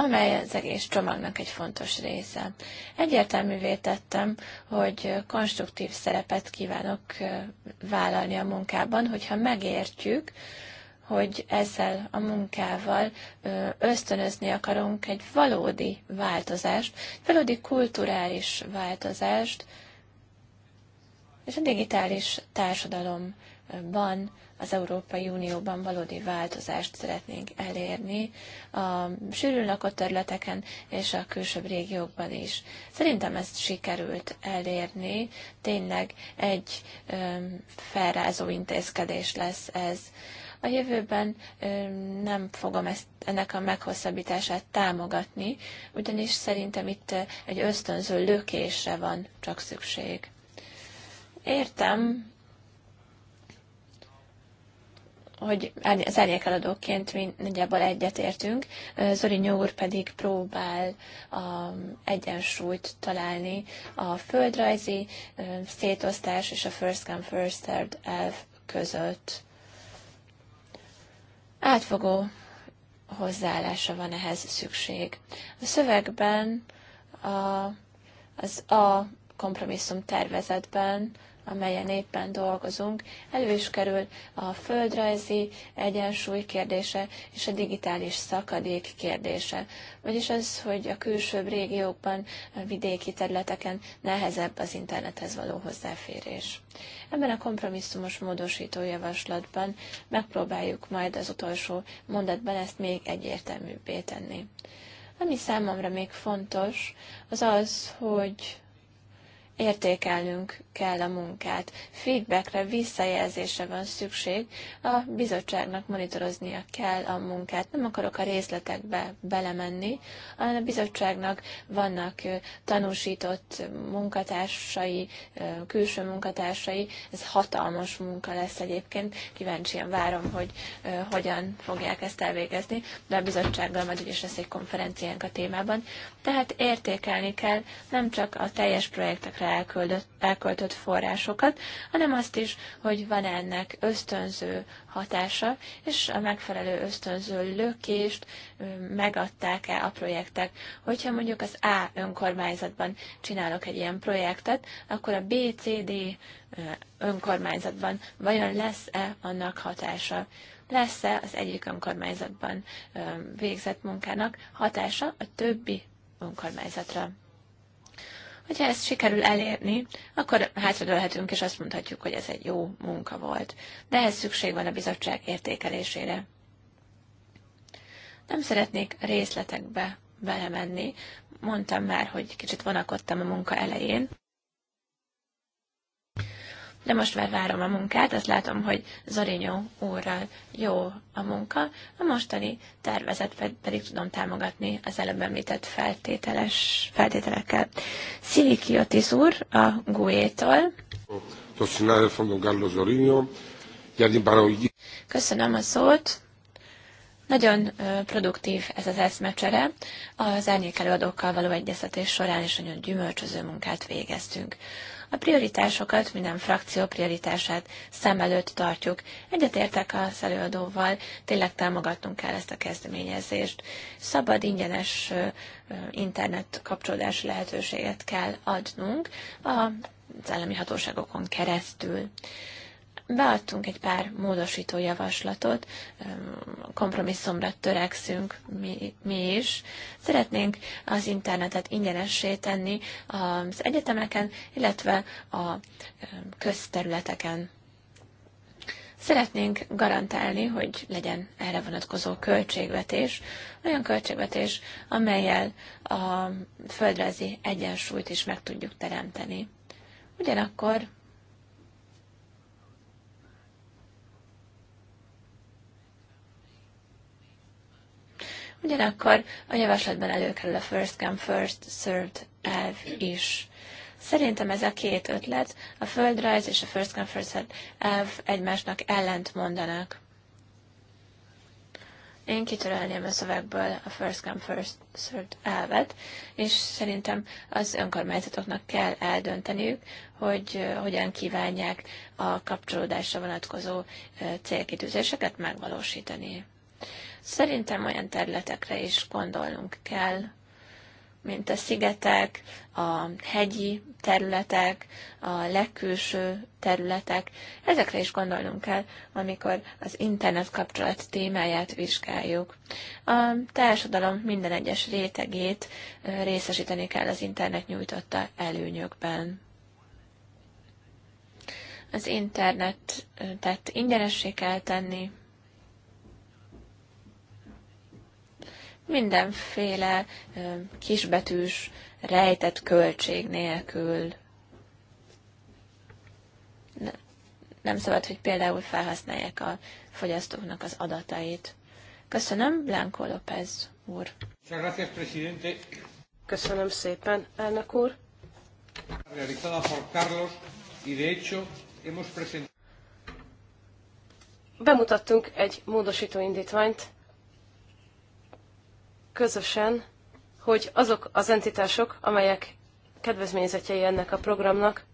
amely az egész csomagnak egy fontos része. Egyértelművé tettem, hogy konstruktív szerepet kívánok vállalni a munkában, hogyha megértjük, hogy ezzel a munkával ösztönözni akarunk egy valódi változást, valódi kulturális változást, és a digitális társadalomban az Európai Unióban valódi változást szeretnénk elérni a sűrűn lakott területeken és a külsőbb régiókban is. Szerintem ezt sikerült elérni, tényleg egy felrázó intézkedés lesz ez a jövőben nem fogom ezt, ennek a meghosszabbítását támogatni, ugyanis szerintem itt egy ösztönző lökésre van csak szükség. Értem hogy az mi nagyjából egyetértünk, Zori Nyúr pedig próbál a egyensúlyt találni a földrajzi szétosztás és a first come first third elf között. Átfogó hozzáállása van ehhez szükség. A szövegben, a, az A kompromisszum tervezetben amelyen éppen dolgozunk, elő is kerül a földrajzi egyensúly kérdése és a digitális szakadék kérdése. Vagyis az, hogy a külsőbb régiókban, a vidéki területeken nehezebb az internethez való hozzáférés. Ebben a kompromisszumos módosító javaslatban megpróbáljuk majd az utolsó mondatban ezt még egyértelműbbé tenni. Ami számomra még fontos, az az, hogy értékelnünk kell a munkát. Feedbackre, visszajelzésre van szükség, a bizottságnak monitoroznia kell a munkát. Nem akarok a részletekbe belemenni, hanem a bizottságnak vannak tanúsított munkatársai, külső munkatársai, ez hatalmas munka lesz egyébként, kíváncsian várom, hogy hogyan fogják ezt elvégezni, de a bizottsággal majd úgyis lesz egy konferenciánk a témában. Tehát értékelni kell, nem csak a teljes projektekre elköldött, elköltött forrásokat, hanem azt is, hogy van ennek ösztönző hatása, és a megfelelő ösztönző lökést megadták-e a projektek. Hogyha mondjuk az A önkormányzatban csinálok egy ilyen projektet, akkor a BCD önkormányzatban vajon lesz-e annak hatása? Lesz-e az egyik önkormányzatban végzett munkának hatása a többi önkormányzatra? Hogyha ezt sikerül elérni, akkor hátradőlhetünk, és azt mondhatjuk, hogy ez egy jó munka volt. De ehhez szükség van a bizottság értékelésére. Nem szeretnék részletekbe belemenni. Mondtam már, hogy kicsit vonakodtam a munka elején de most már várom a munkát, azt látom, hogy Zorinyó úrral jó a munka, a mostani tervezet pedig tudom támogatni az előbb említett feltételes, feltételekkel. Szilikiotis úr a GUE-tól. Köszönöm a szót. Nagyon produktív ez az eszmecsere. Az árnyék való egyeztetés során is nagyon gyümölcsöző munkát végeztünk. A prioritásokat, minden frakció prioritását szem előtt tartjuk. Egyetértek a előadóval, tényleg támogatnunk kell ezt a kezdeményezést. Szabad, ingyenes internet kapcsolódási lehetőséget kell adnunk a az állami hatóságokon keresztül beadtunk egy pár módosító javaslatot, kompromisszumra törekszünk mi, mi is. Szeretnénk az internetet ingyenessé tenni az egyetemeken, illetve a közterületeken. Szeretnénk garantálni, hogy legyen erre vonatkozó költségvetés, olyan költségvetés, amelyel a földrajzi egyensúlyt is meg tudjuk teremteni. Ugyanakkor ugyanakkor a javaslatban előkerül a first come, first served elv is. Szerintem ez a két ötlet, a földrajz és a first come, first served elv egymásnak ellent mondanak. Én kitörölném a szövegből a first come, first served elvet, és szerintem az önkormányzatoknak kell eldönteniük, hogy hogyan kívánják a kapcsolódásra vonatkozó célkitűzéseket megvalósítani. Szerintem olyan területekre is gondolnunk kell, mint a szigetek, a hegyi területek, a legkülső területek. Ezekre is gondolnunk kell, amikor az internet kapcsolat témáját vizsgáljuk. A társadalom minden egyes rétegét részesíteni kell az internet nyújtotta előnyökben. Az internet, tehát ingyenessé kell tenni, mindenféle kisbetűs, rejtett költség nélkül. Nem szabad, hogy például felhasználják a fogyasztóknak az adatait. Köszönöm, Blanco López úr. Köszönöm szépen, elnök úr. Bemutattunk egy módosító indítványt, közösen, hogy azok az entitások, amelyek kedvezményezetjei ennek a programnak,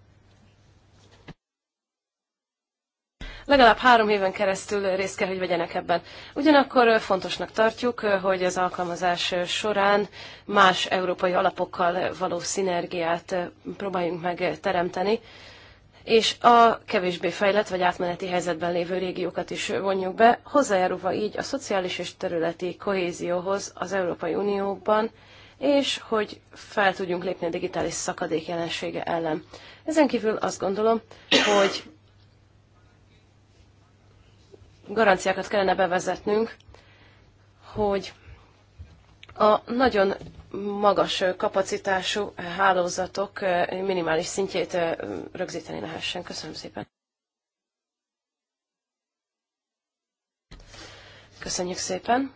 legalább három éven keresztül részt kell, hogy vegyenek ebben. Ugyanakkor fontosnak tartjuk, hogy az alkalmazás során más európai alapokkal való szinergiát próbáljunk meg teremteni, és a kevésbé fejlett vagy átmeneti helyzetben lévő régiókat is vonjuk be, hozzájárulva így a szociális és területi kohézióhoz az Európai Unióban, és hogy fel tudjunk lépni a digitális szakadék jelensége ellen. Ezen kívül azt gondolom, hogy garanciákat kellene bevezetnünk, hogy a nagyon magas kapacitású hálózatok minimális szintjét rögzíteni lehessen. Köszönöm szépen. Köszönjük szépen.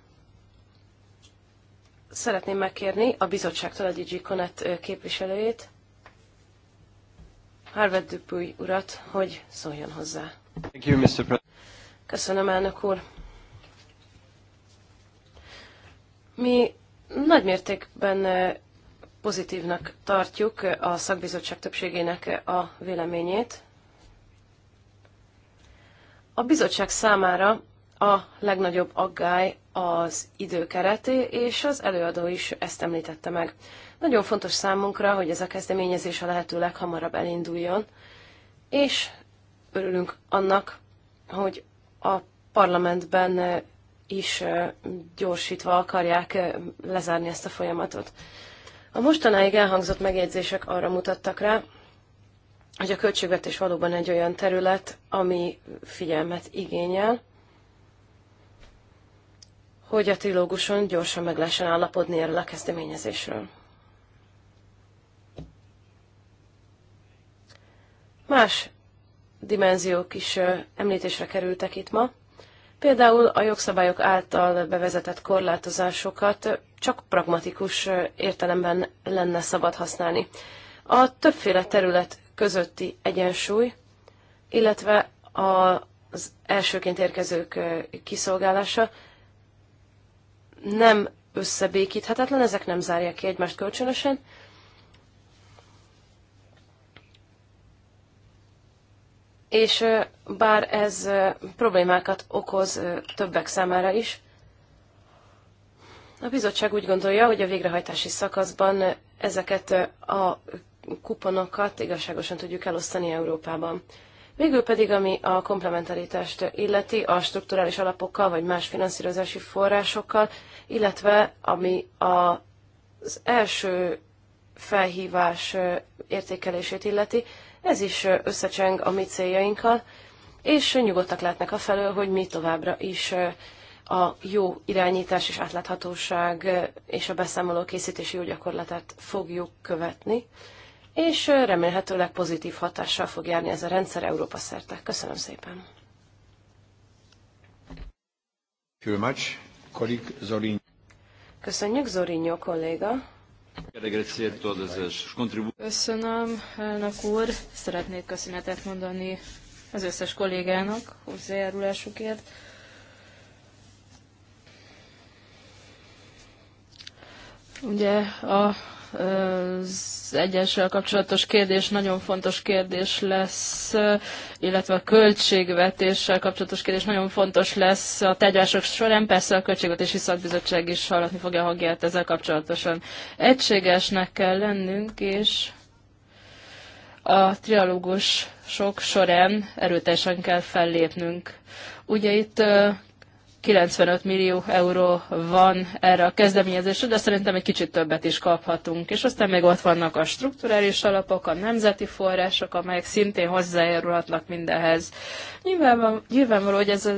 Szeretném megkérni a bizottságtól a DG Connect képviselőjét, Harvard Dupuy urat, hogy szóljon hozzá. Thank you, Mr. President. Köszönöm, elnök úr. Mi nagy mértékben pozitívnak tartjuk a szakbizottság többségének a véleményét. A bizottság számára a legnagyobb aggály az időkereté, és az előadó is ezt említette meg. Nagyon fontos számunkra, hogy ez a kezdeményezés a lehető leghamarabb elinduljon, és örülünk annak, hogy a parlamentben is gyorsítva akarják lezárni ezt a folyamatot. A mostanáig elhangzott megjegyzések arra mutattak rá, hogy a költségvetés valóban egy olyan terület, ami figyelmet igényel, hogy a trilóguson gyorsan meg lehessen állapodni erről a kezdeményezésről. Más dimenziók is említésre kerültek itt ma. Például a jogszabályok által bevezetett korlátozásokat csak pragmatikus értelemben lenne szabad használni. A többféle terület közötti egyensúly, illetve az elsőként érkezők kiszolgálása nem összebékíthetetlen, ezek nem zárják ki egymást kölcsönösen, és bár ez problémákat okoz többek számára is, a bizottság úgy gondolja, hogy a végrehajtási szakaszban ezeket a kuponokat igazságosan tudjuk elosztani Európában. Végül pedig, ami a komplementaritást illeti, a strukturális alapokkal vagy más finanszírozási forrásokkal, illetve ami az első felhívás értékelését illeti, ez is összecseng a mi céljainkkal, és nyugodtak lehetnek afelől, hogy mi továbbra is a jó irányítás és átláthatóság és a beszámoló készítési jó gyakorlatát fogjuk követni, és remélhetőleg pozitív hatással fog járni ez a rendszer Európa szerte. Köszönöm szépen! Köszönjük, Zorinyó kolléga! Köszönöm, elnök úr. Szeretnék köszönetet mondani az összes kollégának hozzájárulásukért. Ugye a, az egyensúlyal kapcsolatos kérdés nagyon fontos kérdés lesz, illetve a költségvetéssel kapcsolatos kérdés nagyon fontos lesz a tegyások során. Persze a Költségvetési Szakbizottság is hallatni fogja a hangját ezzel kapcsolatosan. Egységesnek kell lennünk, és a trialógus sok során erőteljesen kell fellépnünk. Ugye itt 95 millió euró van erre a kezdeményezésre, de szerintem egy kicsit többet is kaphatunk. És aztán még ott vannak a strukturális alapok, a nemzeti források, amelyek szintén hozzájárulhatnak mindenhez. Nyilvánvaló, nyilvánvaló hogy, ez,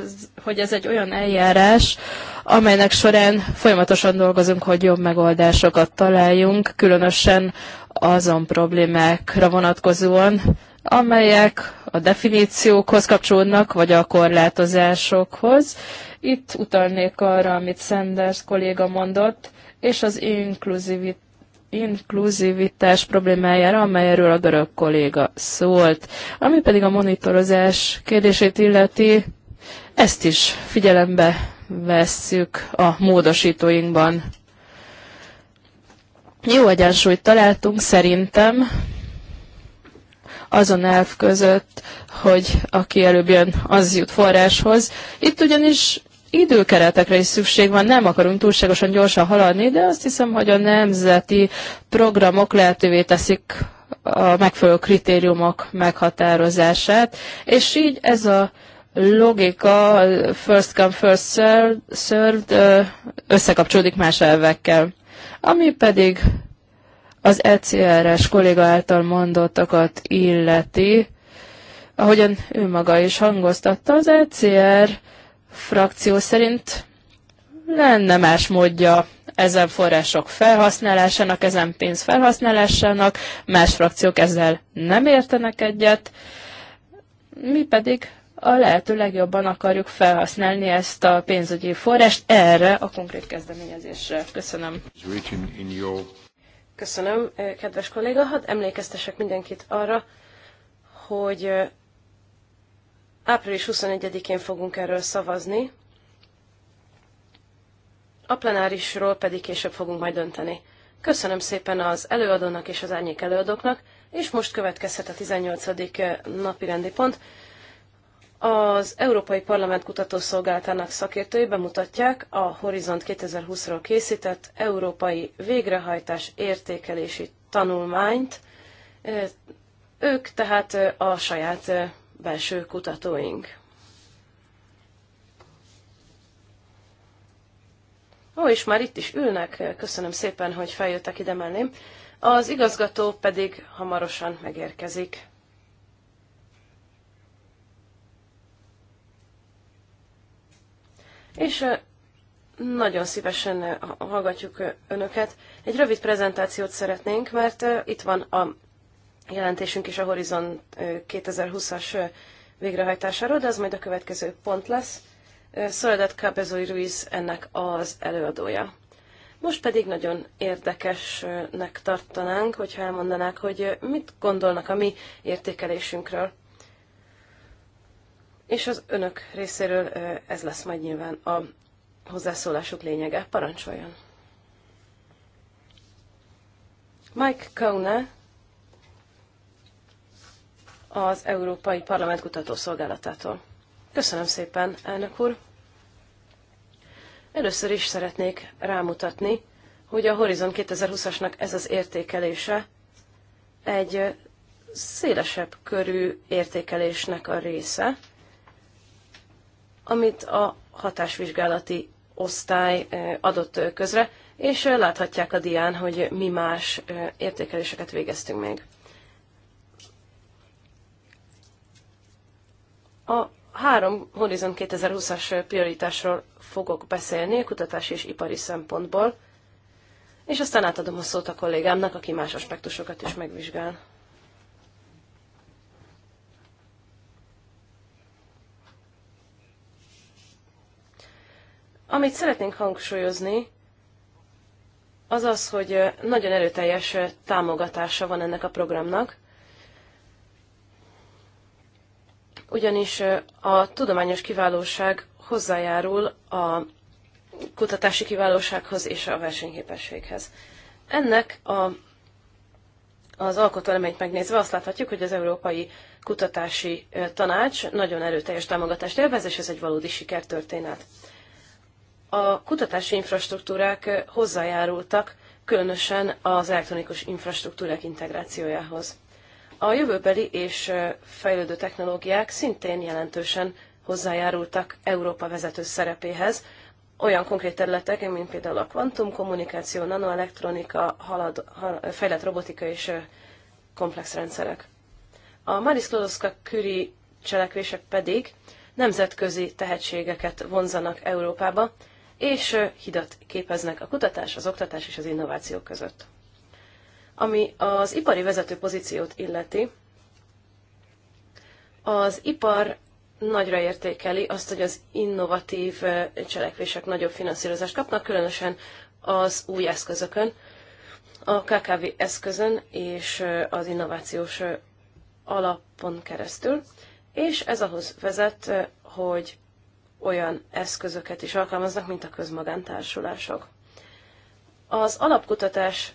hogy ez egy olyan eljárás, amelynek során folyamatosan dolgozunk, hogy jobb megoldásokat találjunk, különösen azon problémákra vonatkozóan, amelyek a definíciókhoz kapcsolódnak, vagy a korlátozásokhoz, itt utalnék arra, amit Sanders kolléga mondott, és az inkluzivitás inkluzivitás problémájára, amelyről a görög kolléga szólt. Ami pedig a monitorozás kérdését illeti, ezt is figyelembe vesszük a módosítóinkban. Jó egyensúlyt találtunk szerintem azon elv között, hogy aki előbb jön, az jut forráshoz. Itt ugyanis időkeretekre is szükség van, nem akarunk túlságosan gyorsan haladni, de azt hiszem, hogy a nemzeti programok lehetővé teszik a megfelelő kritériumok meghatározását, és így ez a logika first come, first served összekapcsolódik más elvekkel. Ami pedig az ECRS kolléga által mondottakat illeti, ahogyan ő maga is hangoztatta, az ECR frakció szerint lenne más módja ezen források felhasználásának, ezen pénz felhasználásának, más frakciók ezzel nem értenek egyet, mi pedig a lehető legjobban akarjuk felhasználni ezt a pénzügyi forrást erre a konkrét kezdeményezésre. Köszönöm. Köszönöm, eh, kedves kolléga. Hadd emlékeztesek mindenkit arra, hogy eh, Április 21-én fogunk erről szavazni, a plenárisról pedig később fogunk majd dönteni. Köszönöm szépen az előadónak és az árnyék előadóknak, és most következhet a 18. Eh, napi rendi pont. Az Európai Parlament Kutatószolgálatának szakértői bemutatják a Horizont 2020-ról készített Európai Végrehajtás Értékelési Tanulmányt. Eh, ők tehát eh, a saját belső kutatóink. Ó, és már itt is ülnek, köszönöm szépen, hogy feljöttek ide mellém. Az igazgató pedig hamarosan megérkezik. És nagyon szívesen hallgatjuk Önöket. Egy rövid prezentációt szeretnénk, mert itt van a jelentésünk is a Horizon 2020-as végrehajtásáról, de az majd a következő pont lesz. Soledad Cabezoi Ruiz ennek az előadója. Most pedig nagyon érdekesnek tartanánk, hogyha elmondanák, hogy mit gondolnak a mi értékelésünkről. És az önök részéről ez lesz majd nyilván a hozzászólásuk lényege. Parancsoljon! Mike Kauna, az Európai Parlament kutatószolgálatától. Köszönöm szépen, elnök úr! Először is szeretnék rámutatni, hogy a Horizon 2020-asnak ez az értékelése egy szélesebb körű értékelésnek a része, amit a hatásvizsgálati osztály eh, adott közre, és láthatják a dián, hogy mi más eh, értékeléseket végeztünk még. A három Horizon 2020-as prioritásról fogok beszélni, kutatási és ipari szempontból, és aztán átadom a szót a kollégámnak, aki más aspektusokat is megvizsgál. Amit szeretnénk hangsúlyozni, az az, hogy nagyon erőteljes támogatása van ennek a programnak, ugyanis a tudományos kiválóság hozzájárul a kutatási kiválósághoz és a versenyképességhez. Ennek a, az alkotóelemeit megnézve azt láthatjuk, hogy az Európai Kutatási Tanács nagyon erőteljes támogatást élvez, és ez egy valódi sikertörténet. A kutatási infrastruktúrák hozzájárultak különösen az elektronikus infrastruktúrák integrációjához. A jövőbeli és fejlődő technológiák szintén jelentősen hozzájárultak Európa vezető szerepéhez, olyan konkrét területeken, mint például a kvantumkommunikáció, nanoelektronika, halad, hal, fejlett robotika és komplex rendszerek. A Maris Klodowska-Curie cselekvések pedig nemzetközi tehetségeket vonzanak Európába, és hidat képeznek a kutatás, az oktatás és az innováció között. Ami az ipari vezető pozíciót illeti, az ipar nagyra értékeli azt, hogy az innovatív cselekvések nagyobb finanszírozást kapnak, különösen az új eszközökön, a KKV eszközön és az innovációs alapon keresztül, és ez ahhoz vezet, hogy olyan eszközöket is alkalmaznak, mint a közmagántársulások. Az alapkutatás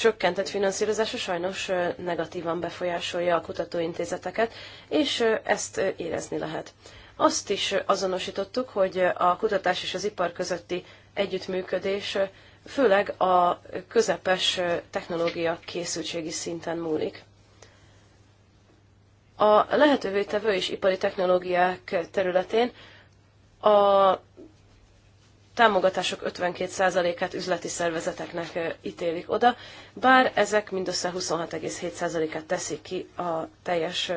csökkentett finanszírozása sajnos negatívan befolyásolja a kutatóintézeteket, és ezt érezni lehet. Azt is azonosítottuk, hogy a kutatás és az ipar közötti együttműködés főleg a közepes technológia készültségi szinten múlik. A lehetővé tevő és ipari technológiák területén a támogatások 52%-át üzleti szervezeteknek ítélik oda, bár ezek mindössze 26,7%-át teszik ki a teljes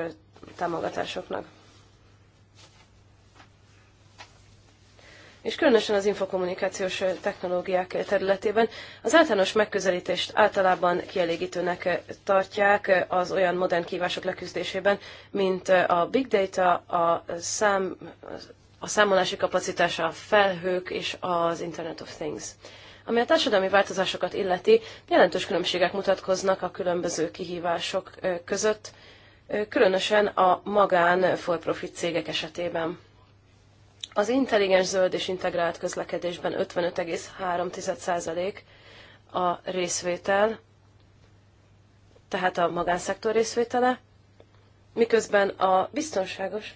támogatásoknak. és különösen az infokommunikációs technológiák területében az általános megközelítést általában kielégítőnek tartják az olyan modern kívások leküzdésében, mint a big data, a szám, a számolási kapacitása, a felhők és az Internet of Things. Ami a társadalmi változásokat illeti, jelentős különbségek mutatkoznak a különböző kihívások között, különösen a magán for profit cégek esetében. Az intelligens zöld és integrált közlekedésben 55,3% a részvétel, tehát a magánszektor részvétele, miközben a biztonságos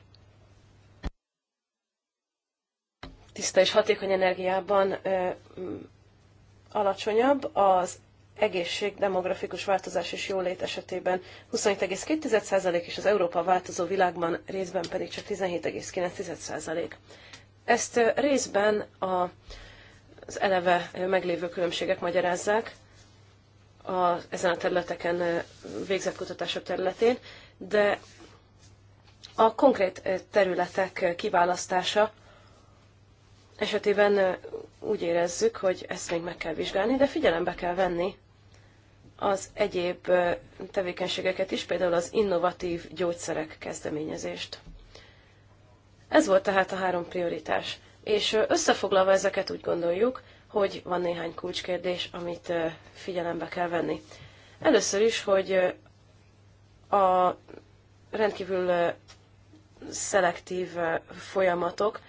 tiszta és hatékony energiában alacsonyabb, az egészség, demografikus változás és jólét esetében 27,2% és az Európa változó világban részben pedig csak 17,9%. Ezt részben a, az eleve meglévő különbségek magyarázzák a, ezen a területeken végzett kutatások területén, de a konkrét területek kiválasztása esetében úgy érezzük, hogy ezt még meg kell vizsgálni, de figyelembe kell venni az egyéb tevékenységeket is, például az innovatív gyógyszerek kezdeményezést. Ez volt tehát a három prioritás. És összefoglalva ezeket úgy gondoljuk, hogy van néhány kulcskérdés, amit figyelembe kell venni. Először is, hogy a rendkívül szelektív folyamatok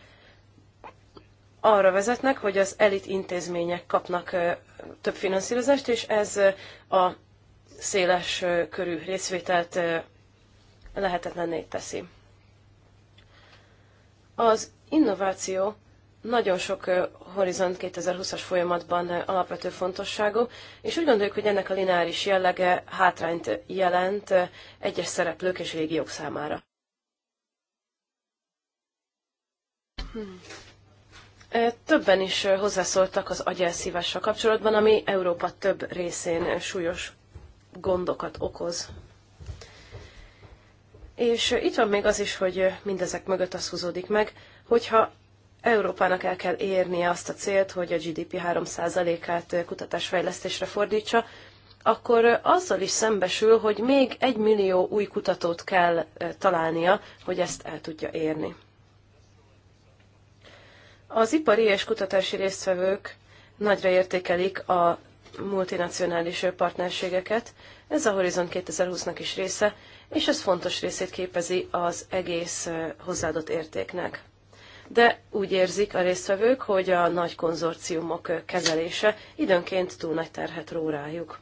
arra vezetnek, hogy az elit intézmények kapnak több finanszírozást, és ez a széles körű részvételt lehetetlenné teszi. Az innováció nagyon sok Horizont 2020-as folyamatban alapvető fontosságú, és úgy gondoljuk, hogy ennek a lineáris jellege hátrányt jelent egyes szereplők és régiók számára. Hmm. Többen is hozzászóltak az agyelszívással kapcsolatban, ami Európa több részén súlyos gondokat okoz. És itt van még az is, hogy mindezek mögött az húzódik meg, hogyha Európának el kell érnie azt a célt, hogy a GDP 3%-át kutatásfejlesztésre fordítsa, akkor azzal is szembesül, hogy még egy millió új kutatót kell találnia, hogy ezt el tudja érni. Az ipari és kutatási résztvevők nagyra értékelik a multinacionális partnerségeket. Ez a Horizon 2020-nak is része, és ez fontos részét képezi az egész hozzáadott értéknek. De úgy érzik a résztvevők, hogy a nagy konzorciumok kezelése időnként túl nagy terhet ró rájuk.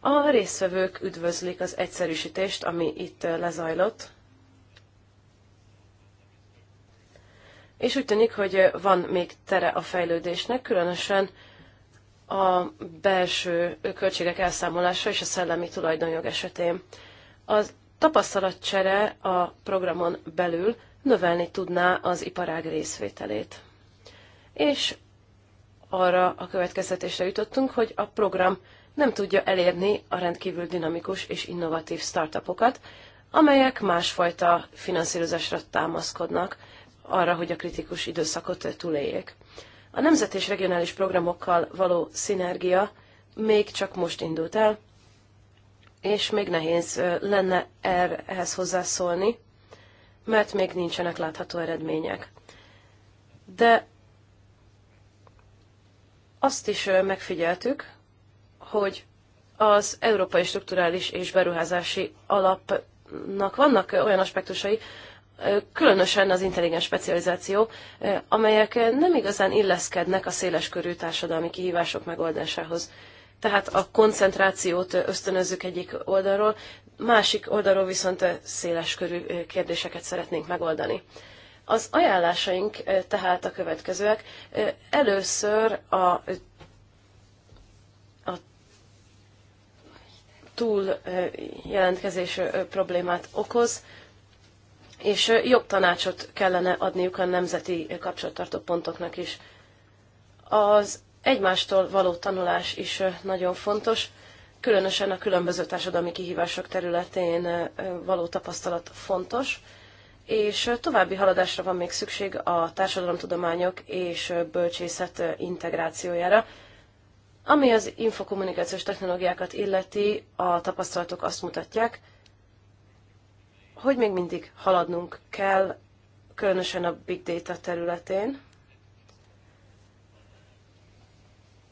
A résztvevők üdvözlik az egyszerűsítést, ami itt lezajlott, és úgy tűnik, hogy van még tere a fejlődésnek, különösen a belső költségek elszámolása és a szellemi tulajdonjog esetén. A tapasztalatcsere a programon belül növelni tudná az iparág részvételét. És arra a következtetésre jutottunk, hogy a program nem tudja elérni a rendkívül dinamikus és innovatív startupokat, amelyek másfajta finanszírozásra támaszkodnak, arra, hogy a kritikus időszakot túléljék. A nemzet és regionális programokkal való szinergia még csak most indult el, és még nehéz lenne ehhez hozzászólni, mert még nincsenek látható eredmények. De azt is megfigyeltük, hogy az Európai Strukturális és Beruházási Alapnak vannak olyan aspektusai, különösen az intelligens specializáció, amelyek nem igazán illeszkednek a széleskörű társadalmi kihívások megoldásához. Tehát a koncentrációt ösztönözzük egyik oldalról, másik oldalról viszont széleskörű kérdéseket szeretnénk megoldani. Az ajánlásaink tehát a következőek. Először a, a túl jelentkezés problémát okoz, és jobb tanácsot kellene adniuk a nemzeti kapcsolattartó pontoknak is. Az egymástól való tanulás is nagyon fontos, különösen a különböző társadalmi kihívások területén való tapasztalat fontos, és további haladásra van még szükség a társadalomtudományok és bölcsészet integrációjára. Ami az infokommunikációs technológiákat illeti, a tapasztalatok azt mutatják, hogy még mindig haladnunk kell, különösen a big data területén,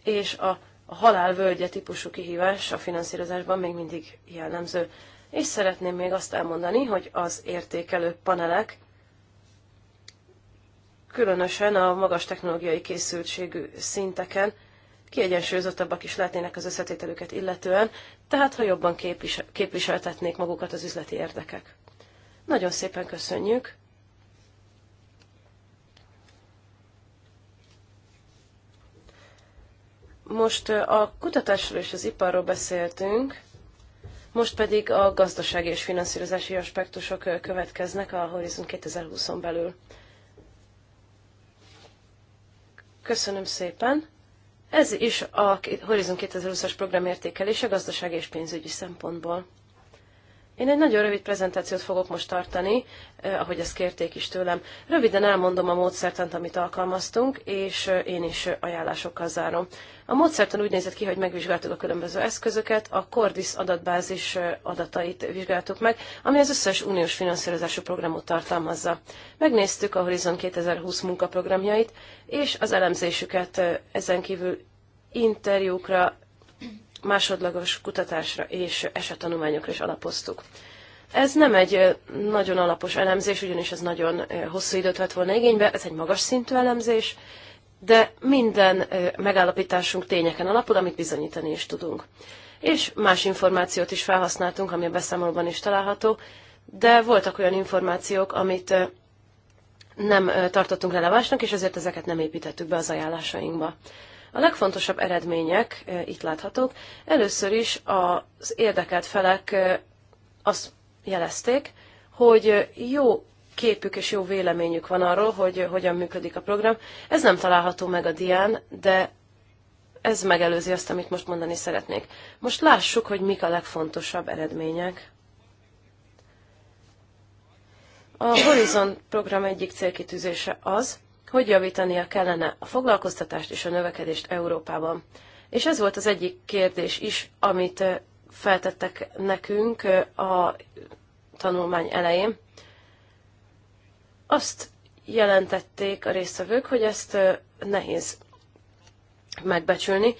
és a, a halálvölgye típusú kihívás a finanszírozásban még mindig jellemző. És szeretném még azt elmondani, hogy az értékelő panelek különösen a magas technológiai készültségű szinteken kiegyensúlyozottabbak is lehetnének az összetételüket illetően, tehát ha jobban képviseltetnék magukat az üzleti érdekek. Nagyon szépen köszönjük. Most a kutatásról és az iparról beszéltünk, most pedig a gazdasági és finanszírozási aspektusok következnek a Horizon 2020-on belül. Köszönöm szépen. Ez is a Horizon 2020-as program értékelése gazdasági és pénzügyi szempontból. Én egy nagyon rövid prezentációt fogok most tartani, eh, ahogy ezt kérték is tőlem. Röviden elmondom a módszertant, amit alkalmaztunk, és eh, én is ajánlásokkal zárom. A módszertan úgy nézett ki, hogy megvizsgáltuk a különböző eszközöket, a Cordis adatbázis eh, adatait vizsgáltuk meg, ami az összes uniós finanszírozású programot tartalmazza. Megnéztük a Horizon 2020 munkaprogramjait, és az elemzésüket eh, ezen kívül interjúkra, másodlagos kutatásra és esettanulmányokra is alapoztuk. Ez nem egy nagyon alapos elemzés, ugyanis ez nagyon hosszú időt vett volna igénybe, ez egy magas szintű elemzés, de minden megállapításunk tényeken alapul, amit bizonyítani is tudunk. És más információt is felhasználtunk, ami a beszámolóban is található, de voltak olyan információk, amit nem tartottunk relevánsnak, és ezért ezeket nem építettük be az ajánlásainkba. A legfontosabb eredmények e, itt láthatók. Először is az érdekelt felek e, azt jelezték, hogy jó képük és jó véleményük van arról, hogy hogyan működik a program. Ez nem található meg a dián, de ez megelőzi azt, amit most mondani szeretnék. Most lássuk, hogy mik a legfontosabb eredmények. A Horizon program egyik célkitűzése az, hogy javítania kellene a foglalkoztatást és a növekedést Európában. És ez volt az egyik kérdés is, amit feltettek nekünk a tanulmány elején. Azt jelentették a résztvevők, hogy ezt nehéz megbecsülni.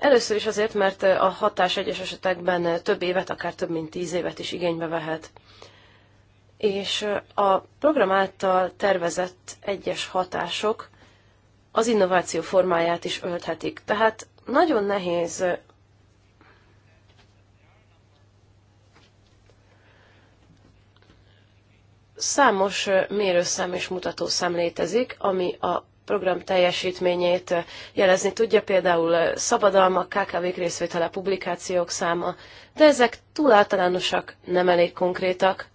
Először is azért, mert a hatás egyes esetekben több évet, akár több mint tíz évet is igénybe vehet és a program által tervezett egyes hatások az innováció formáját is ölthetik. Tehát nagyon nehéz számos mérőszám és mutatószám létezik, ami a program teljesítményét jelezni tudja, például szabadalmak, KKV-k részvétele, publikációk száma, de ezek túl általánosak, nem elég konkrétak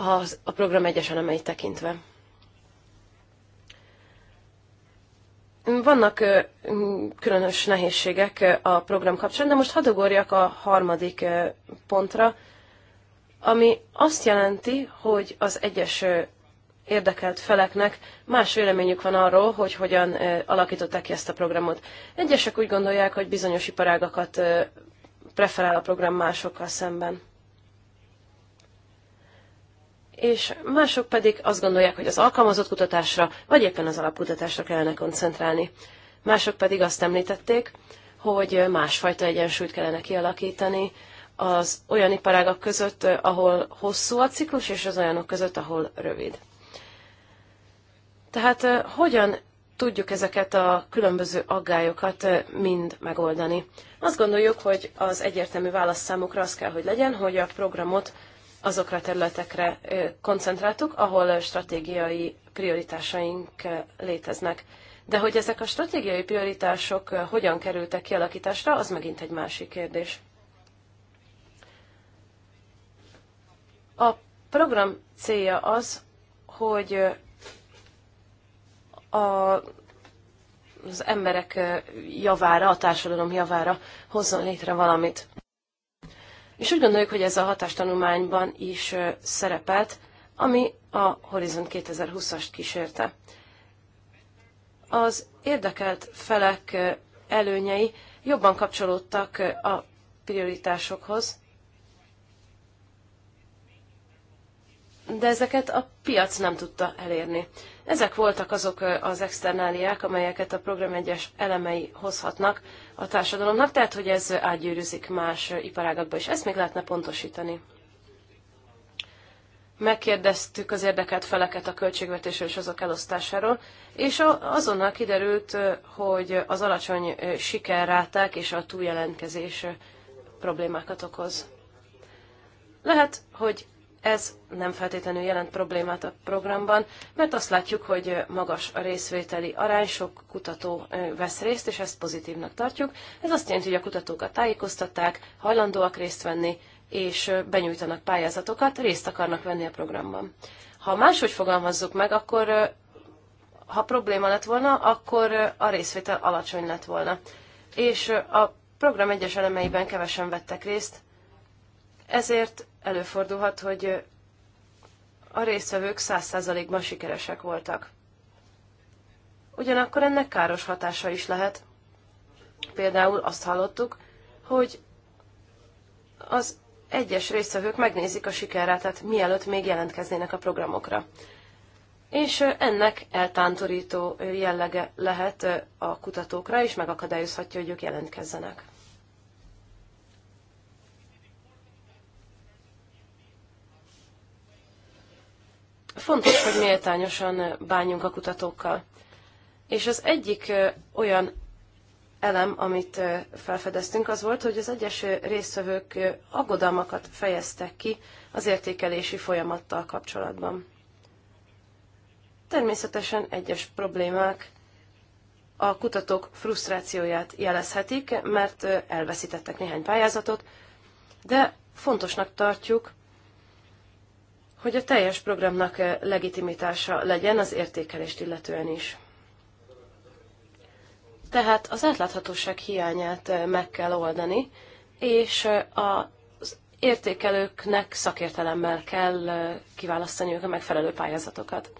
az, a program egyes elemeit tekintve. Vannak különös nehézségek a program kapcsán, de most hadogorjak a harmadik pontra, ami azt jelenti, hogy az egyes érdekelt feleknek más véleményük van arról, hogy hogyan alakították ki ezt a programot. Egyesek úgy gondolják, hogy bizonyos iparágakat preferál a program másokkal szemben és mások pedig azt gondolják, hogy az alkalmazott kutatásra, vagy éppen az alapkutatásra kellene koncentrálni. Mások pedig azt említették, hogy másfajta egyensúlyt kellene kialakítani az olyan iparágak között, ahol hosszú a ciklus, és az olyanok között, ahol rövid. Tehát eh, hogyan tudjuk ezeket a különböző aggályokat eh, mind megoldani? Azt gondoljuk, hogy az egyértelmű válasz számukra az kell, hogy legyen, hogy a programot azokra a területekre koncentráltuk, ahol stratégiai prioritásaink léteznek. De hogy ezek a stratégiai prioritások hogyan kerültek kialakításra, az megint egy másik kérdés. A program célja az, hogy a, az emberek javára, a társadalom javára hozzon létre valamit. És úgy gondoljuk, hogy ez a hatástanulmányban is szerepelt, ami a Horizon 2020-ast kísérte. Az érdekelt felek előnyei jobban kapcsolódtak a prioritásokhoz, de ezeket a piac nem tudta elérni. Ezek voltak azok az externáliák, amelyeket a program egyes elemei hozhatnak a társadalomnak, tehát hogy ez átgyűrűzik más iparágakba is. Ezt még lehetne pontosítani. Megkérdeztük az érdekelt feleket a költségvetésről és azok elosztásáról, és azonnal kiderült, hogy az alacsony sikerráták és a túljelentkezés problémákat okoz. Lehet, hogy ez nem feltétlenül jelent problémát a programban, mert azt látjuk, hogy magas a részvételi arány, sok kutató vesz részt, és ezt pozitívnak tartjuk. Ez azt jelenti, hogy a kutatókat tájékoztatták, hajlandóak részt venni, és benyújtanak pályázatokat, részt akarnak venni a programban. Ha máshogy fogalmazzuk meg, akkor ha probléma lett volna, akkor a részvétel alacsony lett volna. És a program egyes elemeiben kevesen vettek részt, ezért előfordulhat, hogy a résztvevők száz százalékban sikeresek voltak. Ugyanakkor ennek káros hatása is lehet. Például azt hallottuk, hogy az egyes résztvevők megnézik a sikerrátát, mielőtt még jelentkeznének a programokra. És ennek eltántorító jellege lehet a kutatókra, és megakadályozhatja, hogy ők jelentkezzenek. fontos, hogy méltányosan bánjunk a kutatókkal. És az egyik olyan elem, amit felfedeztünk, az volt, hogy az egyes résztvevők aggodalmakat fejeztek ki az értékelési folyamattal kapcsolatban. Természetesen egyes problémák a kutatók frusztrációját jelezhetik, mert elveszítettek néhány pályázatot, de fontosnak tartjuk, hogy a teljes programnak eh, legitimitása legyen az értékelést illetően is. Tehát az átláthatóság hiányát eh, meg kell oldani, és eh, az értékelőknek szakértelemmel kell kiválasztani a megfelelő pályázatokat.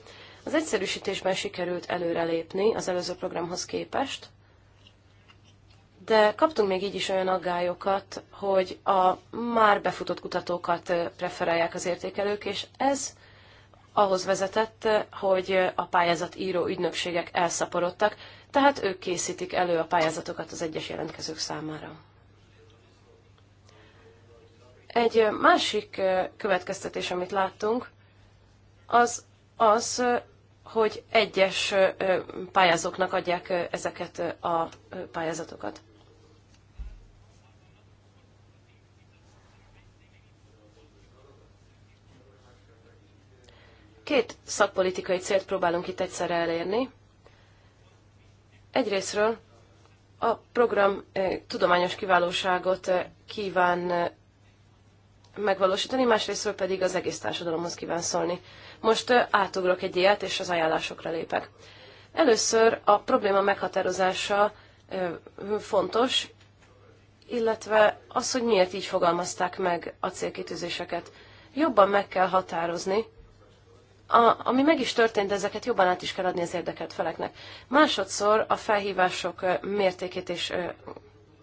Az egyszerűsítésben sikerült előrelépni az előző programhoz képest, de kaptunk még így is olyan aggályokat, hogy a már befutott kutatókat preferálják az értékelők, és ez ahhoz vezetett, hogy a pályázat író ügynökségek elszaporodtak, tehát ők készítik elő a pályázatokat az egyes jelentkezők számára. Egy másik következtetés, amit láttunk, az az, hogy egyes pályázóknak adják ezeket a pályázatokat. Két szakpolitikai célt próbálunk itt egyszerre elérni. Egyrésztről a program eh, tudományos kiválóságot eh, kíván eh, megvalósítani, másrésztről pedig az egész társadalomhoz kíván szólni. Most átugrok egy ilyet, és az ajánlásokra lépek. Először a probléma meghatározása fontos, illetve az, hogy miért így fogalmazták meg a célkitűzéseket. Jobban meg kell határozni, a, ami meg is történt, ezeket jobban át is kell adni az érdekelt feleknek. Másodszor a felhívások mértékét és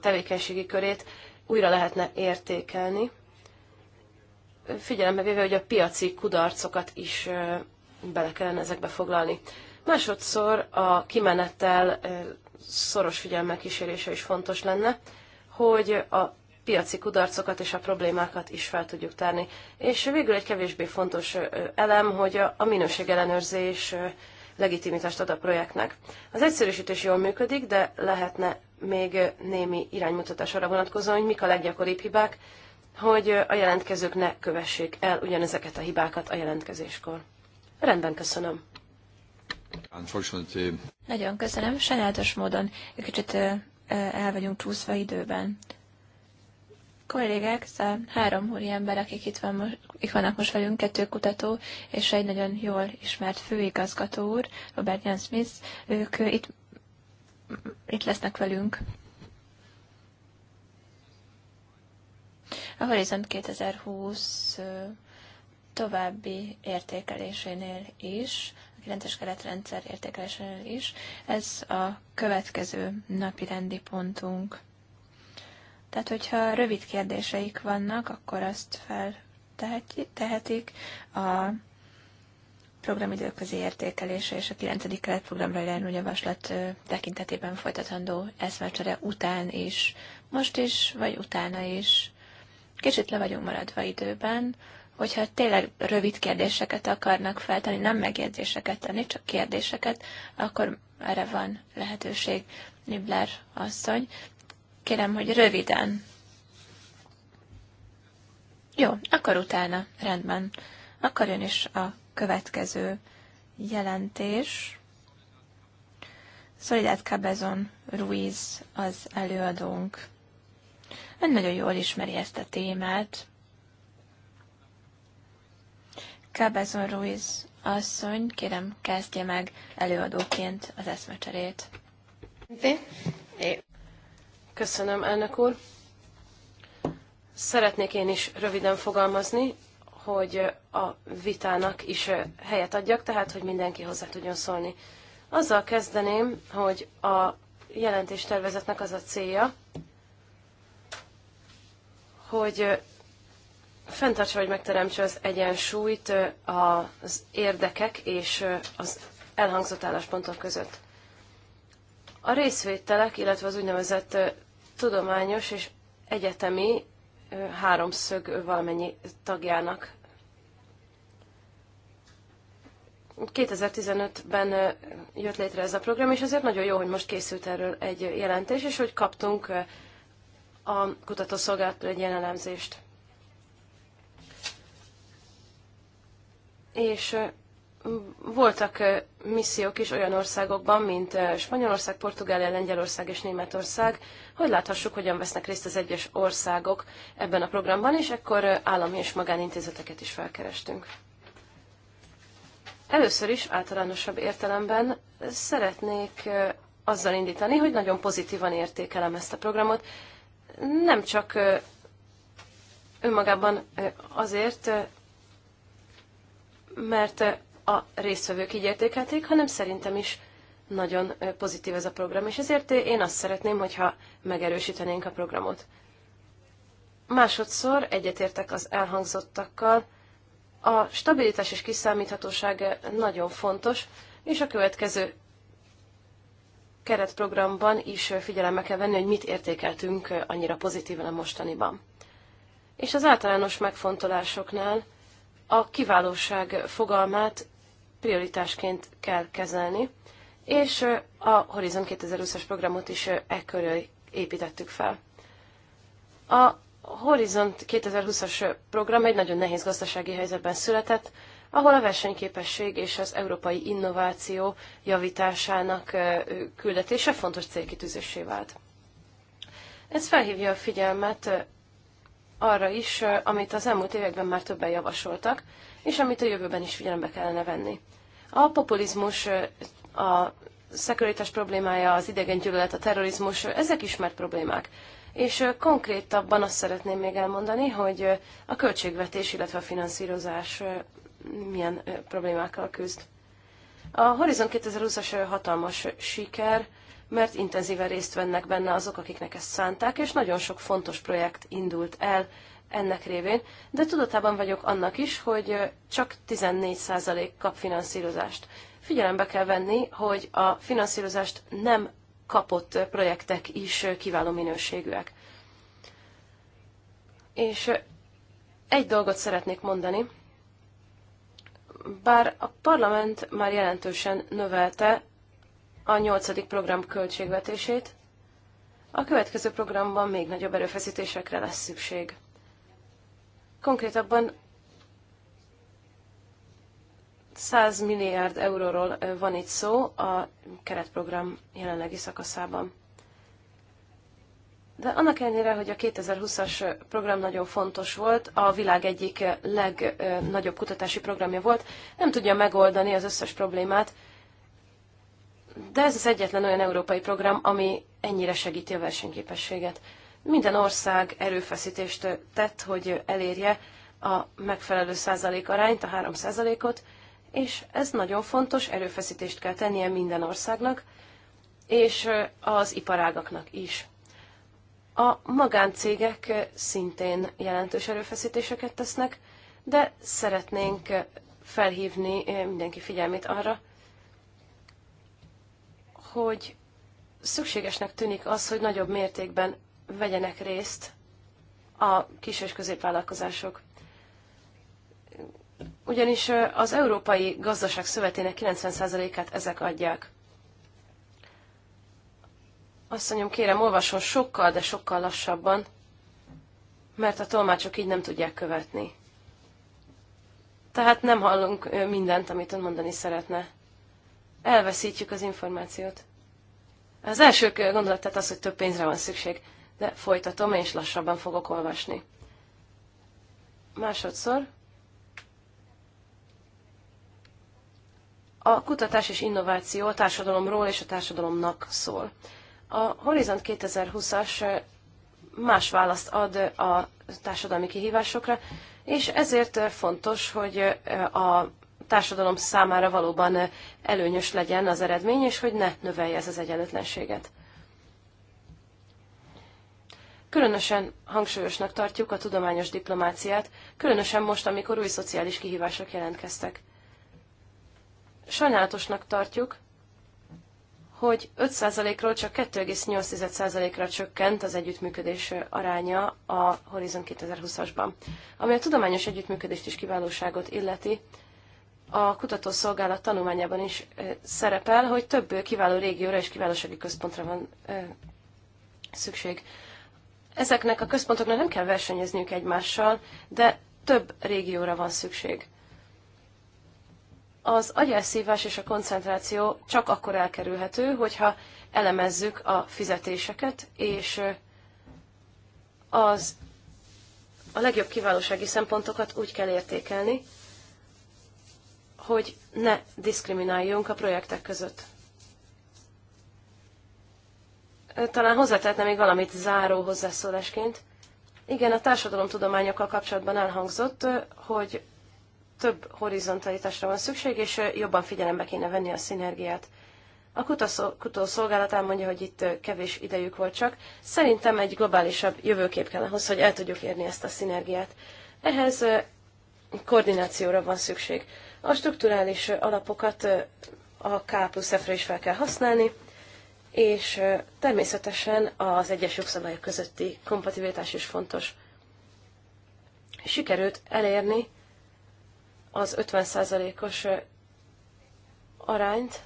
tevékenységi körét újra lehetne értékelni, figyelembe véve, hogy a piaci kudarcokat is bele kellene ezekbe foglalni. Másodszor a kimenettel szoros figyelme kísérése is fontos lenne, hogy a piaci kudarcokat és a problémákat is fel tudjuk tárni. És végül egy kevésbé fontos elem, hogy a ellenőrzés legitimitást ad a projektnek. Az egyszerűsítés jól működik, de lehetne még némi iránymutatás arra vonatkozóan, hogy mik a leggyakoribb hibák, hogy a jelentkezők ne kövessék el ugyanezeket a hibákat a jelentkezéskor. Rendben, köszönöm. Nagyon köszönöm. Sajnálatos módon egy kicsit el vagyunk csúszva időben kollégák, szóval három úri ember, akik itt, van most, itt vannak most velünk, kettő kutató és egy nagyon jól ismert főigazgató úr, Robert Jan Smith, ők itt, itt lesznek velünk. A Horizont 2020 további értékelésénél is, a 9-es keretrendszer értékelésénél is, ez a következő napi rendi pontunk. Tehát, hogyha rövid kérdéseik vannak, akkor azt feltehetik. A programidőközi értékelése és a 9. keretprogramra irányuló javaslat tekintetében folytatandó eszmecsere után is, most is, vagy utána is. Kicsit le vagyunk maradva időben, hogyha tényleg rövid kérdéseket akarnak feltenni, nem megjegyzéseket tenni, csak kérdéseket, akkor erre van lehetőség. Nibler asszony, Kérem, hogy röviden. Jó, akkor utána, rendben. Akkor jön is a következő jelentés. Soledad Cabezon Ruiz az előadónk. Ön nagyon jól ismeri ezt a témát. Cabezon Ruiz asszony, kérem, kezdje meg előadóként az eszmecserét. Köszönöm, elnök úr. Szeretnék én is röviden fogalmazni, hogy a vitának is helyet adjak, tehát hogy mindenki hozzá tudjon szólni. Azzal kezdeném, hogy a jelentéstervezetnek az a célja, hogy fenntartsa, hogy megteremtse az egyensúlyt az érdekek és az elhangzott álláspontok között. A részvételek, illetve az úgynevezett tudományos és egyetemi háromszög valamennyi tagjának. 2015-ben jött létre ez a program, és azért nagyon jó, hogy most készült erről egy jelentés, és hogy kaptunk a kutatószolgálattól egy ilyen elemzést. És voltak missziók is olyan országokban, mint Spanyolország, Portugália, Lengyelország és Németország, hogy láthassuk, hogyan vesznek részt az egyes országok ebben a programban, és ekkor állami és magánintézeteket is felkerestünk. Először is általánosabb értelemben szeretnék azzal indítani, hogy nagyon pozitívan értékelem ezt a programot. Nem csak önmagában azért, mert a résztvevők így értékelték, hanem szerintem is nagyon pozitív ez a program, és ezért én azt szeretném, hogyha megerősítenénk a programot. Másodszor egyetértek az elhangzottakkal. A stabilitás és kiszámíthatóság nagyon fontos, és a következő keretprogramban is figyelembe kell venni, hogy mit értékeltünk annyira pozitívan a mostaniban. És az általános megfontolásoknál a kiválóság fogalmát prioritásként kell kezelni, és a Horizon 2020-as programot is e körül építettük fel. A Horizon 2020-as program egy nagyon nehéz gazdasági helyzetben született, ahol a versenyképesség és az európai innováció javításának küldetése fontos célkitűzésé vált. Ez felhívja a figyelmet arra is, amit az elmúlt években már többen javasoltak, és amit a jövőben is figyelembe kellene venni. A populizmus, a szekuritás problémája, az idegen gyűlölet, a terrorizmus, ezek ismert problémák. És konkrétabban azt szeretném még elmondani, hogy a költségvetés, illetve a finanszírozás milyen problémákkal küzd. A Horizon 2020-as hatalmas siker, mert intenzíven részt vennek benne azok, akiknek ezt szánták, és nagyon sok fontos projekt indult el, ennek révén, de tudatában vagyok annak is, hogy csak 14% kap finanszírozást. Figyelembe kell venni, hogy a finanszírozást nem kapott projektek is kiváló minőségűek. És egy dolgot szeretnék mondani. Bár a parlament már jelentősen növelte a nyolcadik program költségvetését, a következő programban még nagyobb erőfeszítésekre lesz szükség. Konkrétabban 100 milliárd euróról van itt szó a keretprogram jelenlegi szakaszában. De annak ellenére, hogy a 2020-as program nagyon fontos volt, a világ egyik legnagyobb kutatási programja volt, nem tudja megoldani az összes problémát, de ez az egyetlen olyan európai program, ami ennyire segíti a versenyképességet. Minden ország erőfeszítést tett, hogy elérje a megfelelő százalék arányt, a 3 százalékot, és ez nagyon fontos, erőfeszítést kell tennie minden országnak, és az iparágaknak is. A magáncégek szintén jelentős erőfeszítéseket tesznek, de szeretnénk felhívni mindenki figyelmét arra, hogy szükségesnek tűnik az, hogy nagyobb mértékben vegyenek részt a kis- és középvállalkozások. Ugyanis az Európai Gazdaság Szövetének 90%-át ezek adják. mondjam, kérem, olvasson sokkal, de sokkal lassabban, mert a tolmácsok így nem tudják követni. Tehát nem hallunk mindent, amit ön mondani szeretne. Elveszítjük az információt. Az első gondolat tehát az, hogy több pénzre van szükség de folytatom, és lassabban fogok olvasni. Másodszor. A kutatás és innováció a társadalomról és a társadalomnak szól. A Horizont 2020-as eh, más választ ad a társadalmi kihívásokra, és ezért eh, fontos, hogy eh, a társadalom számára valóban előnyös legyen az eredmény, és hogy ne növelje ez az egyenlőtlenséget. Különösen hangsúlyosnak tartjuk a tudományos diplomáciát, különösen most, amikor új szociális kihívások jelentkeztek. Sajnálatosnak tartjuk, hogy 5%-ról csak 2,8%-ra csökkent az együttműködés aránya a Horizon 2020-asban. Ami a tudományos együttműködést és kiválóságot illeti, a kutatószolgálat tanulmányában is szerepel, hogy több kiváló régióra és kiválósági központra van szükség. Ezeknek a központoknak nem kell versenyezniük egymással, de több régióra van szükség. Az agyelszívás és a koncentráció csak akkor elkerülhető, hogyha elemezzük a fizetéseket, és az a legjobb kiválósági szempontokat úgy kell értékelni, hogy ne diszkrimináljunk a projektek között talán hozzátehetne még valamit záró hozzászólásként. Igen, a társadalomtudományokkal kapcsolatban elhangzott, hogy több horizontalitásra van szükség, és jobban figyelembe kéne venni a szinergiát. A kutószolgálat elmondja, hogy itt kevés idejük volt csak. Szerintem egy globálisabb jövőkép kell ahhoz, hogy el tudjuk érni ezt a szinergiát. Ehhez koordinációra van szükség. A strukturális alapokat a K plusz F-re is fel kell használni, és természetesen az egyes jogszabályok közötti kompatibilitás is fontos. Sikerült elérni az 50%-os arányt,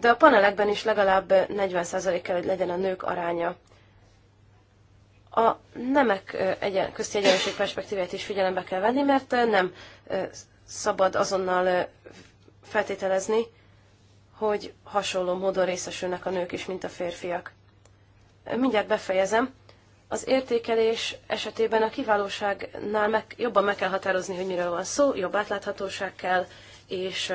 de a panelekben is legalább 40% kell, hogy legyen a nők aránya. A nemek egyen, közti egyenlőség perspektívát is figyelembe kell venni, mert nem szabad azonnal feltételezni, hogy hasonló módon részesülnek a nők is, mint a férfiak. Mindjárt befejezem. Az értékelés esetében a kiválóságnál meg, jobban meg kell határozni, hogy miről van szó, jobb átláthatóság kell, és,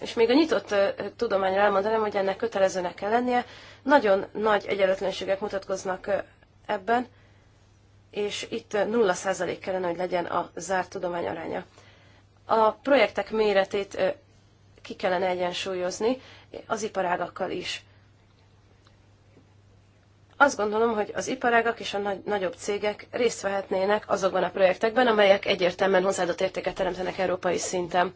és még a nyitott tudományra elmondanám, hogy ennek kötelezőnek kell lennie. Nagyon nagy egyenlőtlenségek mutatkoznak ebben, és itt 0% kellene, hogy legyen a zárt tudomány aránya. A projektek méretét ki kellene egyensúlyozni az iparágakkal is. Azt gondolom, hogy az iparágak és a nagy, nagyobb cégek részt vehetnének azokban a projektekben, amelyek egyértelműen hozzáadott értéket teremtenek európai szinten.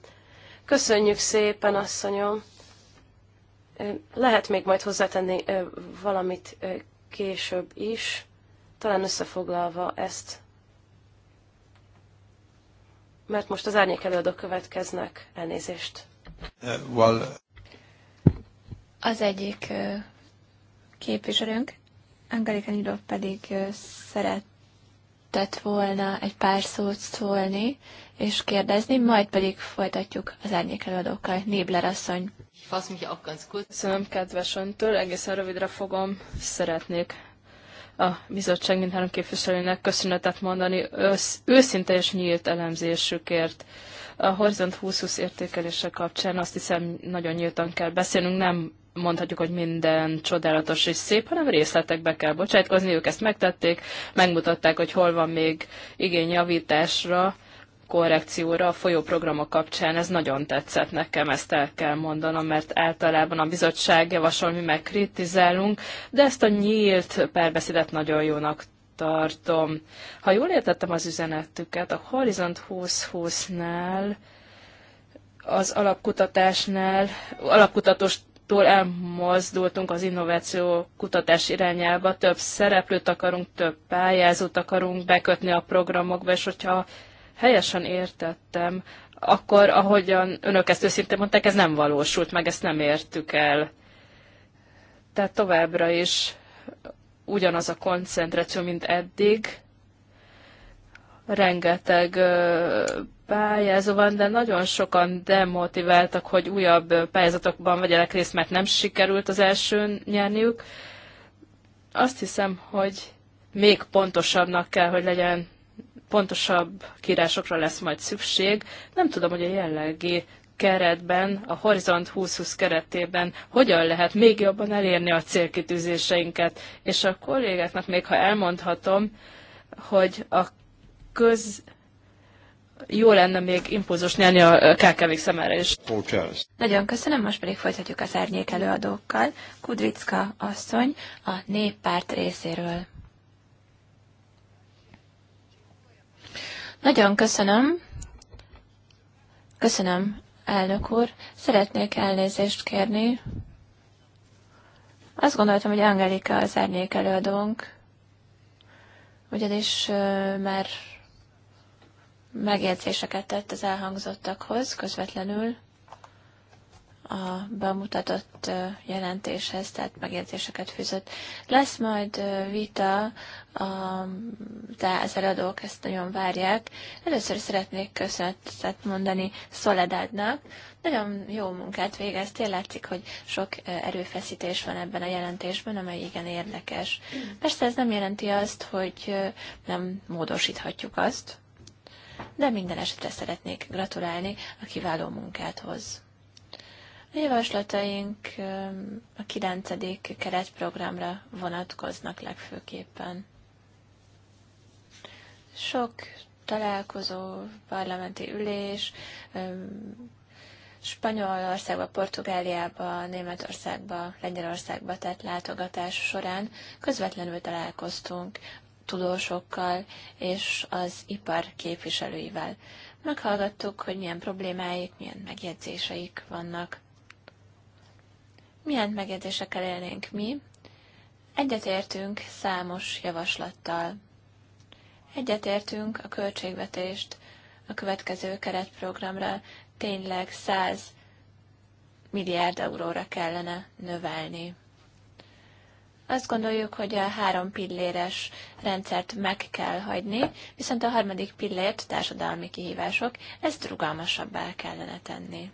Köszönjük szépen, asszonyom! Lehet még majd hozzátenni valamit később is, talán összefoglalva ezt. Mert most az árnyék előadók következnek. Elnézést! Uh, well... Az egyik uh, képviselőnk, Angelika Nyilov pedig uh, szeretett volna egy pár szót szólni és kérdezni, majd pedig folytatjuk az árnyék előadókkal. Nébler asszony. Köszönöm kedves öntől, egészen rövidre fogom, szeretnék a bizottság mindhárom képviselőnek köszönetet mondani ősz, őszinte és nyílt elemzésükért. A Horizont 2020 értékelése kapcsán azt hiszem nagyon nyíltan kell beszélnünk, nem mondhatjuk, hogy minden csodálatos és szép, hanem részletekbe kell bocsátkozni, ők ezt megtették, megmutatták, hogy hol van még igény javításra, korrekcióra a folyó programok kapcsán. Ez nagyon tetszett nekem, ezt el kell mondanom, mert általában a bizottság javasol, mi meg kritizálunk, de ezt a nyílt párbeszédet nagyon jónak tartom. Ha jól értettem az üzenetüket, a Horizont 2020-nál az alapkutatásnál, alapkutatóstól elmozdultunk az innováció kutatás irányába, több szereplőt akarunk, több pályázót akarunk bekötni a programokba, és hogyha helyesen értettem, akkor, ahogyan önök ezt őszintén mondták, ez nem valósult meg, ezt nem értük el. Tehát továbbra is ugyanaz a koncentráció, mint eddig. Rengeteg pályázó van, de nagyon sokan demotiváltak, hogy újabb pályázatokban vegyenek részt, mert nem sikerült az elsőn nyerniük. Azt hiszem, hogy még pontosabbnak kell, hogy legyen pontosabb kírásokra lesz majd szükség. Nem tudom, hogy a jellegi keretben, a Horizont 2020 keretében hogyan lehet még jobban elérni a célkitűzéseinket. És a kollégáknak még, ha elmondhatom, hogy a köz jó lenne még impulzus nyerni a KKV szemére is. Nagyon köszönöm, most pedig folytatjuk az árnyék előadókkal. Kudricka asszony a néppárt részéről. Nagyon köszönöm. Köszönöm, elnök úr. Szeretnék elnézést kérni. Azt gondoltam, hogy Angelika az árnyék előadónk, ugyanis már megjegyzéseket tett az elhangzottakhoz közvetlenül a bemutatott jelentéshez, tehát megjegyzéseket fűzött. Lesz majd vita, de az előadók ezt nagyon várják. Először szeretnék köszönetet mondani Szoledádnak. Nagyon jó munkát végeztél, látszik, hogy sok erőfeszítés van ebben a jelentésben, amely igen érdekes. Persze ez nem jelenti azt, hogy nem módosíthatjuk azt, de minden esetre szeretnék gratulálni a kiváló munkádhoz. A javaslataink a 9. keretprogramra vonatkoznak legfőképpen. Sok találkozó, parlamenti ülés, Spanyolországba, Portugáliába, Németországba, Lengyelországba tett látogatás során közvetlenül találkoztunk tudósokkal és az ipar képviselőivel. Meghallgattuk, hogy milyen problémáik, milyen megjegyzéseik vannak. Milyen megjegyzésekkel élnénk mi? Egyetértünk számos javaslattal. Egyetértünk a költségvetést a következő keretprogramra tényleg 100 milliárd euróra kellene növelni. Azt gondoljuk, hogy a három pilléres rendszert meg kell hagyni, viszont a harmadik pillért, társadalmi kihívások, ezt rugalmasabbá kellene tenni.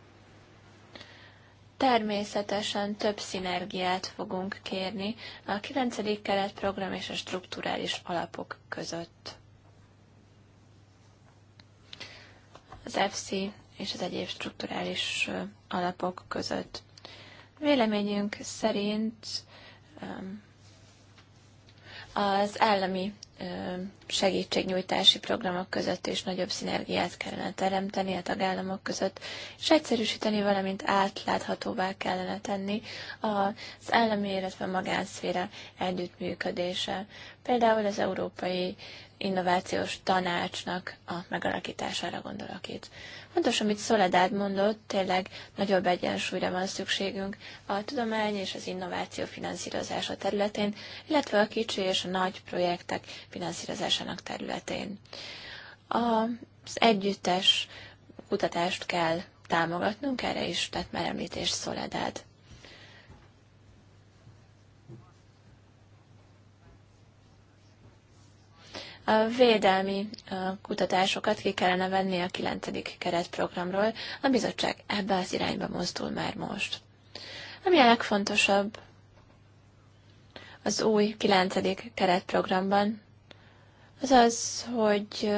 Természetesen több szinergiát fogunk kérni a 9. keretprogram és a strukturális alapok között. Az FC és az egyéb strukturális alapok között. Véleményünk szerint az állami segítségnyújtási programok között is nagyobb szinergiát kellene teremteni a tagállamok között, és egyszerűsíteni, valamint átláthatóvá kellene tenni az állami, illetve a magánszféra együttműködése. Például az Európai Innovációs Tanácsnak a megalakítására gondolok itt. Fontos, amit Szoledád mondott, tényleg nagyobb egyensúlyra van szükségünk a tudomány és az innováció finanszírozása területén, illetve a kicsi és a nagy projektek finanszírozásának területén. Az együttes kutatást kell támogatnunk, erre is tett már említést Szoledád. A védelmi kutatásokat ki kellene venni a 9. keretprogramról. A bizottság ebbe az irányba mozdul már most. Ami a legfontosabb az új 9. keretprogramban, az az, hogy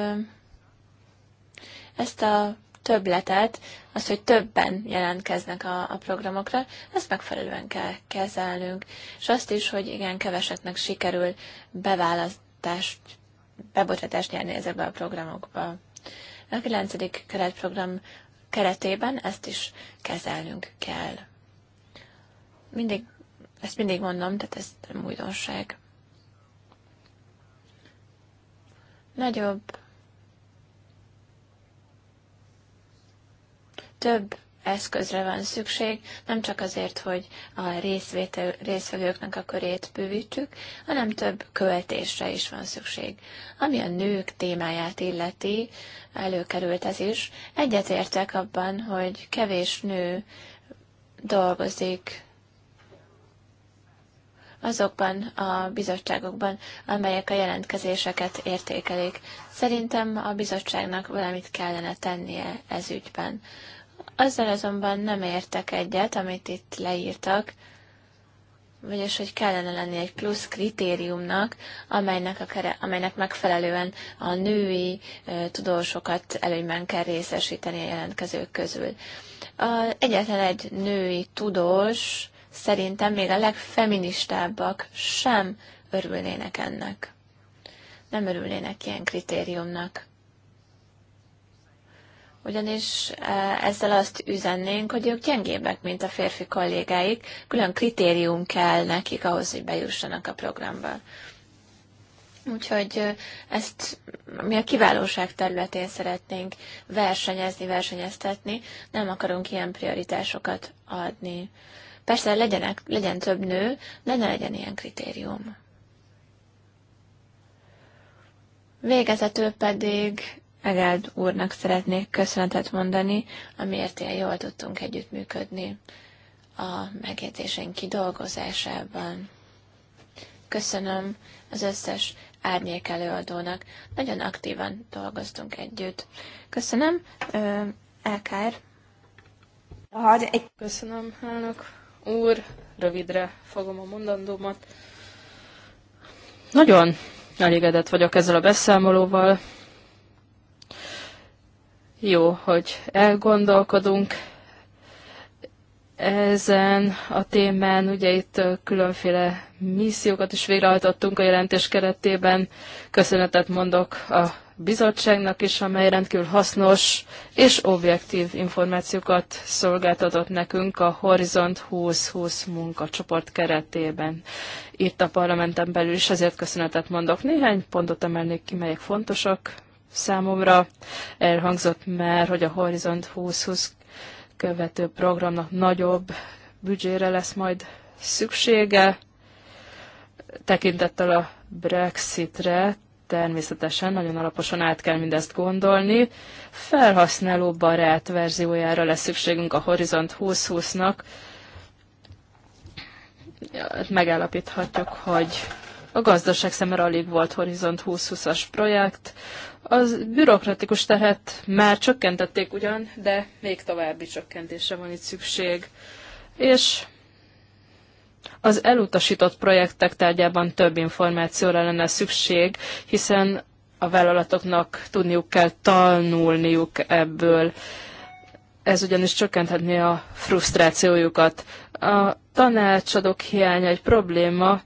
ezt a többletet, az, hogy többen jelentkeznek a, a programokra, ezt megfelelően kell kezelnünk, és azt is, hogy igen, keveseknek sikerül beválasztást bebocsátást nyerni ezekbe a programokba. A 9. keretprogram keretében ezt is kezelnünk kell. Mindig, ezt mindig mondom, tehát ez nem újdonság. Nagyobb, több eszközre van szükség, nem csak azért, hogy a részvevőknek a körét bővítsük, hanem több követésre is van szükség. Ami a nők témáját illeti, előkerült ez is, egyetértek abban, hogy kevés nő dolgozik azokban a bizottságokban, amelyek a jelentkezéseket értékelik. Szerintem a bizottságnak valamit kellene tennie ez ügyben. Azzal azonban nem értek egyet, amit itt leírtak, vagyis hogy kellene lenni egy plusz kritériumnak, amelynek, a kere, amelynek megfelelően a női e, tudósokat előnyben kell részesíteni a jelentkezők közül. A, egyetlen egy női tudós szerintem még a legfeministábbak sem örülnének ennek. Nem örülnének ilyen kritériumnak ugyanis e, ezzel azt üzennénk, hogy ők gyengébbek, mint a férfi kollégáik, külön kritérium kell nekik ahhoz, hogy bejussanak a programba. Úgyhogy e, ezt mi a kiválóság területén szeretnénk versenyezni, versenyeztetni, nem akarunk ilyen prioritásokat adni. Persze legyenek, legyen több nő, de ne legyen ilyen kritérium. Végezetül pedig Megáld úrnak szeretnék köszönetet mondani, amiért ilyen jól tudtunk együttműködni a megjegyzéseink kidolgozásában. Köszönöm az összes árnyék előadónak. Nagyon aktívan dolgoztunk együtt. Köszönöm, Elkár. Köszönöm, elnök úr. Rövidre fogom a mondandómat. Nagyon elégedett vagyok ezzel a beszámolóval. Jó, hogy elgondolkodunk ezen a témán, ugye itt különféle missziókat is végrehajtottunk a jelentés keretében. Köszönetet mondok a bizottságnak is, amely rendkívül hasznos és objektív információkat szolgáltatott nekünk a Horizont 2020 munkacsoport keretében. Itt a parlamenten belül is ezért köszönetet mondok. Néhány pontot emelnék ki, melyek fontosak számomra. Elhangzott már, hogy a Horizont 2020 követő programnak nagyobb büdzsére lesz majd szüksége, tekintettel a Brexitre, természetesen nagyon alaposan át kell mindezt gondolni. Felhasználó barát verziójára lesz szükségünk a Horizont 2020-nak. Megállapíthatjuk, hogy a gazdaság szemre alig volt Horizont 2020-as projekt. Az bürokratikus terhet már csökkentették ugyan, de még további csökkentésre van itt szükség. És az elutasított projektek tárgyában több információra lenne szükség, hiszen a vállalatoknak tudniuk kell tanulniuk ebből. Ez ugyanis csökkenthetné a frusztrációjukat. A tanácsadók hiánya egy probléma,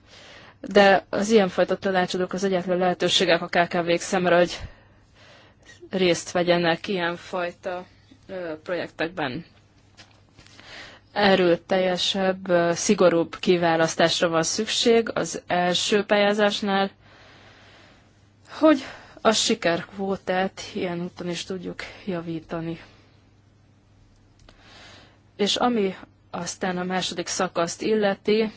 de az ilyenfajta tanácsadók az egyetlen lehetőségek a KKV-k szemre, hogy részt vegyenek ilyenfajta projektekben. teljesebb, szigorúbb kiválasztásra van szükség az első pályázásnál, hogy a sikerkvótát ilyen úton is tudjuk javítani. És ami aztán a második szakaszt illeti,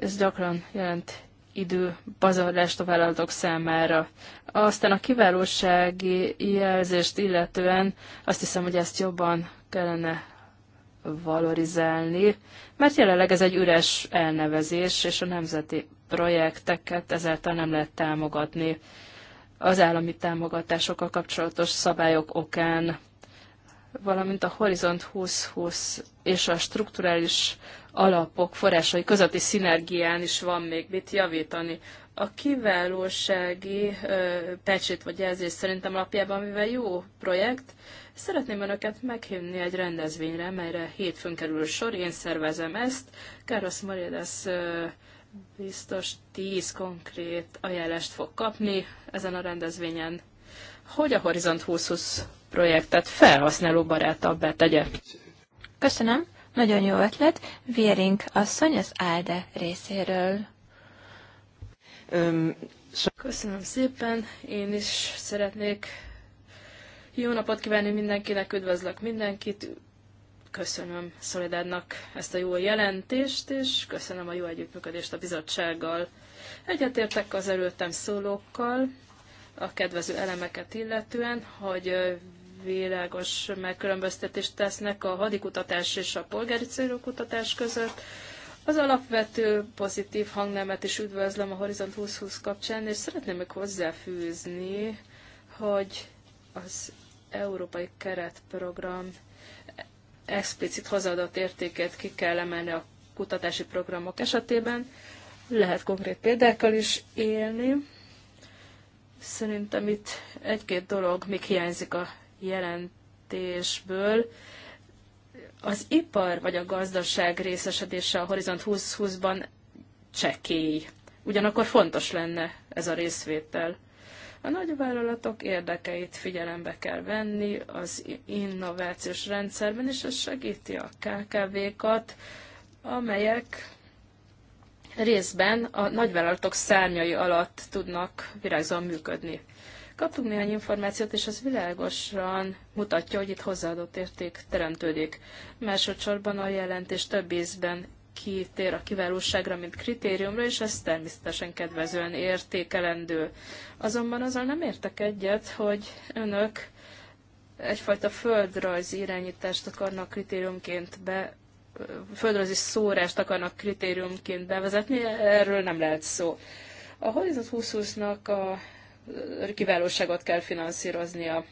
ez gyakran jelent idő pazarlást a vállalatok számára. Aztán a kiválósági jelzést illetően azt hiszem, hogy ezt jobban kellene valorizálni, mert jelenleg ez egy üres elnevezés, és a nemzeti projekteket ezáltal nem lehet támogatni az állami támogatásokkal kapcsolatos szabályok okán, valamint a Horizont 2020 és a strukturális alapok forrásai közötti szinergián is van még mit javítani. A kiválósági pecsét vagy jelzés szerintem alapjában, mivel jó projekt, szeretném Önöket meghívni egy rendezvényre, melyre hétfőn kerül sor, én szervezem ezt. Káros Moredes biztos tíz konkrét ajánlást fog kapni ezen a rendezvényen, hogy a Horizont 2020 projektet felhasználó barátabbá tegye. Köszönöm. Nagyon jó ötlet. Vérink asszony az Álde részéről. Köszönöm szépen. Én is szeretnék jó napot kívánni mindenkinek, üdvözlök mindenkit. Köszönöm Szolidádnak ezt a jó jelentést, és köszönöm a jó együttműködést a bizottsággal. Egyetértek az előttem szólókkal, a kedvező elemeket illetően, hogy világos megkülönböztetést tesznek a hadikutatás és a polgári célú kutatás között. Az alapvető pozitív hangnemet is üdvözlöm a Horizont 2020 kapcsán, és szeretném még hozzáfűzni, hogy az Európai Keretprogram explicit hozadott értékét ki kell emelni a kutatási programok esetében. Lehet konkrét példákkal is élni. Szerintem itt egy-két dolog még hiányzik a jelentésből az ipar vagy a gazdaság részesedése a Horizont 2020-ban csekély. Ugyanakkor fontos lenne ez a részvétel. A nagyvállalatok érdekeit figyelembe kell venni az innovációs rendszerben, és ez segíti a KKV-kat, amelyek részben a nagyvállalatok szárnyai alatt tudnak virágzóan működni. Kaptunk néhány információt, és az világosan mutatja, hogy itt hozzáadott érték teremtődik. Másodszorban a jelentés több ízben kitér a kiválóságra, mint kritériumra, és ez természetesen kedvezően értékelendő. Azonban azzal nem értek egyet, hogy önök egyfajta földrajzi irányítást akarnak kritériumként be földrajzi szórást akarnak kritériumként bevezetni, erről nem lehet szó. A Horizont 2020-nak a kiválóságot kell finanszíroznia.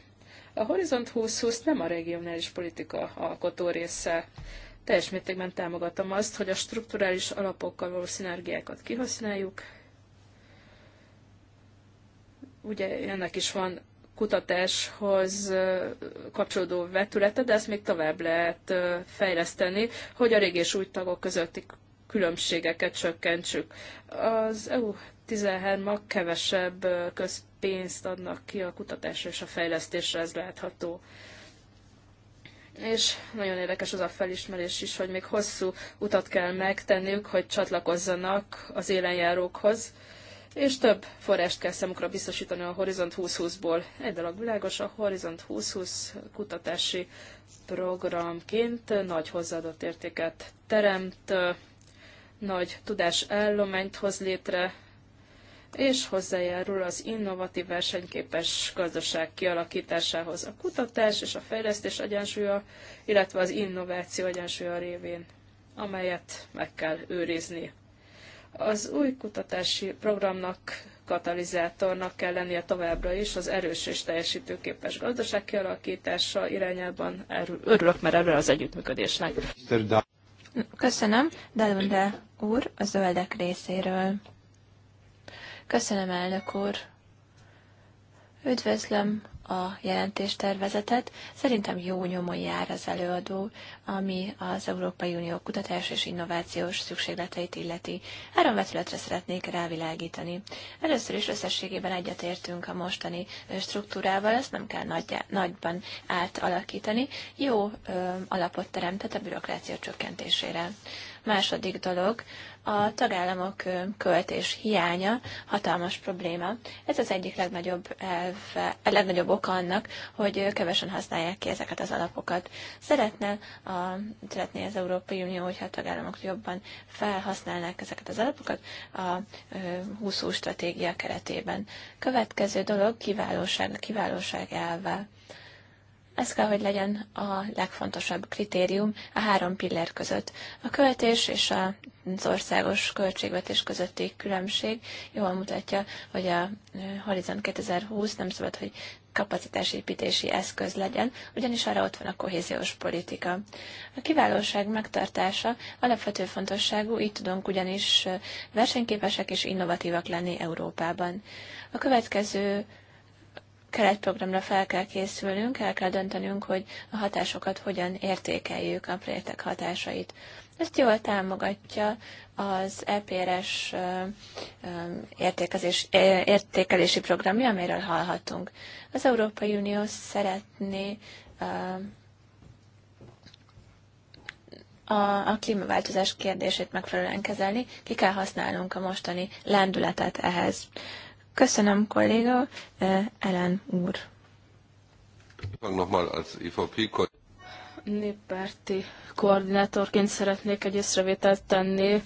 A Horizont 2020 nem a regionális politika alkotó része. Teljes mértékben támogatom azt, hogy a strukturális alapokkal való szinergiákat kihasználjuk. Ugye ennek is van kutatáshoz kapcsolódó vetülete, de ezt még tovább lehet fejleszteni, hogy a régi és új tagok közötti különbségeket csökkentsük. Az EU 2013-ban kevesebb közpénzt adnak ki a kutatásra és a fejlesztésre, ez látható. És nagyon érdekes az a felismerés is, hogy még hosszú utat kell megtenniük, hogy csatlakozzanak az élenjárókhoz, és több forrást kell számukra biztosítani a Horizont 2020-ból. Egy dolog világos, a Horizont 2020 kutatási programként nagy hozzáadott értéket teremt, nagy tudás hoz létre, és hozzájárul az innovatív versenyképes gazdaság kialakításához a kutatás és a fejlesztés egyensúlya, illetve az innováció egyensúlya révén, amelyet meg kell őrizni. Az új kutatási programnak katalizátornak kell lennie továbbra is az erős és teljesítőképes gazdaság kialakítása irányában. erről, Örülök már erről az együttműködésnek. Köszönöm, Delunde úr, a zöldek részéről. Köszönöm, elnök úr! Üdvözlöm a jelentéstervezetet. Szerintem jó nyomon jár az előadó, ami az Európai Unió kutatás és innovációs szükségleteit illeti. Három vetületre szeretnék rávilágítani. Először is összességében egyetértünk a mostani struktúrával, ezt nem kell nagy, nagyban átalakítani. Jó ö, alapot teremtett a bürokrácia csökkentésére. Második dolog, a tagállamok költés hiánya hatalmas probléma. Ez az egyik legnagyobb, elve, legnagyobb oka annak, hogy kevesen használják ki ezeket az alapokat. Szeretne, a, szeretné az Európai Unió, hogyha a tagállamok jobban felhasználnák ezeket az alapokat a 20 stratégia keretében. Következő dolog kiválóság, kiválóság elve. Ez kell, hogy legyen a legfontosabb kritérium a három pillér között. A költés és az országos költségvetés közötti különbség jól mutatja, hogy a Horizon 2020 nem szabad, hogy kapacitásépítési eszköz legyen, ugyanis arra ott van a kohéziós politika. A kiválóság megtartása alapvető fontosságú, így tudunk ugyanis versenyképesek és innovatívak lenni Európában. A következő keretprogramra fel kell készülnünk, el kell döntenünk, hogy a hatásokat hogyan értékeljük, a projektek hatásait. Ezt jól támogatja az EPRS értékezés, értékelési programja, amiről hallhatunk. Az Európai Unió szeretné a, a klímaváltozás kérdését megfelelően kezelni, ki kell használnunk a mostani lendületet ehhez. Köszönöm, kolléga, Ellen úr. Néppárti koordinátorként szeretnék egy észrevételt tenni.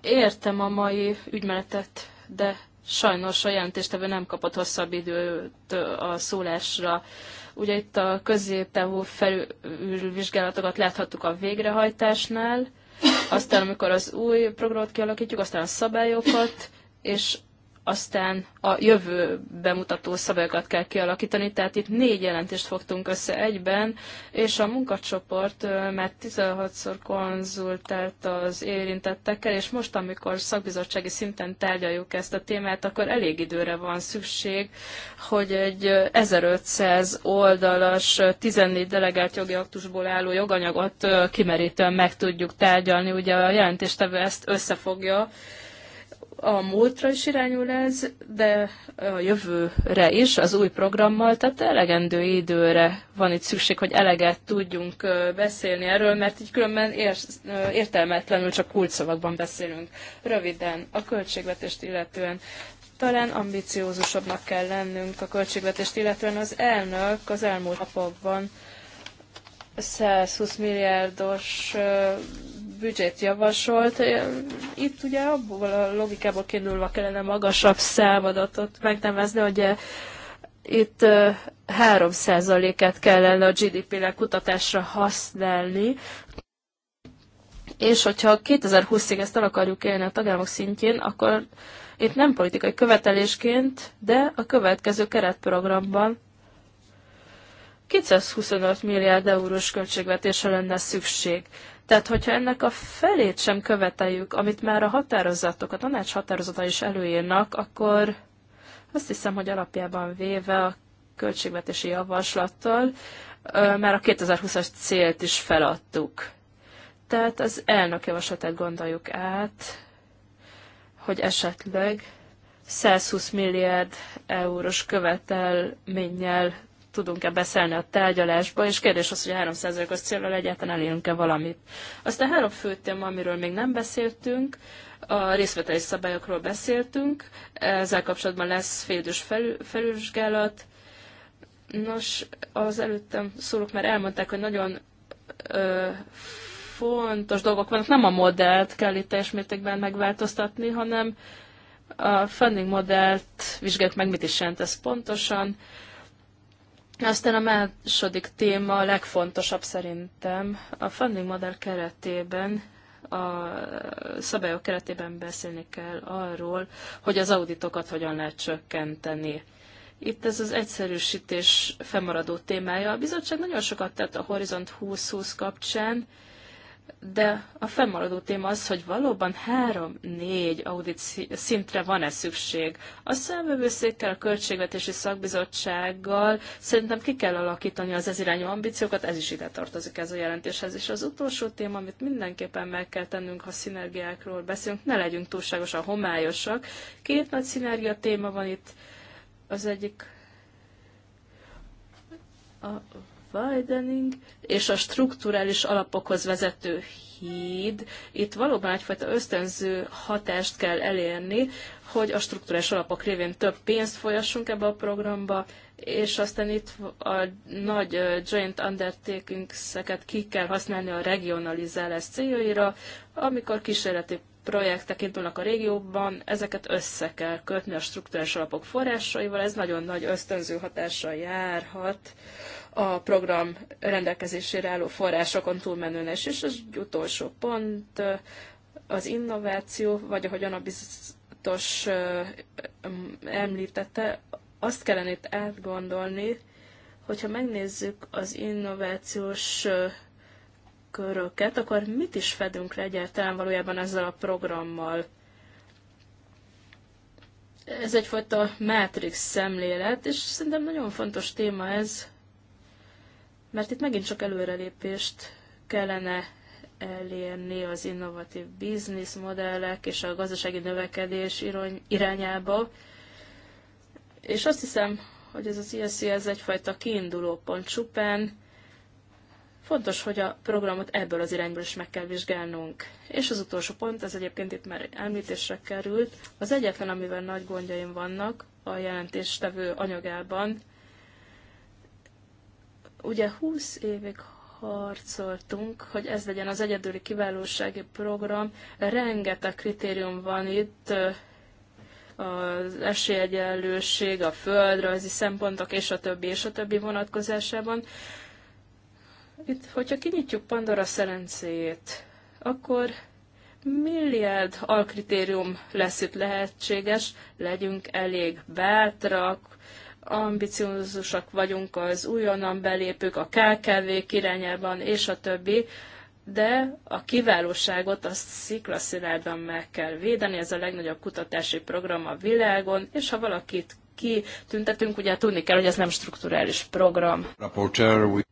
Értem a mai ügymenetet, de sajnos a jelentéstevő nem kapott hosszabb időt a szólásra. Ugye itt a középtávú felülvizsgálatokat láthattuk a végrehajtásnál, aztán amikor az új programot kialakítjuk, aztán a szabályokat, és aztán a jövő bemutató szabályokat kell kialakítani, tehát itt négy jelentést fogtunk össze egyben, és a munkacsoport már 16-szor konzultált az érintettekkel, és most, amikor szakbizottsági szinten tárgyaljuk ezt a témát, akkor elég időre van szükség, hogy egy 1500 oldalas, 14 delegált jogi aktusból álló joganyagot kimerítően meg tudjuk tárgyalni. Ugye a jelentéstevő ezt összefogja, a múltra is irányul ez, de a jövőre is, az új programmal, tehát elegendő időre van itt szükség, hogy eleget tudjunk beszélni erről, mert így különben ér, értelmetlenül csak kulcsszavakban beszélünk. Röviden, a költségvetést illetően talán ambiciózusabbnak kell lennünk a költségvetést, illetően az elnök az elmúlt napokban 120 milliárdos büdzsét javasolt. Itt ugye abból a logikából kiindulva kellene magasabb számadatot megnevezni, hogy itt 3%-et kellene a GDP-nek kutatásra használni, és hogyha 2020-ig ezt el akarjuk élni a tagállamok szintjén, akkor itt nem politikai követelésként, de a következő keretprogramban 225 milliárd eurós költségvetésre lenne szükség. Tehát, hogyha ennek a felét sem követeljük, amit már a határozatok, a tanács határozata is előírnak, akkor azt hiszem, hogy alapjában véve a költségvetési javaslattal már a 2020-as célt is feladtuk. Tehát az elnök javaslatát gondoljuk át, hogy esetleg 120 milliárd eurós követelménnyel tudunk-e beszélni a tárgyalásba, és kérdés az, hogy a 3%-os célral egyáltalán elérünk-e valamit. Aztán három fő téma, amiről még nem beszéltünk, a részvételi szabályokról beszéltünk, ezzel kapcsolatban lesz félidős felülvizsgálat. Nos, az előttem szólók már elmondták, hogy nagyon ö, fontos dolgok vannak, nem a modellt kell itt teljes mértékben megváltoztatni, hanem a funding modellt vizsgáljuk meg, mit is jelent ez pontosan. Ö, aztán a második téma a legfontosabb szerintem. A funding modell keretében a szabályok keretében beszélni kell arról, hogy az auditokat hogyan lehet csökkenteni. Itt ez az egyszerűsítés fennmaradó témája. A bizottság nagyon sokat tett a Horizont 2020 kapcsán, de a fennmaradó téma az, hogy valóban három-négy audit szintre van-e szükség. A számvevőszékkel, a költségvetési szakbizottsággal szerintem ki kell alakítani az ezirányú ambíciókat, ez is ide tartozik ez a jelentéshez. És az utolsó téma, amit mindenképpen meg kell tennünk, ha szinergiákról beszélünk, ne legyünk túlságosan homályosak. Két nagy szinergia téma van itt, az egyik a widening és a strukturális alapokhoz vezető híd. Itt valóban egyfajta ösztönző hatást kell elérni, hogy a strukturális alapok révén több pénzt folyassunk ebbe a programba, és aztán itt a nagy joint undertakingseket ki kell használni a regionalizálás céljaira, amikor kísérleti projektek indulnak a régióban, ezeket össze kell kötni a struktúrás alapok forrásaival, ez nagyon nagy ösztönző hatással járhat a program rendelkezésére álló forrásokon túlmenően is. És az utolsó pont az innováció, vagy ahogy a biztos említette, azt kellene itt átgondolni, hogyha megnézzük az innovációs köröket, akkor mit is fedünk le egyáltalán valójában ezzel a programmal? Ez egyfajta matrix szemlélet, és szerintem nagyon fontos téma ez, mert itt megint csak előrelépést kellene elérni az innovatív modellek és a gazdasági növekedés irányába. És azt hiszem, hogy ez az ISZ ez egyfajta kiinduló pont csupán. Fontos, hogy a programot ebből az irányból is meg kell vizsgálnunk. És az utolsó pont, ez egyébként itt már említésre került, az egyetlen, amivel nagy gondjaim vannak a jelentéstevő anyagában, Ugye 20 évig harcoltunk, hogy ez legyen az egyedüli kiválósági program. Rengeteg kritérium van itt, az esélyegyenlőség, a földrajzi szempontok és a többi és a többi vonatkozásában. Itt, hogyha kinyitjuk Pandora szerencéjét, akkor milliárd alkritérium lesz itt lehetséges, legyünk elég bátrak, ambiciózusak vagyunk az újonnan belépők, a KKV-k irányában és a többi, de a kiválóságot azt sziklaszilárdban meg kell védeni, ez a legnagyobb kutatási program a világon, és ha valakit kitüntetünk, ugye tudni kell, hogy ez nem strukturális program.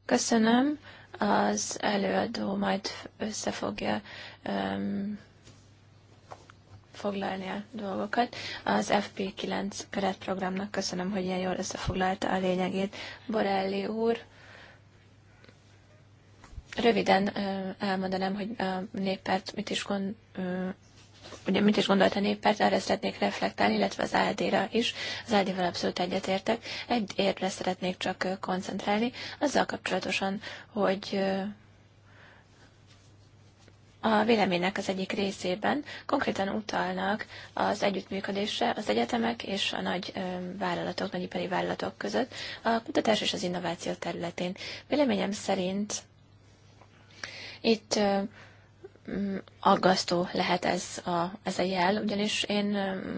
Köszönöm, az előadó majd össze fogja um, foglalni a dolgokat. Az FP9 keretprogramnak köszönöm, hogy ilyen jól összefoglalta a lényegét. Borelli úr, röviden elmondanám, hogy a néppárt mit is gond, ugye mit is gondolt a néppárt, erre szeretnék reflektálni, illetve az áldéra is. Az áldéval abszolút egyetértek. Egy érre szeretnék csak koncentrálni, azzal kapcsolatosan, hogy a véleménynek az egyik részében konkrétan utalnak az együttműködésre az egyetemek és a nagy vállalatok, nagyipari vállalatok között a kutatás és az innováció területén. Véleményem szerint itt aggasztó lehet ez a, ez a jel, ugyanis én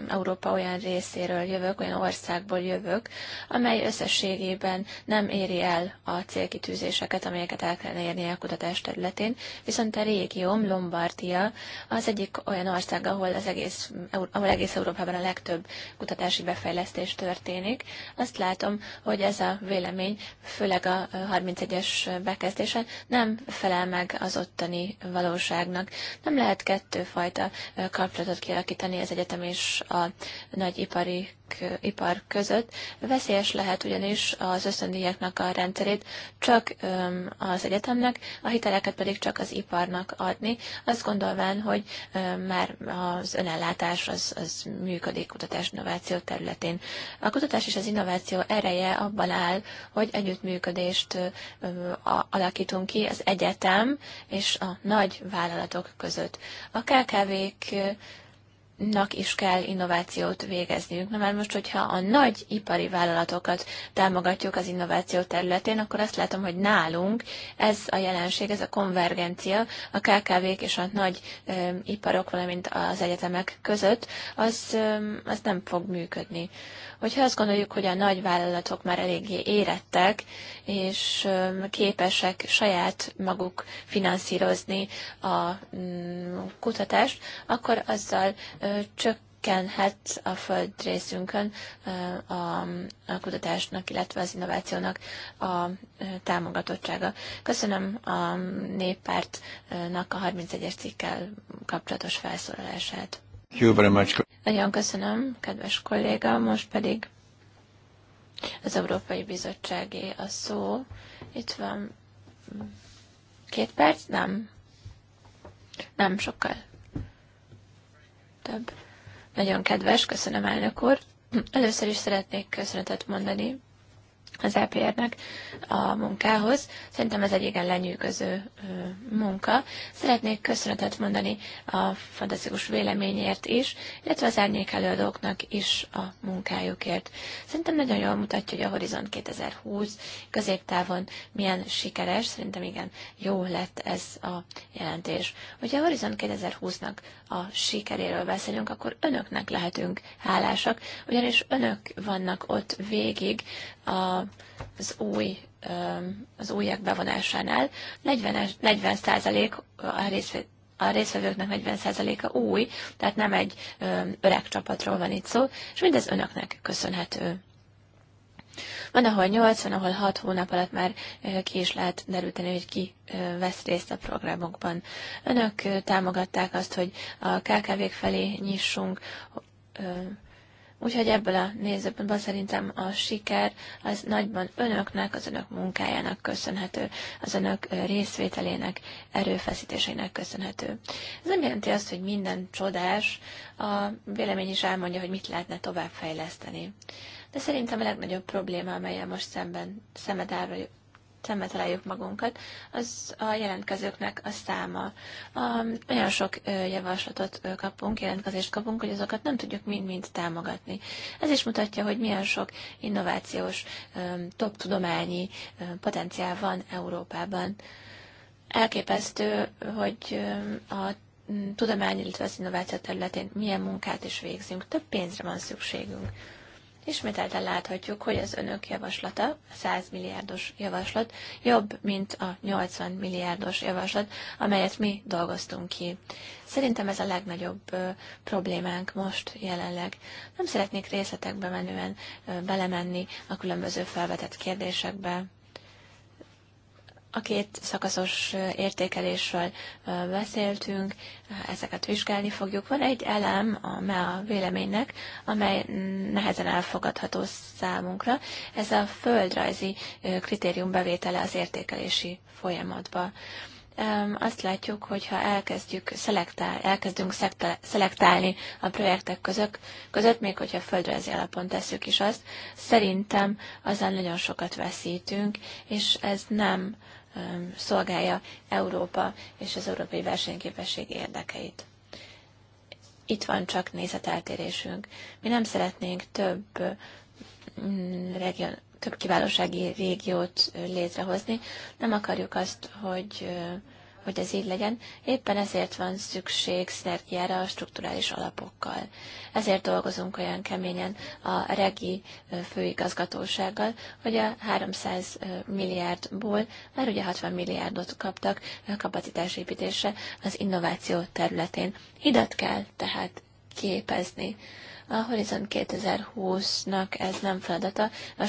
Európa olyan részéről jövök, olyan országból jövök, amely összességében nem éri el a célkitűzéseket, amelyeket el kellene érni a kutatás területén, viszont a régióm, Lombardia, az egyik olyan ország, ahol, az egész, ahol egész Európában a legtöbb kutatási befejlesztés történik. Azt látom, hogy ez a vélemény, főleg a 31-es bekezdése nem felel meg az ottani valóságnak, vannak. Nem lehet kettőfajta kapcsolatot kialakítani az egyetem és a nagyipari ipar között. Veszélyes lehet ugyanis az ösztöndíjaknak a rendszerét csak az egyetemnek, a hiteleket pedig csak az iparnak adni, azt gondolván, hogy már az önellátás az, az működik kutatás innováció területén. A kutatás és az innováció ereje abban áll, hogy együttműködést alakítunk ki az egyetem és a nagy vállalatok között. A KKV-k nak is kell innovációt végezniük. Na már most, hogyha a nagy ipari vállalatokat támogatjuk az innováció területén, akkor azt látom, hogy nálunk ez a jelenség, ez a konvergencia a KKV-k és a nagy ö, iparok, valamint az egyetemek között, az, ö, az nem fog működni. Hogyha azt gondoljuk, hogy a nagyvállalatok már eléggé érettek, és képesek saját maguk finanszírozni a mm, kutatást, akkor azzal csak csökkenhet a földrészünkön a, a kutatásnak, illetve az innovációnak a támogatottsága. Köszönöm a néppártnak a 31-es cikkel kapcsolatos felszólalását. Nagyon köszönöm, kedves kolléga, most pedig az Európai Bizottságé a szó. Itt van két perc, nem? Nem sokkal. Több. Nagyon kedves, köszönöm elnök úr. Először is szeretnék köszönetet mondani az EPR-nek a munkához. Szerintem ez egy igen lenyűgöző munka. Szeretnék köszönetet mondani a fantasztikus véleményért is, illetve az árnyék előadóknak is a munkájukért. Szerintem nagyon jól mutatja, hogy a Horizont 2020 középtávon milyen sikeres, szerintem igen jó lett ez a jelentés. Hogyha a Horizont 2020-nak a sikeréről beszélünk, akkor önöknek lehetünk hálásak, ugyanis önök vannak ott végig, az új az újak bevonásánál. 40, 40 a részvét a részvevőknek 40%-a új, tehát nem egy ö, öreg csapatról van itt szó, és mindez önöknek köszönhető. Van, ahol 80, ahol 6 hónap alatt már ki is lehet derülteni, hogy ki vesz részt a programokban. Önök támogatták azt, hogy a KKV-k felé nyissunk, Úgyhogy ebből a nézőpontból szerintem a siker az nagyban önöknek, az önök munkájának köszönhető, az önök részvételének, erőfeszítésének köszönhető. Ez nem jelenti azt, hogy minden csodás, a vélemény is elmondja, hogy mit lehetne továbbfejleszteni. De szerintem a legnagyobb probléma, amelyel most szemben szemed szembe találjuk magunkat, az a jelentkezőknek a száma. Um, olyan sok javaslatot kapunk, jelentkezést kapunk, hogy azokat nem tudjuk mind-mind támogatni. Ez is mutatja, hogy milyen sok innovációs, top tudományi potenciál van Európában. Elképesztő, hogy a tudomány, illetve az innováció területén milyen munkát is végzünk. Több pénzre van szükségünk. Ismételten láthatjuk, hogy az önök javaslata, a 100 milliárdos javaslat jobb, mint a 80 milliárdos javaslat, amelyet mi dolgoztunk ki. Szerintem ez a legnagyobb ö, problémánk most jelenleg. Nem szeretnék részletekbe menően ö, belemenni a különböző felvetett kérdésekbe. A két szakaszos értékelésről beszéltünk, ezeket vizsgálni fogjuk. Van egy elem a MEA véleménynek, amely nehezen elfogadható számunkra. Ez a földrajzi kritérium bevétele az értékelési folyamatba azt látjuk, hogy ha elkezdjük szelektál, elkezdünk szelektálni a projektek között, között, még hogyha földrajzi alapon tesszük is azt, szerintem azzal nagyon sokat veszítünk, és ez nem Um, szolgálja Európa és az európai versenyképesség érdekeit. Itt van csak nézeteltérésünk. Mi nem szeretnénk több, mm, region, több kiválósági régiót létrehozni. Nem akarjuk azt, hogy hogy ez így legyen, éppen ezért van szükség szinergiára a strukturális alapokkal. Ezért dolgozunk olyan keményen a regi főigazgatósággal, hogy a 300 milliárdból már ugye 60 milliárdot kaptak a kapacitásépítésre az innováció területén. Hidat kell tehát képezni. A Horizon 2020-nak ez nem feladata, a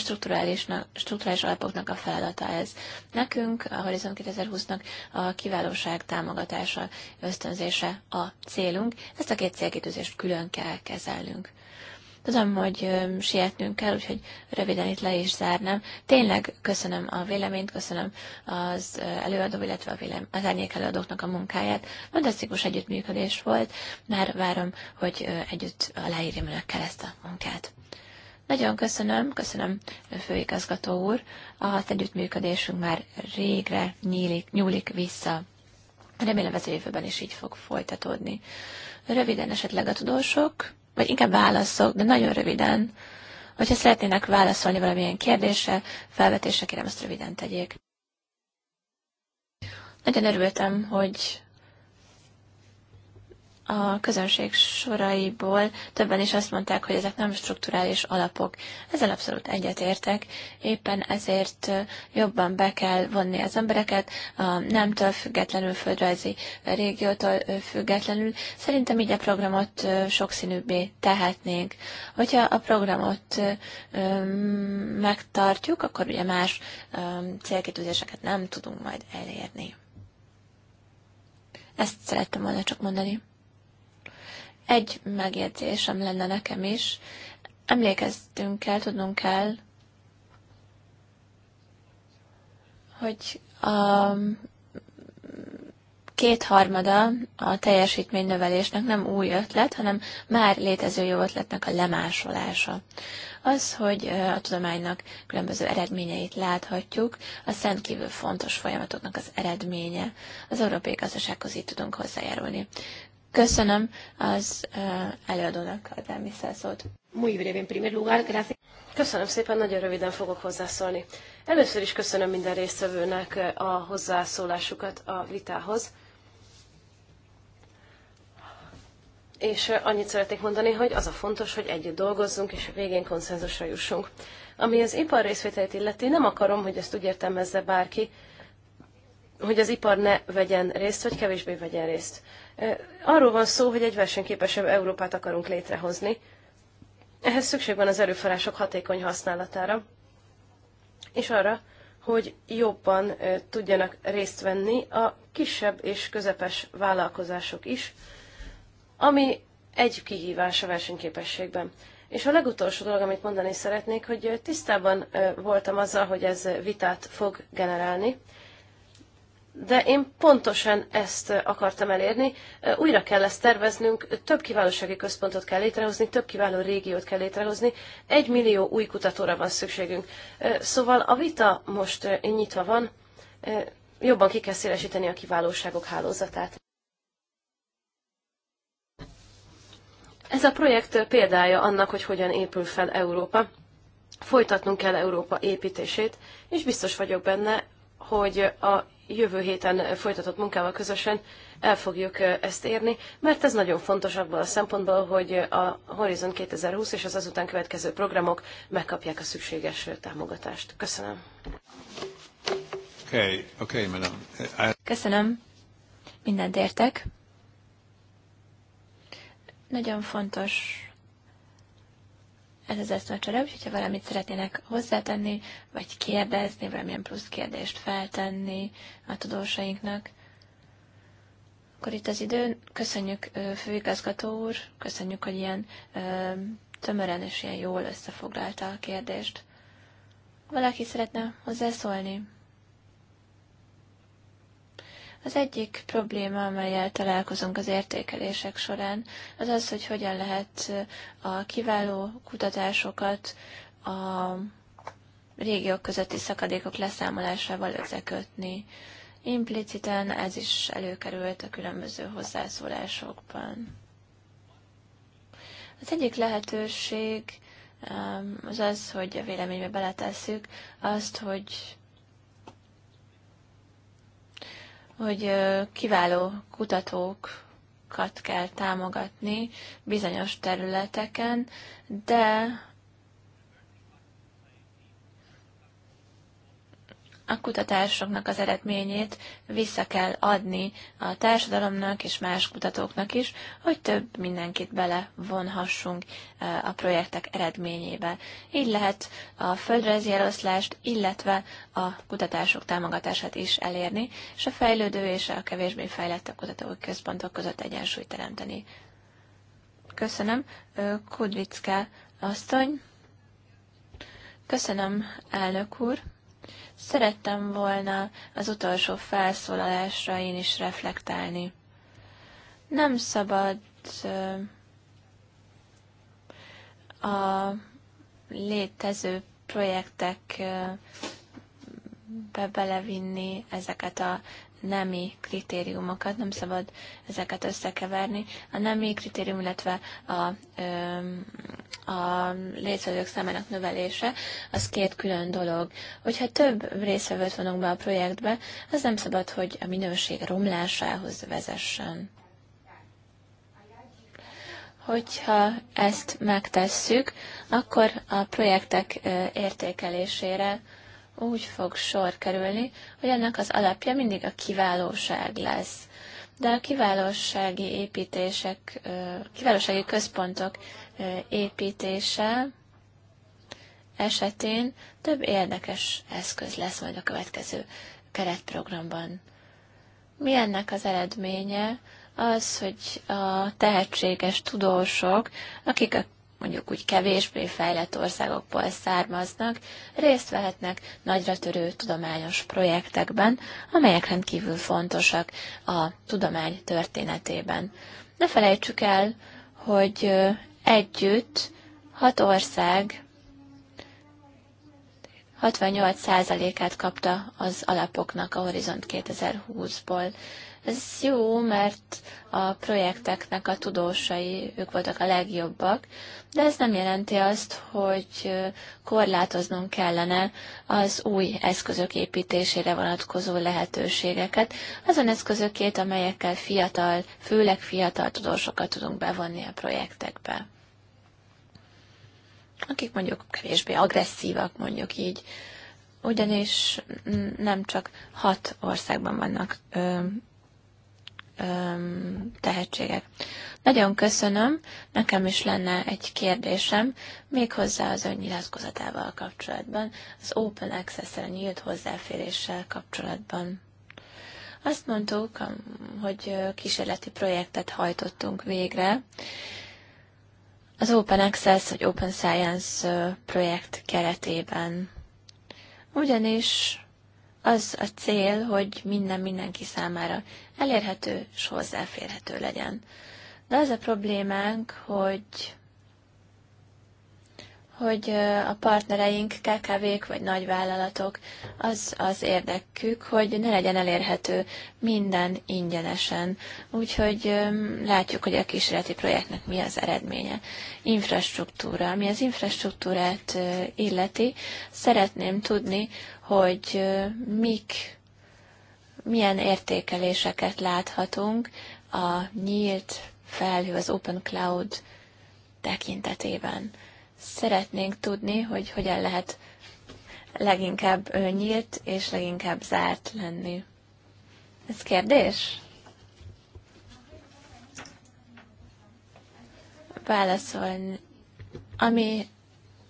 strukturális alapoknak a feladata ez. Nekünk a Horizon 2020-nak a kiválóság támogatása, ösztönzése a célunk. Ezt a két célkitűzést külön kell kezelnünk. Tudom, hogy sietnünk kell, úgyhogy röviden itt le is zárnám. Tényleg köszönöm a véleményt, köszönöm az előadó, illetve a vélem, az árnyék előadóknak a munkáját. Fantasztikus együttműködés volt. Már várom, hogy együtt aláírjam önökkel ezt a munkát. Nagyon köszönöm, köszönöm főigazgató úr. Az együttműködésünk már régre nyílik, nyúlik vissza. Remélem ez a jövőben is így fog folytatódni. Röviden esetleg a tudósok vagy inkább válaszok, de nagyon röviden. Hogyha szeretnének válaszolni valamilyen kérdésre, felvetésre, kérem, ezt röviden tegyék. Nagyon örültem, hogy a közönség soraiból többen is azt mondták, hogy ezek nem strukturális alapok. Ezzel abszolút egyetértek, éppen ezért jobban be kell vonni az embereket, a nemtől függetlenül, földrajzi régiótól függetlenül. Szerintem így a programot sokszínűbbé tehetnénk. Hogyha a programot megtartjuk, akkor ugye más célkitűzéseket nem tudunk majd elérni. Ezt szerettem volna csak mondani. Egy megjegyzésem lenne nekem is. Emlékeztünk kell, tudnunk kell, hogy a kétharmada a teljesítménynövelésnek nem új ötlet, hanem már létező jó ötletnek a lemásolása. Az, hogy a tudománynak különböző eredményeit láthatjuk, a szentkívül fontos folyamatoknak az eredménye. Az európai gazdasághoz így tudunk hozzájárulni. Köszönöm az előadónak a természetszót. Muy breve, en primer lugar, gracias. Köszönöm szépen, nagyon röviden fogok hozzászólni. Először is köszönöm minden résztvevőnek a hozzászólásukat a vitához. És annyit szeretnék mondani, hogy az a fontos, hogy együtt dolgozzunk, és végén konszenzusra jussunk. Ami az ipar részvételét illeti, nem akarom, hogy ezt úgy értelmezze bárki, hogy az ipar ne vegyen részt, vagy kevésbé vegyen részt. Arról van szó, hogy egy versenyképesebb Európát akarunk létrehozni. Ehhez szükség van az erőforrások hatékony használatára, és arra, hogy jobban tudjanak részt venni a kisebb és közepes vállalkozások is, ami egy kihívás a versenyképességben. És a legutolsó dolog, amit mondani szeretnék, hogy tisztában voltam azzal, hogy ez vitát fog generálni, de én pontosan ezt akartam elérni. Újra kell ezt terveznünk, több kiválósági központot kell létrehozni, több kiváló régiót kell létrehozni, egy millió új kutatóra van szükségünk. Szóval a vita most nyitva van, jobban ki kell szélesíteni a kiválóságok hálózatát. Ez a projekt példája annak, hogy hogyan épül fel Európa. Folytatnunk kell Európa építését, és biztos vagyok benne, hogy a jövő héten folytatott munkával közösen el fogjuk ezt érni, mert ez nagyon fontos abból a szempontból, hogy a Horizon 2020 és az azután következő programok megkapják a szükséges támogatást. Köszönöm. Okay, okay, madam. I... Köszönöm. Mindent értek. Nagyon fontos ez az csere, úgyhogy ha valamit szeretnének hozzátenni, vagy kérdezni, valamilyen plusz kérdést feltenni a tudósainknak, akkor itt az időn. Köszönjük, főigazgató úr, köszönjük, hogy ilyen tömören és ilyen jól összefoglalta a kérdést. Valaki szeretne hozzászólni? Az egyik probléma, amelyel találkozunk az értékelések során, az az, hogy hogyan lehet a kiváló kutatásokat a régiók közötti szakadékok leszámolásával összekötni. Impliciten ez is előkerült a különböző hozzászólásokban. Az egyik lehetőség az az, hogy a véleménybe beletesszük azt, hogy hogy kiváló kutatókat kell támogatni bizonyos területeken, de a kutatásoknak az eredményét vissza kell adni a társadalomnak és más kutatóknak is, hogy több mindenkit belevonhassunk e, a projektek eredményébe. Így lehet a földrajzi eloszlást, illetve a kutatások támogatását is elérni, és a fejlődő és a kevésbé fejlett a kutatói központok között egyensúlyt teremteni. Köszönöm. Kudvicka asszony. Köszönöm, elnök úr. Szerettem volna az utolsó felszólalásra én is reflektálni. Nem szabad a létező projektekbe belevinni ezeket a nemi kritériumokat, nem szabad ezeket összekeverni. A nemi kritérium, illetve a, a részvevők számának növelése, az két külön dolog. Hogyha több részvevőt vonunk be a projektbe, az nem szabad, hogy a minőség romlásához vezessen hogyha ezt megtesszük, akkor a projektek értékelésére úgy fog sor kerülni, hogy ennek az alapja mindig a kiválóság lesz. De a kiválósági építések, kiválósági központok építése esetén több érdekes eszköz lesz majd a következő keretprogramban. Mi ennek az eredménye? Az, hogy a tehetséges tudósok, akik a mondjuk úgy kevésbé fejlett országokból származnak, részt vehetnek nagyra törő tudományos projektekben, amelyek rendkívül fontosak a tudomány történetében. Ne felejtsük el, hogy együtt hat ország 68%-át kapta az alapoknak a Horizont 2020-ból. Ez jó, mert a projekteknek a tudósai, ők voltak a legjobbak, de ez nem jelenti azt, hogy korlátoznunk kellene az új eszközök építésére vonatkozó lehetőségeket, azon eszközökét, amelyekkel fiatal, főleg fiatal tudósokat tudunk bevonni a projektekbe akik mondjuk kevésbé agresszívak, mondjuk így, ugyanis nem csak hat országban vannak ö, tehetségek. Nagyon köszönöm, nekem is lenne egy kérdésem, méghozzá az ön nyilatkozatával kapcsolatban, az Open Access-el nyílt hozzáféréssel kapcsolatban. Azt mondtuk, hogy kísérleti projektet hajtottunk végre, az Open Access vagy Open Science projekt keretében. Ugyanis az a cél, hogy minden mindenki számára elérhető és hozzáférhető legyen. De az a problémánk, hogy hogy a partnereink, KKV-k vagy nagyvállalatok, az az érdekük, hogy ne legyen elérhető minden ingyenesen. Úgyhogy látjuk, hogy a kísérleti projektnek mi az eredménye. Infrastruktúra. Ami az infrastruktúrát illeti, szeretném tudni, hogy mik, milyen értékeléseket láthatunk a nyílt felhő, az Open Cloud tekintetében. Szeretnénk tudni, hogy hogyan lehet leginkább nyílt és leginkább zárt lenni. Ez kérdés? Válaszolni. Ami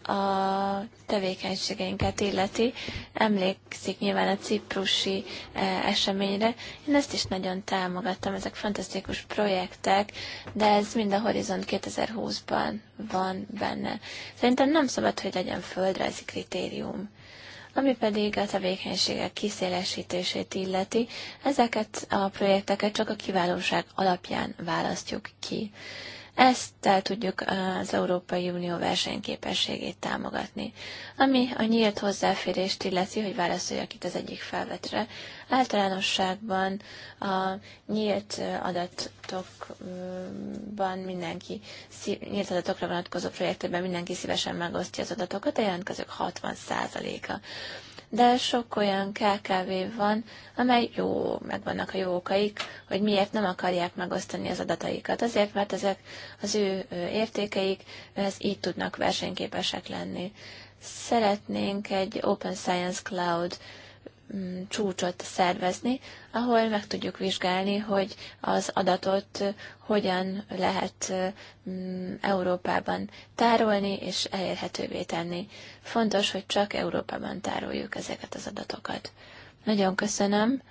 a tevékenységeinket illeti. Emlékszik nyilván a ciprusi e, eseményre. Én ezt is nagyon támogattam, ezek fantasztikus projektek, de ez mind a Horizont 2020-ban van benne. Szerintem nem szabad, hogy legyen földrajzi kritérium ami pedig a tevékenységek kiszélesítését illeti, ezeket a projekteket csak a kiválóság alapján választjuk ki. Ezt tehát tudjuk az Európai Unió versenyképességét támogatni. Ami a nyílt hozzáférést illeti, hogy válaszoljak itt az egyik felvetre, általánosságban a nyílt adatokban mindenki, nyílt adatokra vonatkozó projektekben mindenki szívesen megosztja az adatokat, a jelentkezők 60%-a de sok olyan KKV van, amely jó, megvannak a jó okaik, hogy miért nem akarják megosztani az adataikat. Azért, mert ezek az ő értékeik, ez így tudnak versenyképesek lenni. Szeretnénk egy Open Science Cloud Mm, csúcsot szervezni, ahol meg tudjuk vizsgálni, hogy az adatot hogyan lehet mm, Európában tárolni és elérhetővé tenni. Fontos, hogy csak Európában tároljuk ezeket az adatokat. Nagyon köszönöm,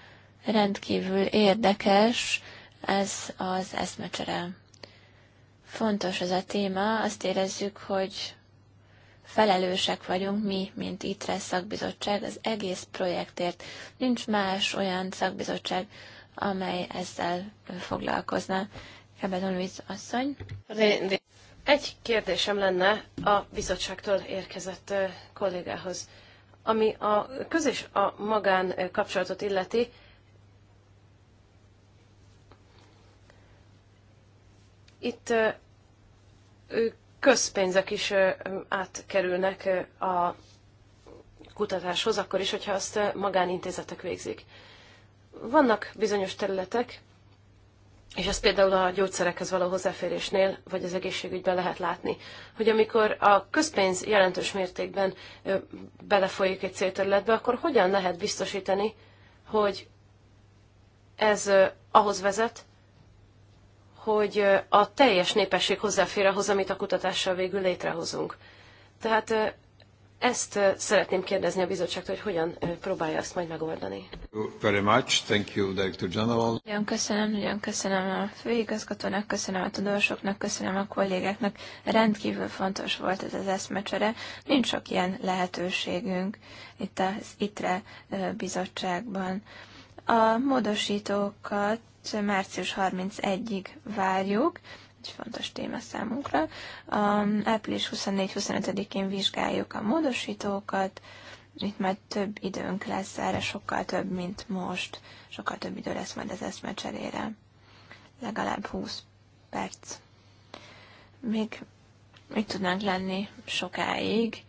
rendkívül érdekes ez az eszmecsere. Fontos ez a téma, azt érezzük, hogy felelősek vagyunk mi, mint ITRE szakbizottság az egész projektért. Nincs más olyan szakbizottság, amely ezzel foglalkozna. Kebedon Luiz asszony. Egy kérdésem lenne a bizottságtól érkezett kollégához. Ami a köz és a magán kapcsolatot illeti, itt közpénzek is átkerülnek a kutatáshoz, akkor is, hogyha azt magánintézetek végzik. Vannak bizonyos területek, és ez például a gyógyszerekhez való hozzáférésnél, vagy az egészségügyben lehet látni, hogy amikor a közpénz jelentős mértékben belefolyik egy célterületbe, akkor hogyan lehet biztosítani, hogy ez ahhoz vezet, hogy a teljes népesség hozzáfér ahhoz, amit a kutatással végül létrehozunk. Tehát ezt szeretném kérdezni a bizottságtól, hogy hogyan próbálja ezt majd megoldani. Very much. Thank you, Director General. Nagyon köszönöm, nagyon köszönöm a főigazgatónak, köszönöm a tudósoknak, köszönöm a kollégáknak. Rendkívül fontos volt ez az eszmecsere. Nincs sok ilyen lehetőségünk itt az ITRE bizottságban. A módosítókat Szóval március 31-ig várjuk, egy fontos téma számunkra. Um, április 24-25-én vizsgáljuk a módosítókat, itt már több időnk lesz erre, sokkal több, mint most. Sokkal több idő lesz majd az eszmecserére. Legalább 20 perc. Még mit tudnánk lenni sokáig,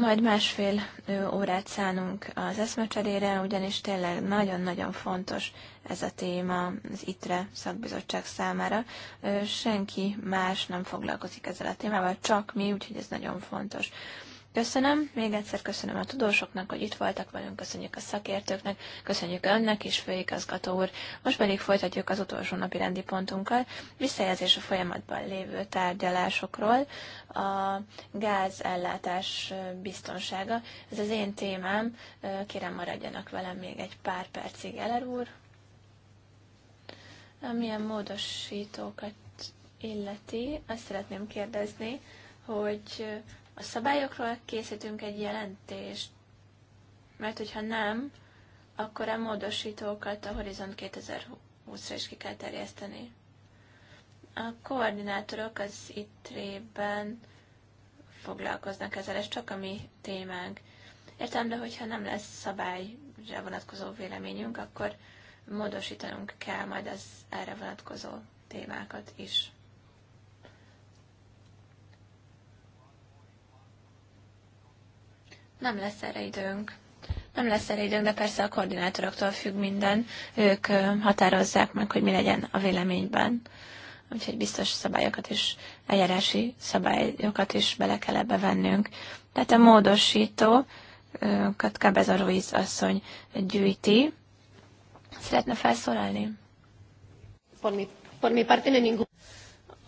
majd másfél órát szánunk az eszmecserére, ugyanis tényleg nagyon-nagyon fontos ez a téma az ITRE szakbizottság számára. Senki más nem foglalkozik ezzel a témával, csak mi, úgyhogy ez nagyon fontos. Köszönöm, még egyszer köszönöm a tudósoknak, hogy itt voltak velünk, köszönjük a szakértőknek, köszönjük önnek is, főigazgató úr. Most pedig folytatjuk az utolsó napi rendi pontunkkal, visszajelzés a folyamatban lévő tárgyalásokról, a gázellátás biztonsága. Ez az én témám, kérem maradjanak velem még egy pár percig, Eller úr. Amilyen módosítókat illeti, azt szeretném kérdezni, hogy a szabályokról készítünk egy jelentést, mert hogyha nem, akkor a módosítókat a Horizont 2020-ra is ki kell terjeszteni. A koordinátorok az ITRE-ben foglalkoznak ezzel, ez csak a mi témánk. Értem, de hogyha nem lesz szabályra vonatkozó véleményünk, akkor módosítanunk kell majd az erre vonatkozó témákat is. Nem lesz erre időnk. Nem lesz erre időnk, de persze a koordinátoroktól függ minden. Ők határozzák meg, hogy mi legyen a véleményben. Úgyhogy biztos szabályokat is, eljárási szabályokat is bele kell ebbe vennünk. Tehát a módosító Katka Bezaruiz asszony gyűjti. Szeretne felszólalni? Por mi, por mi parte no ningún...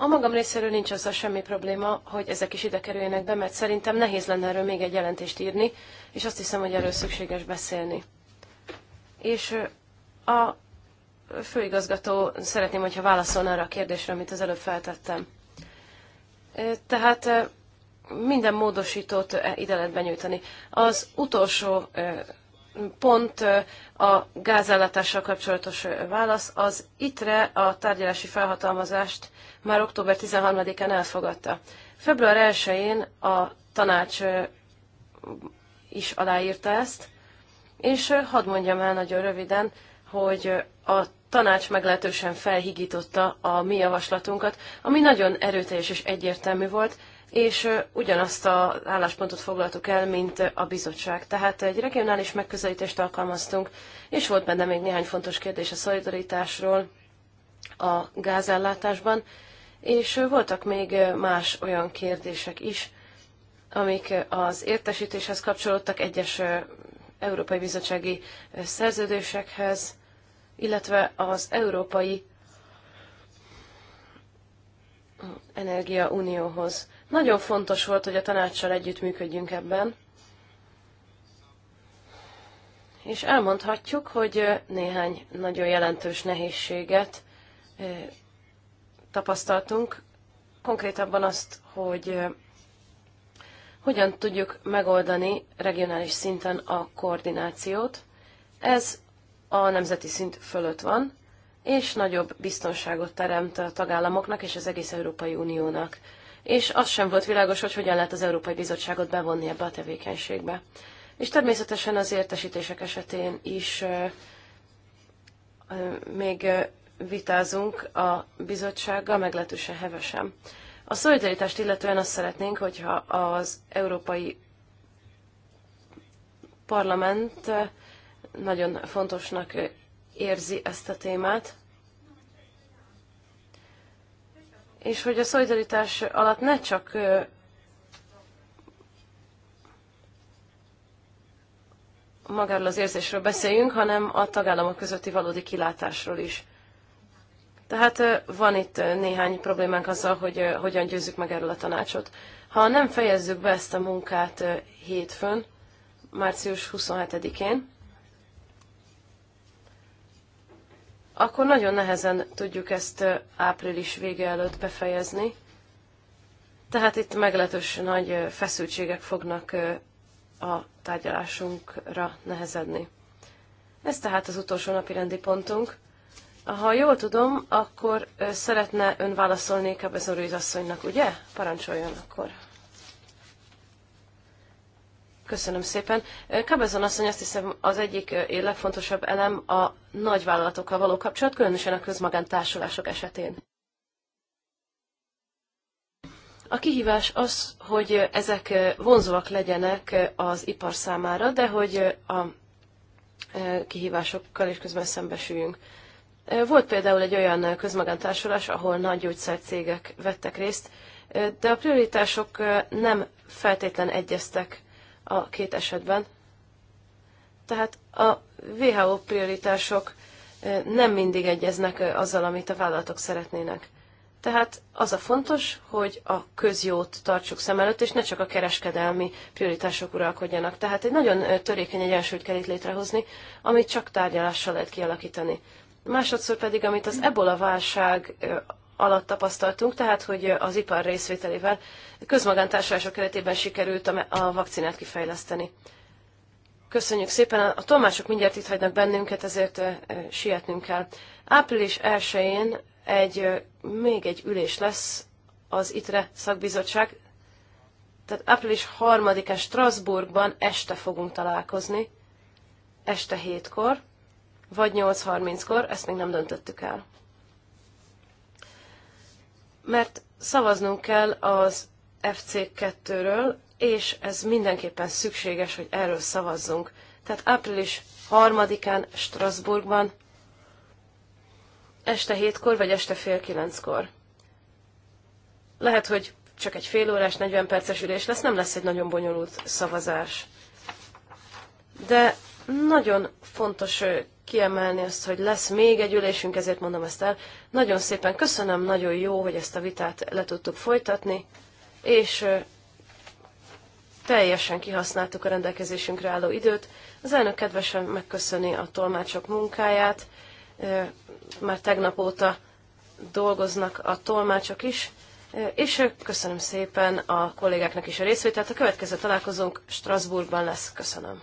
A magam részéről nincs azzal semmi probléma, hogy ezek is ide kerüljenek be, mert szerintem nehéz lenne erről még egy jelentést írni, és azt hiszem, hogy erről szükséges beszélni. És a főigazgató szeretném, hogyha válaszolna arra a kérdésre, amit az előbb feltettem. Tehát minden módosítót ide lehet benyújtani. Az utolsó pont a gázellátással kapcsolatos válasz. Az ITRE a tárgyalási felhatalmazást már október 13-án elfogadta. Február 1-én a tanács is aláírta ezt, és hadd mondjam el nagyon röviden, hogy a tanács meglehetősen felhigította a mi javaslatunkat, ami nagyon erőteljes és egyértelmű volt, és ugyanazt az álláspontot foglaltuk el, mint a bizottság. Tehát egy regionális megközelítést alkalmaztunk, és volt benne még néhány fontos kérdés a szolidaritásról a gázellátásban, és voltak még más olyan kérdések is, amik az értesítéshez kapcsolódtak egyes Európai Bizottsági szerződésekhez, illetve az Európai Energia Unióhoz. Nagyon fontos volt, hogy a tanácssal együttműködjünk ebben, és elmondhatjuk, hogy néhány nagyon jelentős nehézséget tapasztaltunk, konkrétabban azt, hogy hogyan tudjuk megoldani regionális szinten a koordinációt. Ez a nemzeti szint fölött van, és nagyobb biztonságot teremt a tagállamoknak és az egész Európai Uniónak. És az sem volt világos, hogy hogyan lehet az Európai Bizottságot bevonni ebbe a tevékenységbe. És természetesen az értesítések esetén is még vitázunk a bizottsággal, meglehetősen hevesen. A szolidaritást illetően azt szeretnénk, hogyha az Európai Parlament nagyon fontosnak érzi ezt a témát, és hogy a szolidaritás alatt ne csak magáról az érzésről beszéljünk, hanem a tagállamok közötti valódi kilátásról is. Tehát van itt néhány problémánk azzal, hogy hogyan győzzük meg erről a tanácsot. Ha nem fejezzük be ezt a munkát hétfőn, március 27-én, akkor nagyon nehezen tudjuk ezt április vége előtt befejezni. Tehát itt meglehetős nagy feszültségek fognak a tárgyalásunkra nehezedni. Ez tehát az utolsó napi rendi pontunk. Ha jól tudom, akkor szeretne ön válaszolni Kebezor asszonynak, ugye? Parancsoljon akkor. Köszönöm szépen. Kabezon asszony azt hiszem az egyik legfontosabb elem a nagyvállalatokkal való kapcsolat, különösen a közmagántársulások esetén. A kihívás az, hogy ezek vonzóak legyenek az ipar számára, de hogy a kihívásokkal is közben szembesüljünk. Volt például egy olyan közmagántársulás, ahol nagy gyógyszercégek vettek részt, de a prioritások nem feltétlen egyeztek a két esetben. Tehát a WHO prioritások nem mindig egyeznek azzal, amit a vállalatok szeretnének. Tehát az a fontos, hogy a közjót tartsuk szem előtt, és ne csak a kereskedelmi prioritások uralkodjanak. Tehát egy nagyon törékeny egyensúlyt kell itt létrehozni, amit csak tárgyalással lehet kialakítani másodszor pedig, amit az ebola válság alatt tapasztaltunk, tehát hogy az ipar részvételével közmagántársulások keretében sikerült a vakcinát kifejleszteni. Köszönjük szépen, a tolmások mindjárt itt hagynak bennünket, ezért sietnünk kell. Április 1-én egy, még egy ülés lesz az ITRE szakbizottság, tehát április 3-án Strasbourgban este fogunk találkozni, este hétkor. kor vagy 8.30-kor, ezt még nem döntöttük el. Mert szavaznunk kell az FC2-ről, és ez mindenképpen szükséges, hogy erről szavazzunk. Tehát április 3-án Strasbourgban, este 7-kor, vagy este fél 9-kor. Lehet, hogy csak egy fél órás, 40 perces ülés lesz, nem lesz egy nagyon bonyolult szavazás. De nagyon fontos kiemelni azt, hogy lesz még egy ülésünk, ezért mondom ezt el. Nagyon szépen köszönöm, nagyon jó, hogy ezt a vitát le tudtuk folytatni, és teljesen kihasználtuk a rendelkezésünkre álló időt. Az elnök kedvesen megköszöni a tolmácsok munkáját, már tegnap óta dolgoznak a tolmácsok is, és köszönöm szépen a kollégáknak is a részvételt. A következő találkozónk Strasbourgban lesz. Köszönöm.